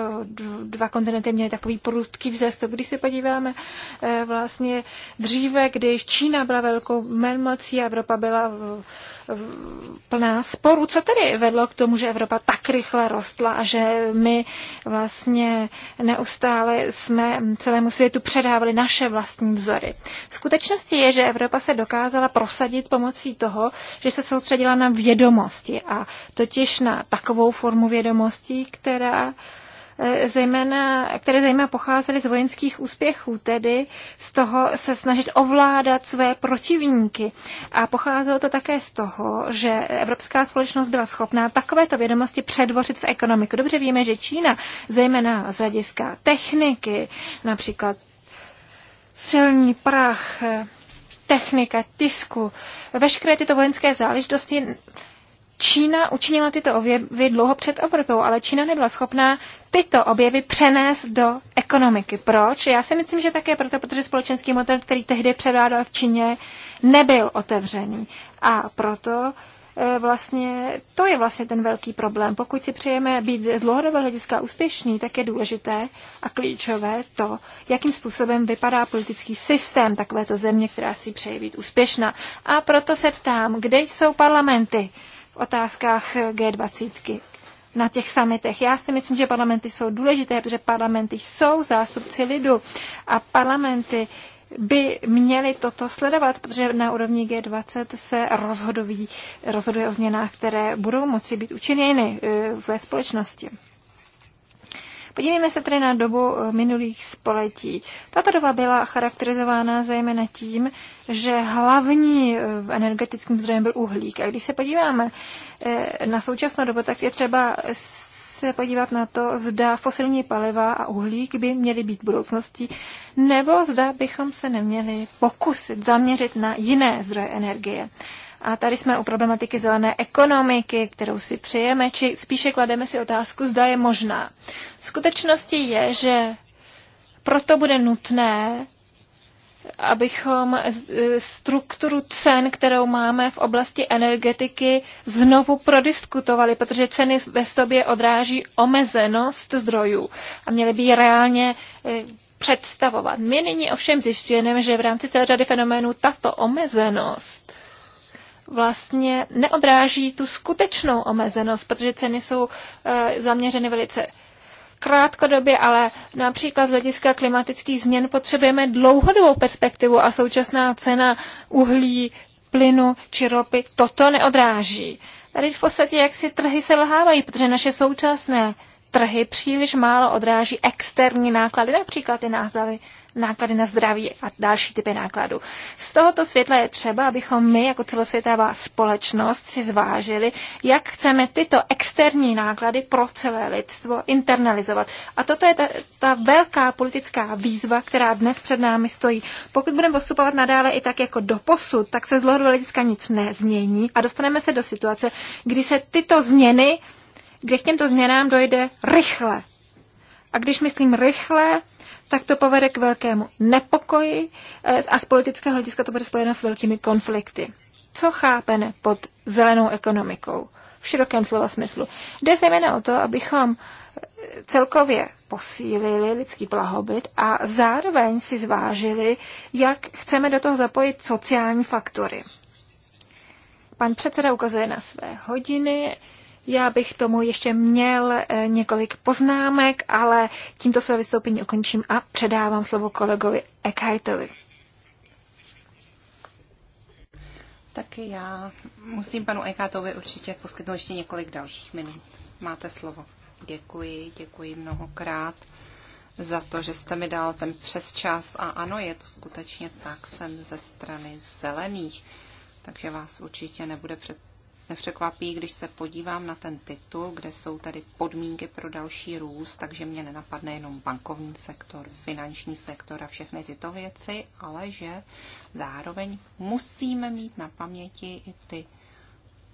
dva kontinenty měly takový prudký vzestup. Když se podíváme eh, vlastně dříve, když Čína byla velkou velmocí a Evropa byla plná sporu. Co tedy vedlo k tomu, že Evropa tak rychle rostla a že my vlastně neustále jsme celému světu předávali naše vlastní vzory? Skutečností skutečnosti je, že Evropa se dokázala prosadit pomocí toho, že se soustředila na vědomosti a totiž na takovou formu vědomostí, která Eh, zejména, které zejména pocházely z vojenských úspěchů, tedy z toho se snažit ovládat své protivníky. A pocházelo to také z toho, že evropská společnost byla schopná takovéto vědomosti předvořit v ekonomiku. Dobře víme, že Čína, zejména z hlediska techniky, například střelní prach, eh, technika, tisku, veškeré tyto vojenské záležitosti Čína učinila tyto objevy dlouho před Evropou, ale Čína nebyla schopná tyto objevy přenést do ekonomiky. Proč? Já si myslím, že také proto, protože společenský model, který tehdy převládal v Číně, nebyl otevřený. A proto e, vlastně to je vlastně ten velký problém. Pokud si přejeme být z dlouhodobého hlediska úspěšní, tak je důležité a klíčové to, jakým způsobem vypadá politický systém takovéto země, která si přeje být úspěšná. A proto se ptám, kde jsou parlamenty? v otázkách eh, G20. na těch samitech. Já si myslím, že parlamenty jsou důležité, protože parlamenty jsou zástupci lidu a parlamenty by měly toto sledovat, protože na úrovni G20 se rozhodují, rozhoduje o změnách, které budou moci být učiněny eh, ve společnosti. Podívejme se tedy na dobu eh, minulých spoletí. Tato doba byla charakterizována zejména tím, že hlavní eh, energetickým zdrojem byl uhlík. A když se podíváme eh, na současnou dobu, tak je třeba se podívat na to, zda fosilní paliva a uhlík by měly být budoucností, nebo zda bychom se neměli pokusit zaměřit na jiné zdroje energie. A tady jsme u problematiky zelené ekonomiky, kterou si přejeme, či spíše klademe si otázku, zda je možná. V skutečnosti je, že proto bude nutné abychom e, strukturu cen, kterou máme v oblasti energetiky, znovu prodiskutovali, protože ceny ve sobě odráží omezenost zdrojů a měly by reálně e, představovat. My nyní ovšem zjišťujeme, že v rámci celé řady fenoménů tato omezenost vlastně neodráží tu skutečnou omezenost, protože ceny jsou eh, zaměřeny velice krátkodobě, ale například z hlediska klimatických změn potřebujeme dlouhodobou perspektivu a současná cena uhlí, plynu či ropy toto neodráží. Tady v podstatě jak si trhy se lhávají, protože naše současné trhy příliš málo odráží externí náklady, například ty názavy náklady na zdraví a další typy nákladů. Z tohoto světla je třeba, abychom my jako celosvětová společnost si zvážili, jak chceme tyto externí náklady pro celé lidstvo internalizovat. A toto je ta, ta velká politická výzva, která dnes před námi stojí. Pokud budeme postupovat nadále i tak jako do posud, tak se z hlediska nic nezmění a dostaneme se do situace, kdy se tyto změny, kde k těmto změnám dojde rychle. A když myslím rychle, tak to povede k velkému nepokoji eh, a z politického hlediska to bude spojeno s velkými konflikty. Co chápeme pod zelenou ekonomikou? V širokém slova smyslu. Jde zejména o to, abychom eh, celkově posílili lidský blahobyt a zároveň si zvážili, jak chceme do toho zapojit sociální faktory. Pan předseda ukazuje na své hodiny. Já bych tomu ještě měl eh, několik poznámek, ale tímto své vystoupení ukončím a předávám slovo kolegovi Ekajtovi. Tak já musím panu Ekátovi určitě poskytnout ještě několik dalších minut. Máte slovo. Děkuji, děkuji mnohokrát za to, že jste mi dal ten přesčas. A ano, je to skutečně tak, jsem ze strany zelených, takže vás určitě nebude před nepřekvapí, když se podívám na ten titul, kde jsou tady podmínky pro další růst, takže mě nenapadne jenom bankovní sektor, finanční sektor a všechny tyto věci, ale že zároveň musíme mít na paměti i ty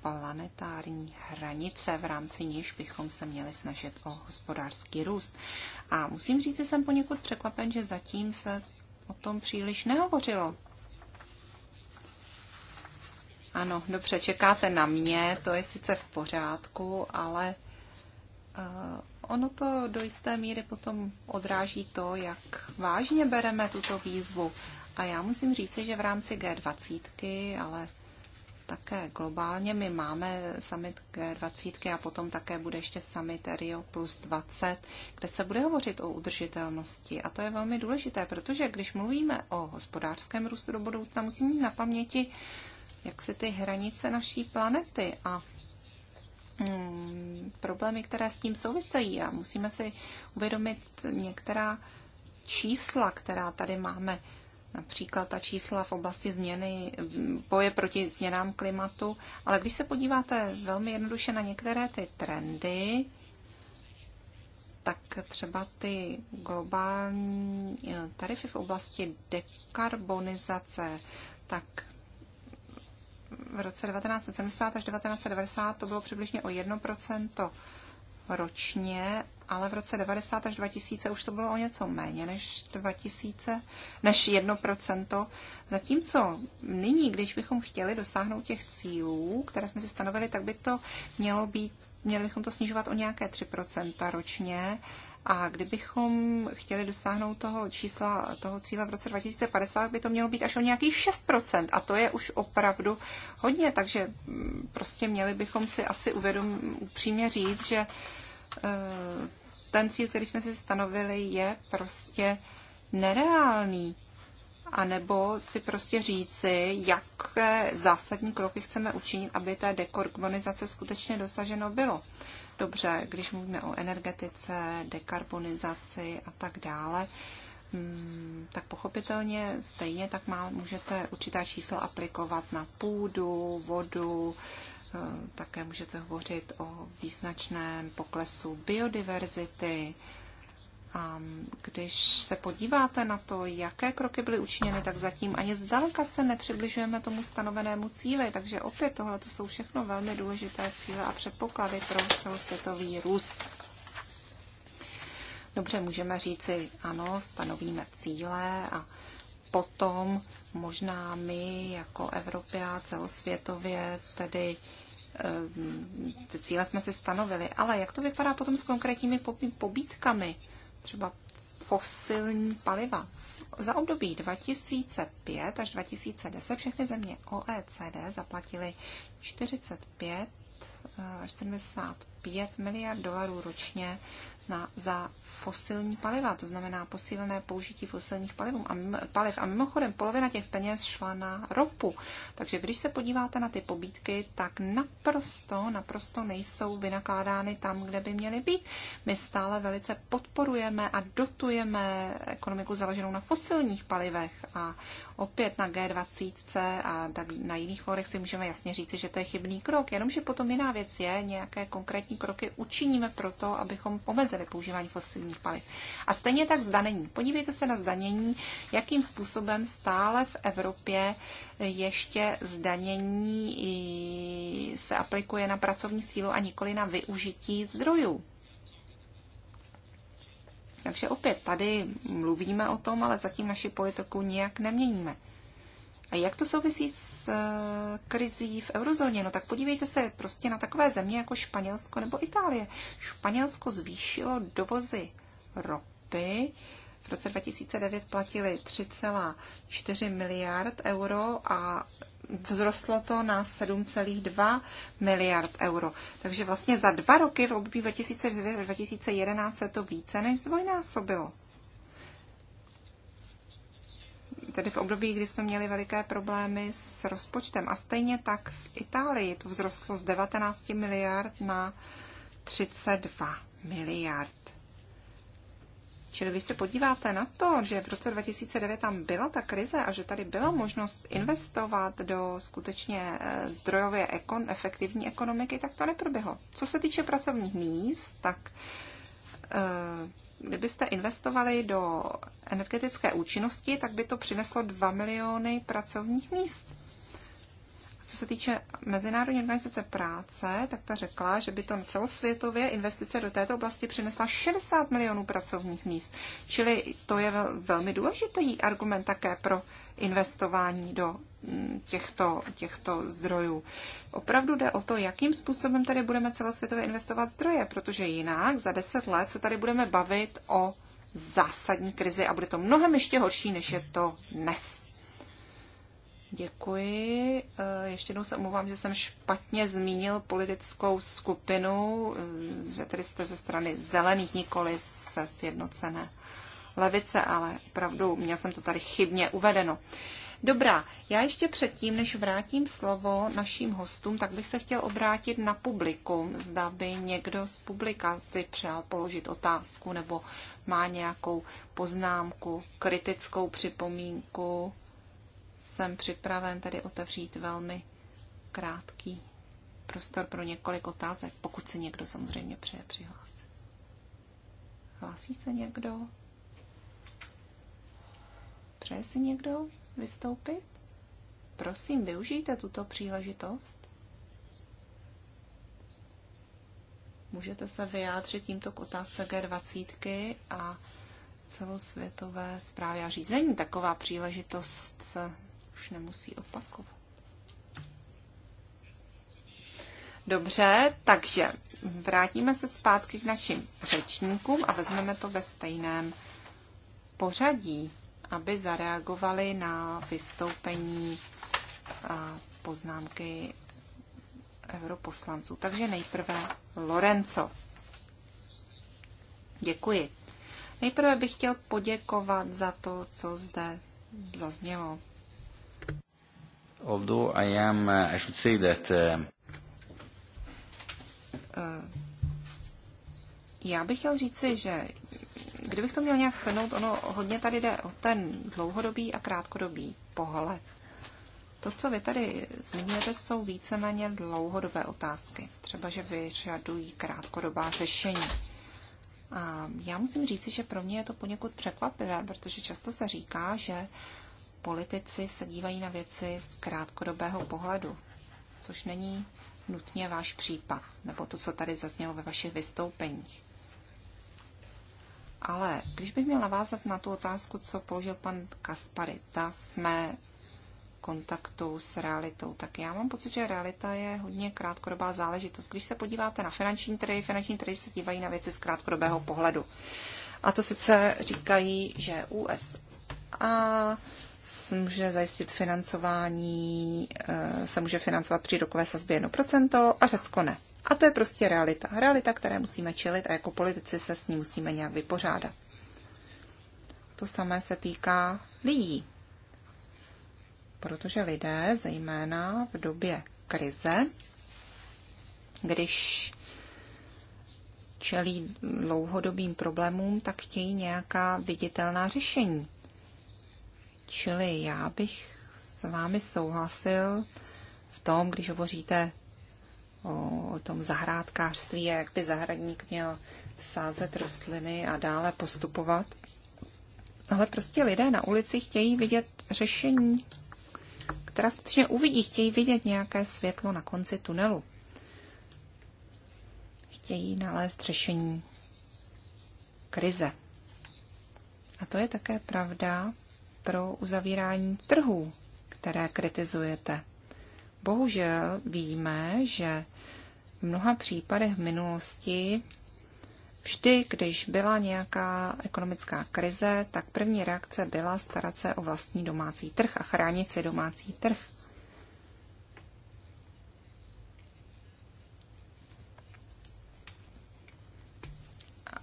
planetární hranice, v rámci níž bychom se měli snažit o hospodářský růst. A musím říct, že jsem poněkud překvapen, že zatím se o tom příliš nehovořilo. Ano, dobře, čekáte na mě, to je sice v pořádku, ale uh, ono to do jisté míry potom odráží to, jak vážně bereme tuto výzvu. A já musím říci, že v rámci G20, ale také globálně, my máme summit G20 a potom také bude ještě summit Rio plus 20, kde se bude hovořit o udržitelnosti. A to je velmi důležité, protože když mluvíme o hospodářském růstu do budoucna, musíme mít na paměti jak se ty hranice naší planety a hmm, problémy, které s tím souvisejí. A musíme si uvědomit některá čísla, která tady máme, například ta čísla v oblasti změny, boje proti změnám klimatu. Ale když se podíváte velmi jednoduše na některé ty trendy, tak třeba ty globální eh, tarify v oblasti dekarbonizace, tak v roce 1970 až 1990 to bylo přibližně o 1% ročně, ale v roce 90 až 2000 už to bylo o něco méně než 2000, než 1%. Zatímco nyní, když bychom chtěli dosáhnout těch cílů, které jsme si stanovili, tak by to mělo být, měli bychom to snižovat o nějaké 3% ročně a kdybychom chtěli dosáhnout toho čísla, toho cíle v roce 2050, by to mělo být až o nějakých 6%. A to je už opravdu hodně, takže mm, prostě měli bychom si asi uvědom, upřímně říct, že eh, ten cíl, který jsme si stanovili, je prostě nereálný. A nebo si prostě říci, jaké zásadní kroky chceme učinit, aby té dekarbonizace skutečně dosaženo bylo. Dobře, když mluvíme o energetice, dekarbonizaci a tak dále, mm, tak pochopitelně stejně tak má, můžete určitá čísla aplikovat na půdu, vodu, eh, také můžete hovořit o význačném poklesu biodiverzity, a když se podíváte na to, jaké kroky byly učiněny, tak zatím ani zdaleka se nepřibližujeme tomu stanovenému cíli. Takže opět tohle to jsou všechno velmi důležité cíle a předpoklady pro celosvětový růst. Dobře, můžeme říci, ano, stanovíme cíle a potom možná my jako Evropě a celosvětově tedy ty cíle jsme si stanovili, ale jak to vypadá potom s konkrétními pobítkami? třeba fosilní paliva. Za období 2005 až 2010 všechny země OECD zaplatily 45 až 75 miliard dolarů ročně na, za fosilní paliva, to znamená posílené použití fosilních palivů a mimo, paliv. A mimochodem polovina těch peněz šla na ropu. Takže když se podíváte na ty pobídky, tak naprosto, naprosto nejsou vynakládány tam, kde by měly být. My stále velice podporujeme a dotujeme ekonomiku založenou na fosilních palivech a opět na G20 a tak na jiných fórech si můžeme jasně říct, že to je chybný krok. Jenomže potom jiná věc je, nějaké konkrétní kroky učiníme proto, abychom omezili používání fosilních fosilních paliv. A stejně tak zdanění. Podívejte se na zdanění, jakým způsobem stále v Evropě ještě zdanění se aplikuje na pracovní sílu a nikoli na využití zdrojů. Takže opět tady mluvíme o tom, ale zatím naši politiku nijak neměníme. A jak to souvisí s eh, krizí v eurozóně? No tak podívejte se prostě na takové země jako Španělsko nebo Itálie. Španělsko zvýšilo dovozy ropy v roce 2009 platili 3,4 miliard euro a vzrostlo to na 7,2 miliard euro. Takže vlastně za dva roky v období 2009 2011 se to více než zdvojnásobilo. Tedy v období, kdy jsme měli veliké problémy s rozpočtem. A stejně tak v Itálii to vzrostlo z 19 miliard na 32 miliard. Čili když se podíváte na to, že v roce 2009 tam byla ta krize a že tady byla možnost investovat do skutečně eh, zdrojově ekon, efektivní ekonomiky, tak to neproběhlo. Co se týče pracovních míst, tak kdybyste eh, investovali do energetické účinnosti, tak by to přineslo 2 miliony pracovních míst. Co se týče Mezinárodní organizace práce, tak ta řekla, že by to celosvětově investice do této oblasti přinesla 60 milionů pracovních míst. Čili to je velmi důležitý argument také pro investování do mm, těchto, těchto zdrojů. Opravdu jde o to, jakým způsobem tady budeme celosvětově investovat zdroje, protože jinak za deset let se tady budeme bavit o zásadní krizi a bude to mnohem ještě horší, než je to dnes. Děkuji. E, ještě jednou se omlouvám, že jsem špatně zmínil politickou skupinu, e, že tedy jste ze strany zelených, nikoli se sjednocené levice, ale opravdu měl jsem to tady chybně uvedeno. Dobrá, já ještě předtím, než vrátím slovo našim hostům, tak bych se chtěl obrátit na publikum. Zda by někdo z publika si přál položit otázku nebo má nějakou poznámku, kritickou připomínku jsem připraven tady otevřít velmi krátký prostor pro několik otázek, pokud se někdo samozřejmě přeje přihlásit. Hlásí se někdo? Přeje si někdo vystoupit? Prosím, využijte tuto příležitost. Můžete se vyjádřit tímto k otázce G20 a celosvětové zprávy a řízení. Taková příležitost se už nemusí opakovat. Dobře, takže vrátíme se zpátky k našim řečníkům a vezmeme to ve stejném pořadí, aby zareagovali na vystoupení a poznámky europoslanců. Takže nejprve Lorenzo. Děkuji. Nejprve bych chtěl poděkovat za to, co zde zaznělo although I am, uh, I should say that. Uh, eh, já bych chtěl říci, že kdybych to měl nějak shrnout, ono hodně tady jde o ten dlouhodobý a krátkodobý pohled. To, co vy tady zmiňujete, jsou víceméně dlouhodobé otázky. Třeba, že vyřadují krátkodobá řešení. A já musím říci, že pro mě je to poněkud překvapivé, protože často se říká, že uh, politici se dívají na věci z krátkodobého pohledu, což není nutně váš případ, nebo to, co tady zaznělo ve vašich vystoupeních. Ale když bych měl navázat na tu otázku, co položil pan Kaspary, zda jsme kontaktu s realitou, tak já mám pocit, že realita je hodně krátkodobá záležitost. Když se podíváte na finanční trhy, finanční trhy se dívají na věci z krátkodobého pohledu. A to sice říkají, že USA se může zajistit financování, eh, se může financovat při rokové sazbě 1% a Řecko ne. A to je prostě realita. Realita, které musíme čelit a jako politici se s ní musíme nějak vypořádat. To samé se týká lidí. Protože lidé, zejména v době krize, když čelí dlouhodobým problémům, tak chtějí nějaká viditelná řešení. Čili já bych s vámi souhlasil v tom, když hovoříte o tom zahrádkářství a jak by zahradník měl sázet rostliny a dále postupovat. Ale prostě lidé na ulici chtějí vidět řešení, která skutečně uvidí, chtějí vidět nějaké světlo na konci tunelu. Chtějí nalézt řešení krize. A to je také pravda pro uzavírání trhů, které kritizujete. Bohužel víme, že v mnoha případech v minulosti Vždy, když byla nějaká ekonomická krize, tak první reakce byla starat se o vlastní domácí trh a chránit si domácí trh.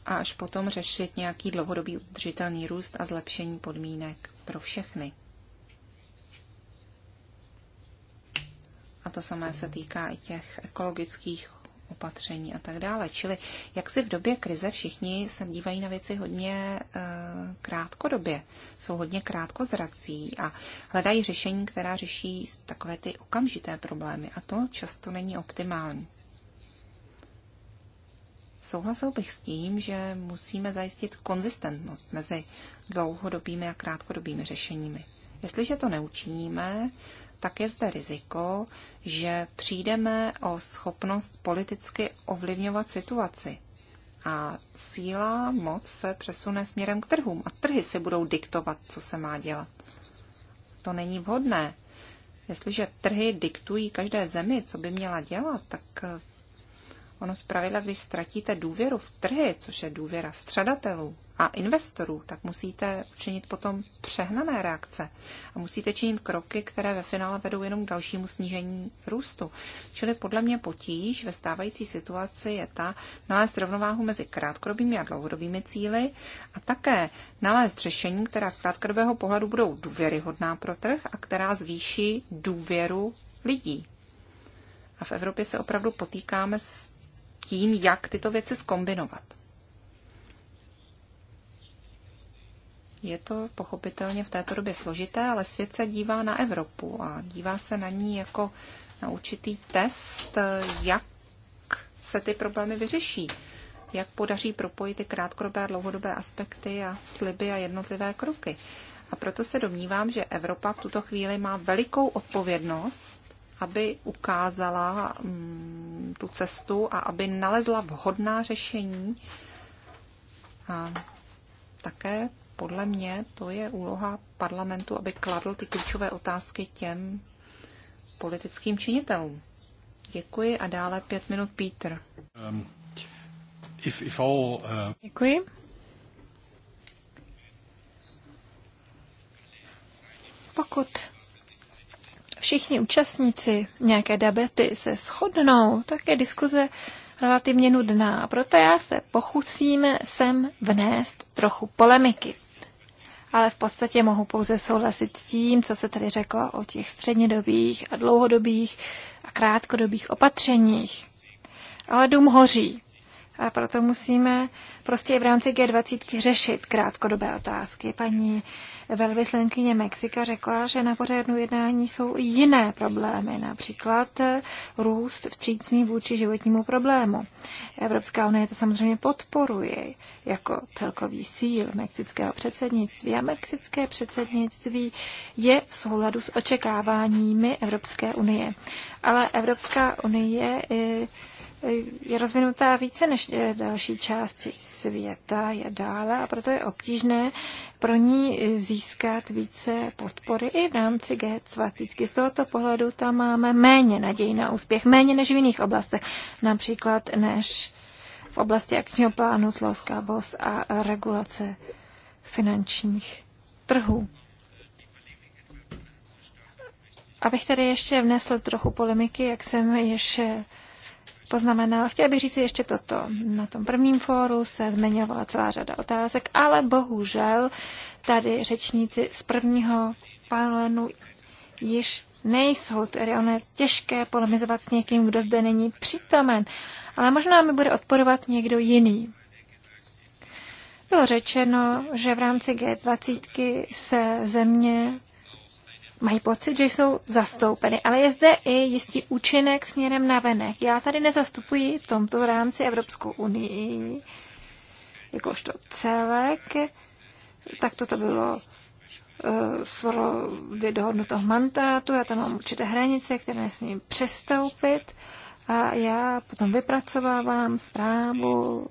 A až potom řešit nějaký dlouhodobý udržitelný růst a zlepšení podmínek pro všechny. A to samé se týká i těch ekologických opatření a tak dále. Čili jak si v době krize všichni se dívají na věci hodně e, krátkodobě, jsou hodně krátkozrací a hledají řešení, která řeší takové ty okamžité problémy a to často není optimální. Souhlasil bych s tím, že musíme zajistit konzistentnost mezi dlouhodobými a krátkodobými řešeními. Jestliže to neučiníme, tak je zde riziko, že přijdeme o schopnost politicky ovlivňovat situaci. A síla, moc se přesune směrem k trhům a trhy si budou diktovat, co se má dělat. To není vhodné. Jestliže trhy diktují každé zemi, co by měla dělat, tak Ono zpravidla, když ztratíte důvěru v trhy, což je důvěra středatelů a investorů, tak musíte učinit potom přehnané reakce a musíte činit kroky, které ve finále vedou jenom k dalšímu snížení růstu. Čili podle mě potíž ve stávající situaci je ta nalézt rovnováhu mezi krátkodobými a dlouhodobými cíly a také nalézt řešení, která z krátkodobého pohledu budou důvěryhodná pro trh a která zvýší důvěru lidí. A v Evropě se opravdu potýkáme s tím, jak tyto věci skombinovat. Je to pochopitelně v této době složité, ale svět se dívá na Evropu a dívá se na ní jako na určitý test, jak se ty problémy vyřeší, jak podaří propojit ty krátkodobé a dlouhodobé aspekty a sliby a jednotlivé kroky. A proto se domnívám, že Evropa v tuto chvíli má velikou odpovědnost, aby ukázala mm, tu cestu a aby nalezla vhodná řešení. A také podle mě to je úloha parlamentu, aby kladl ty klíčové otázky těm politickým činitelům. Děkuji a dále pět minut Pítr. Um, if, all, uh, Děkuji. Pokud všichni účastníci nějaké debaty se shodnou, tak je diskuze relativně nudná. A proto já se pochusím sem vnést trochu polemiky. Ale v podstatě mohu pouze souhlasit s tím, co se tady řeklo o těch střednědobých a dlouhodobých a krátkodobých opatřeních. Ale dům hoří. A proto musíme prostě i v rámci G20 řešit krátkodobé otázky. Paní velvyslankyně Mexika řekla, že na pořádnu jednání jsou jiné problémy, například růst vstřícný vůči životnímu problému. Evropská unie to samozřejmě podporuje jako celkový síl mexického předsednictví a mexické předsednictví je v souladu s očekáváními Evropské unie. Ale Evropská unie eh, je rozvinutá více než eh, další části světa, je dále a proto je obtížné pro ní eh, získat více podpory i v rámci G20. Z tohoto pohledu tam máme méně naději na úspěch, méně než v jiných oblastech, například než v oblasti akčního plánu Slovská BOS a regulace finančních trhů. Abych tady ještě vnesl trochu polemiky, jak jsem ještě poznamenal. Chtěla bych říct ještě toto. Na tom prvním fóru se zmiňovala celá řada otázek, ale bohužel tady řečníci z prvního panelu již nejsou, tedy ono je těžké polemizovat s někým, kdo zde není přítomen, ale možná mi bude odporovat někdo jiný. Bylo řečeno, že v rámci G20 se země mají pocit, že jsou zastoupeny. Ale je zde i jistý účinek směrem na venek. Já tady nezastupuji v tomto rámci Evropskou unii jakožto celek. Tak toto bylo eh, v dohodnutého mandátu, já tam mám určité hranice, které nesmím přestoupit a já potom vypracovávám zprávu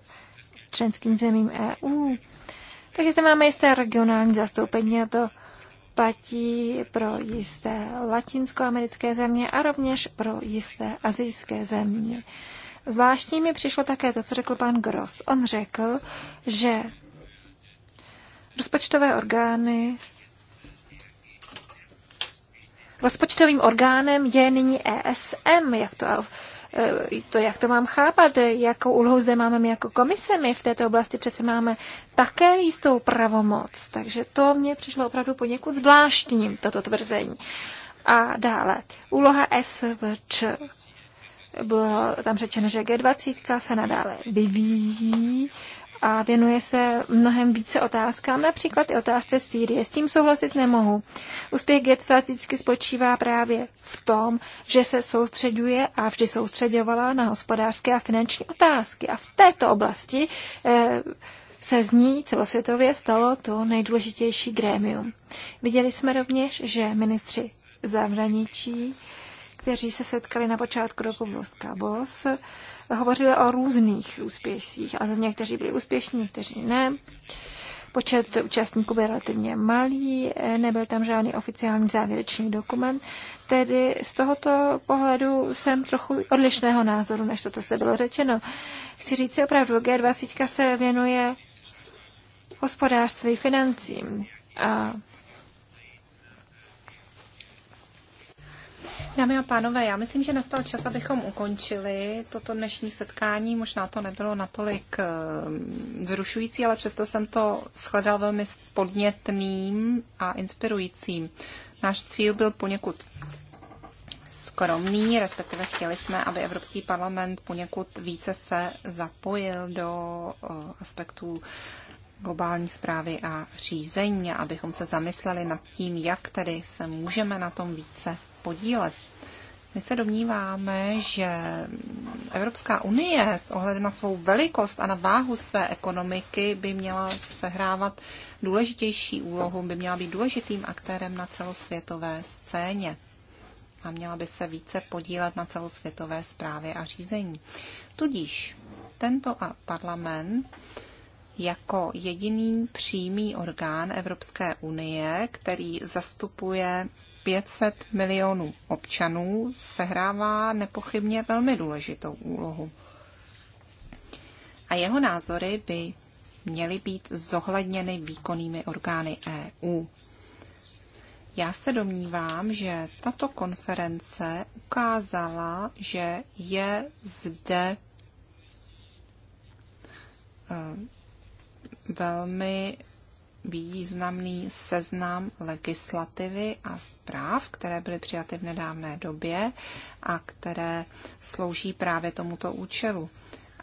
členským zemím EU. Takže zde máme jisté regionální zastoupení a to platí pro jisté latinskoamerické země a rovněž pro jisté azijské země. Zvláštní mi přišlo také to, co řekl pan Gross. On řekl, že rozpočtové orgány Rozpočtovým orgánem je nyní ESM, jak to Eh, to, jak to mám chápat, jakou úlohu zde máme my jako komise. My v této oblasti přece máme také jistou pravomoc, takže to mně přišlo opravdu poněkud zvláštním, toto tvrzení. A dále, úloha SVČ. Bylo tam řečeno, že G20 se nadále vyvíjí, a věnuje se mnohem více otázkám, například i otázce Sýrie. S tím souhlasit nemohu. Úspěch Getfa vždycky spočívá právě v tom, že se soustředuje a vždy soustředovala na hospodářské a finanční otázky. A v této oblasti eh, se z ní celosvětově stalo to nejdůležitější grémium. Viděli jsme rovněž, že ministři zahraničí eh, kteří se setkali na počátku roku v Los Cabos, hovořili o různých úspěších a země, kteří byli úspěšní, někteří ne. Počet účastníků byl relativně malý, nebyl tam žádný oficiální závěrečný dokument, tedy z tohoto pohledu jsem trochu odlišného názoru, než toto se bylo řečeno. Chci říct si opravdu, G20 se věnuje hospodářství, financím a Dámy a pánové, já myslím, že nastal čas, abychom ukončili toto dnešní setkání. Možná to nebylo natolik ehm, vzrušující, ale přesto jsem to shledal velmi podnětným a inspirujícím. Náš cíl byl poněkud skromný, respektive chtěli jsme, aby Evropský parlament poněkud více se zapojil do eh, aspektů globální zprávy a řízení, abychom se zamysleli nad tím, jak tedy se můžeme na tom více podílet. My se domníváme, že Evropská unie s ohledem na svou velikost a na váhu své ekonomiky by měla sehrávat důležitější úlohu, by měla být důležitým aktérem na celosvětové scéně a měla by se více podílet na celosvětové zprávě a řízení. Tudíž tento parlament jako jediný přímý orgán Evropské unie, který zastupuje 500 milionů občanů sehrává nepochybně velmi důležitou úlohu. A jeho názory by měly být zohledněny výkonnými orgány EU. Já se domnívám, že tato konference ukázala, že je zde eh, velmi významný seznam legislativy a zpráv, které byly přijaty v nedávné době a které slouží právě tomuto účelu.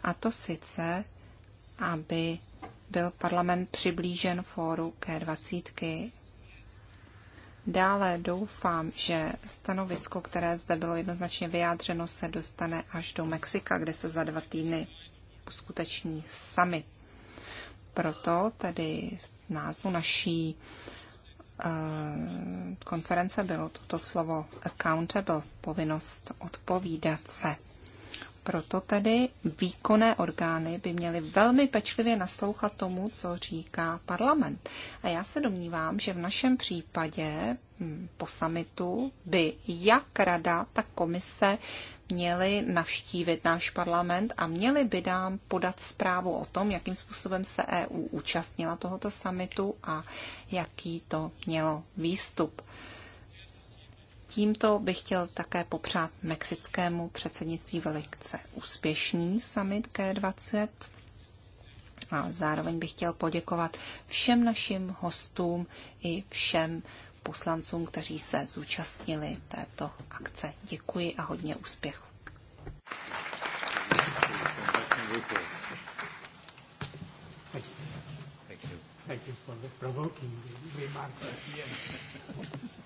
A to sice, aby byl parlament přiblížen fóru K20. Dále doufám, že stanovisko, které zde bylo jednoznačně vyjádřeno, se dostane až do Mexika, kde se za dva týdny uskuteční sami. Proto tedy v názvu naší eh, konference bylo toto slovo accountable, povinnost odpovídat se. Proto tedy výkonné orgány by měly velmi pečlivě naslouchat tomu, co říká parlament. A já se domnívám, že v našem případě Hm, po samitu by jak rada, tak komise měli navštívit náš parlament a měli by nám podat zprávu o tom, jakým způsobem se EU účastnila tohoto samitu a jaký to mělo výstup. Tímto bych chtěl také popřát mexickému předsednictví velice úspěšný summit G20 a zároveň bych chtěl poděkovat všem našim hostům i všem poslancům, kteří se zúčastnili této akce. Děkuji a hodně úspěchu. Thank you. for the provoking remarks at the end.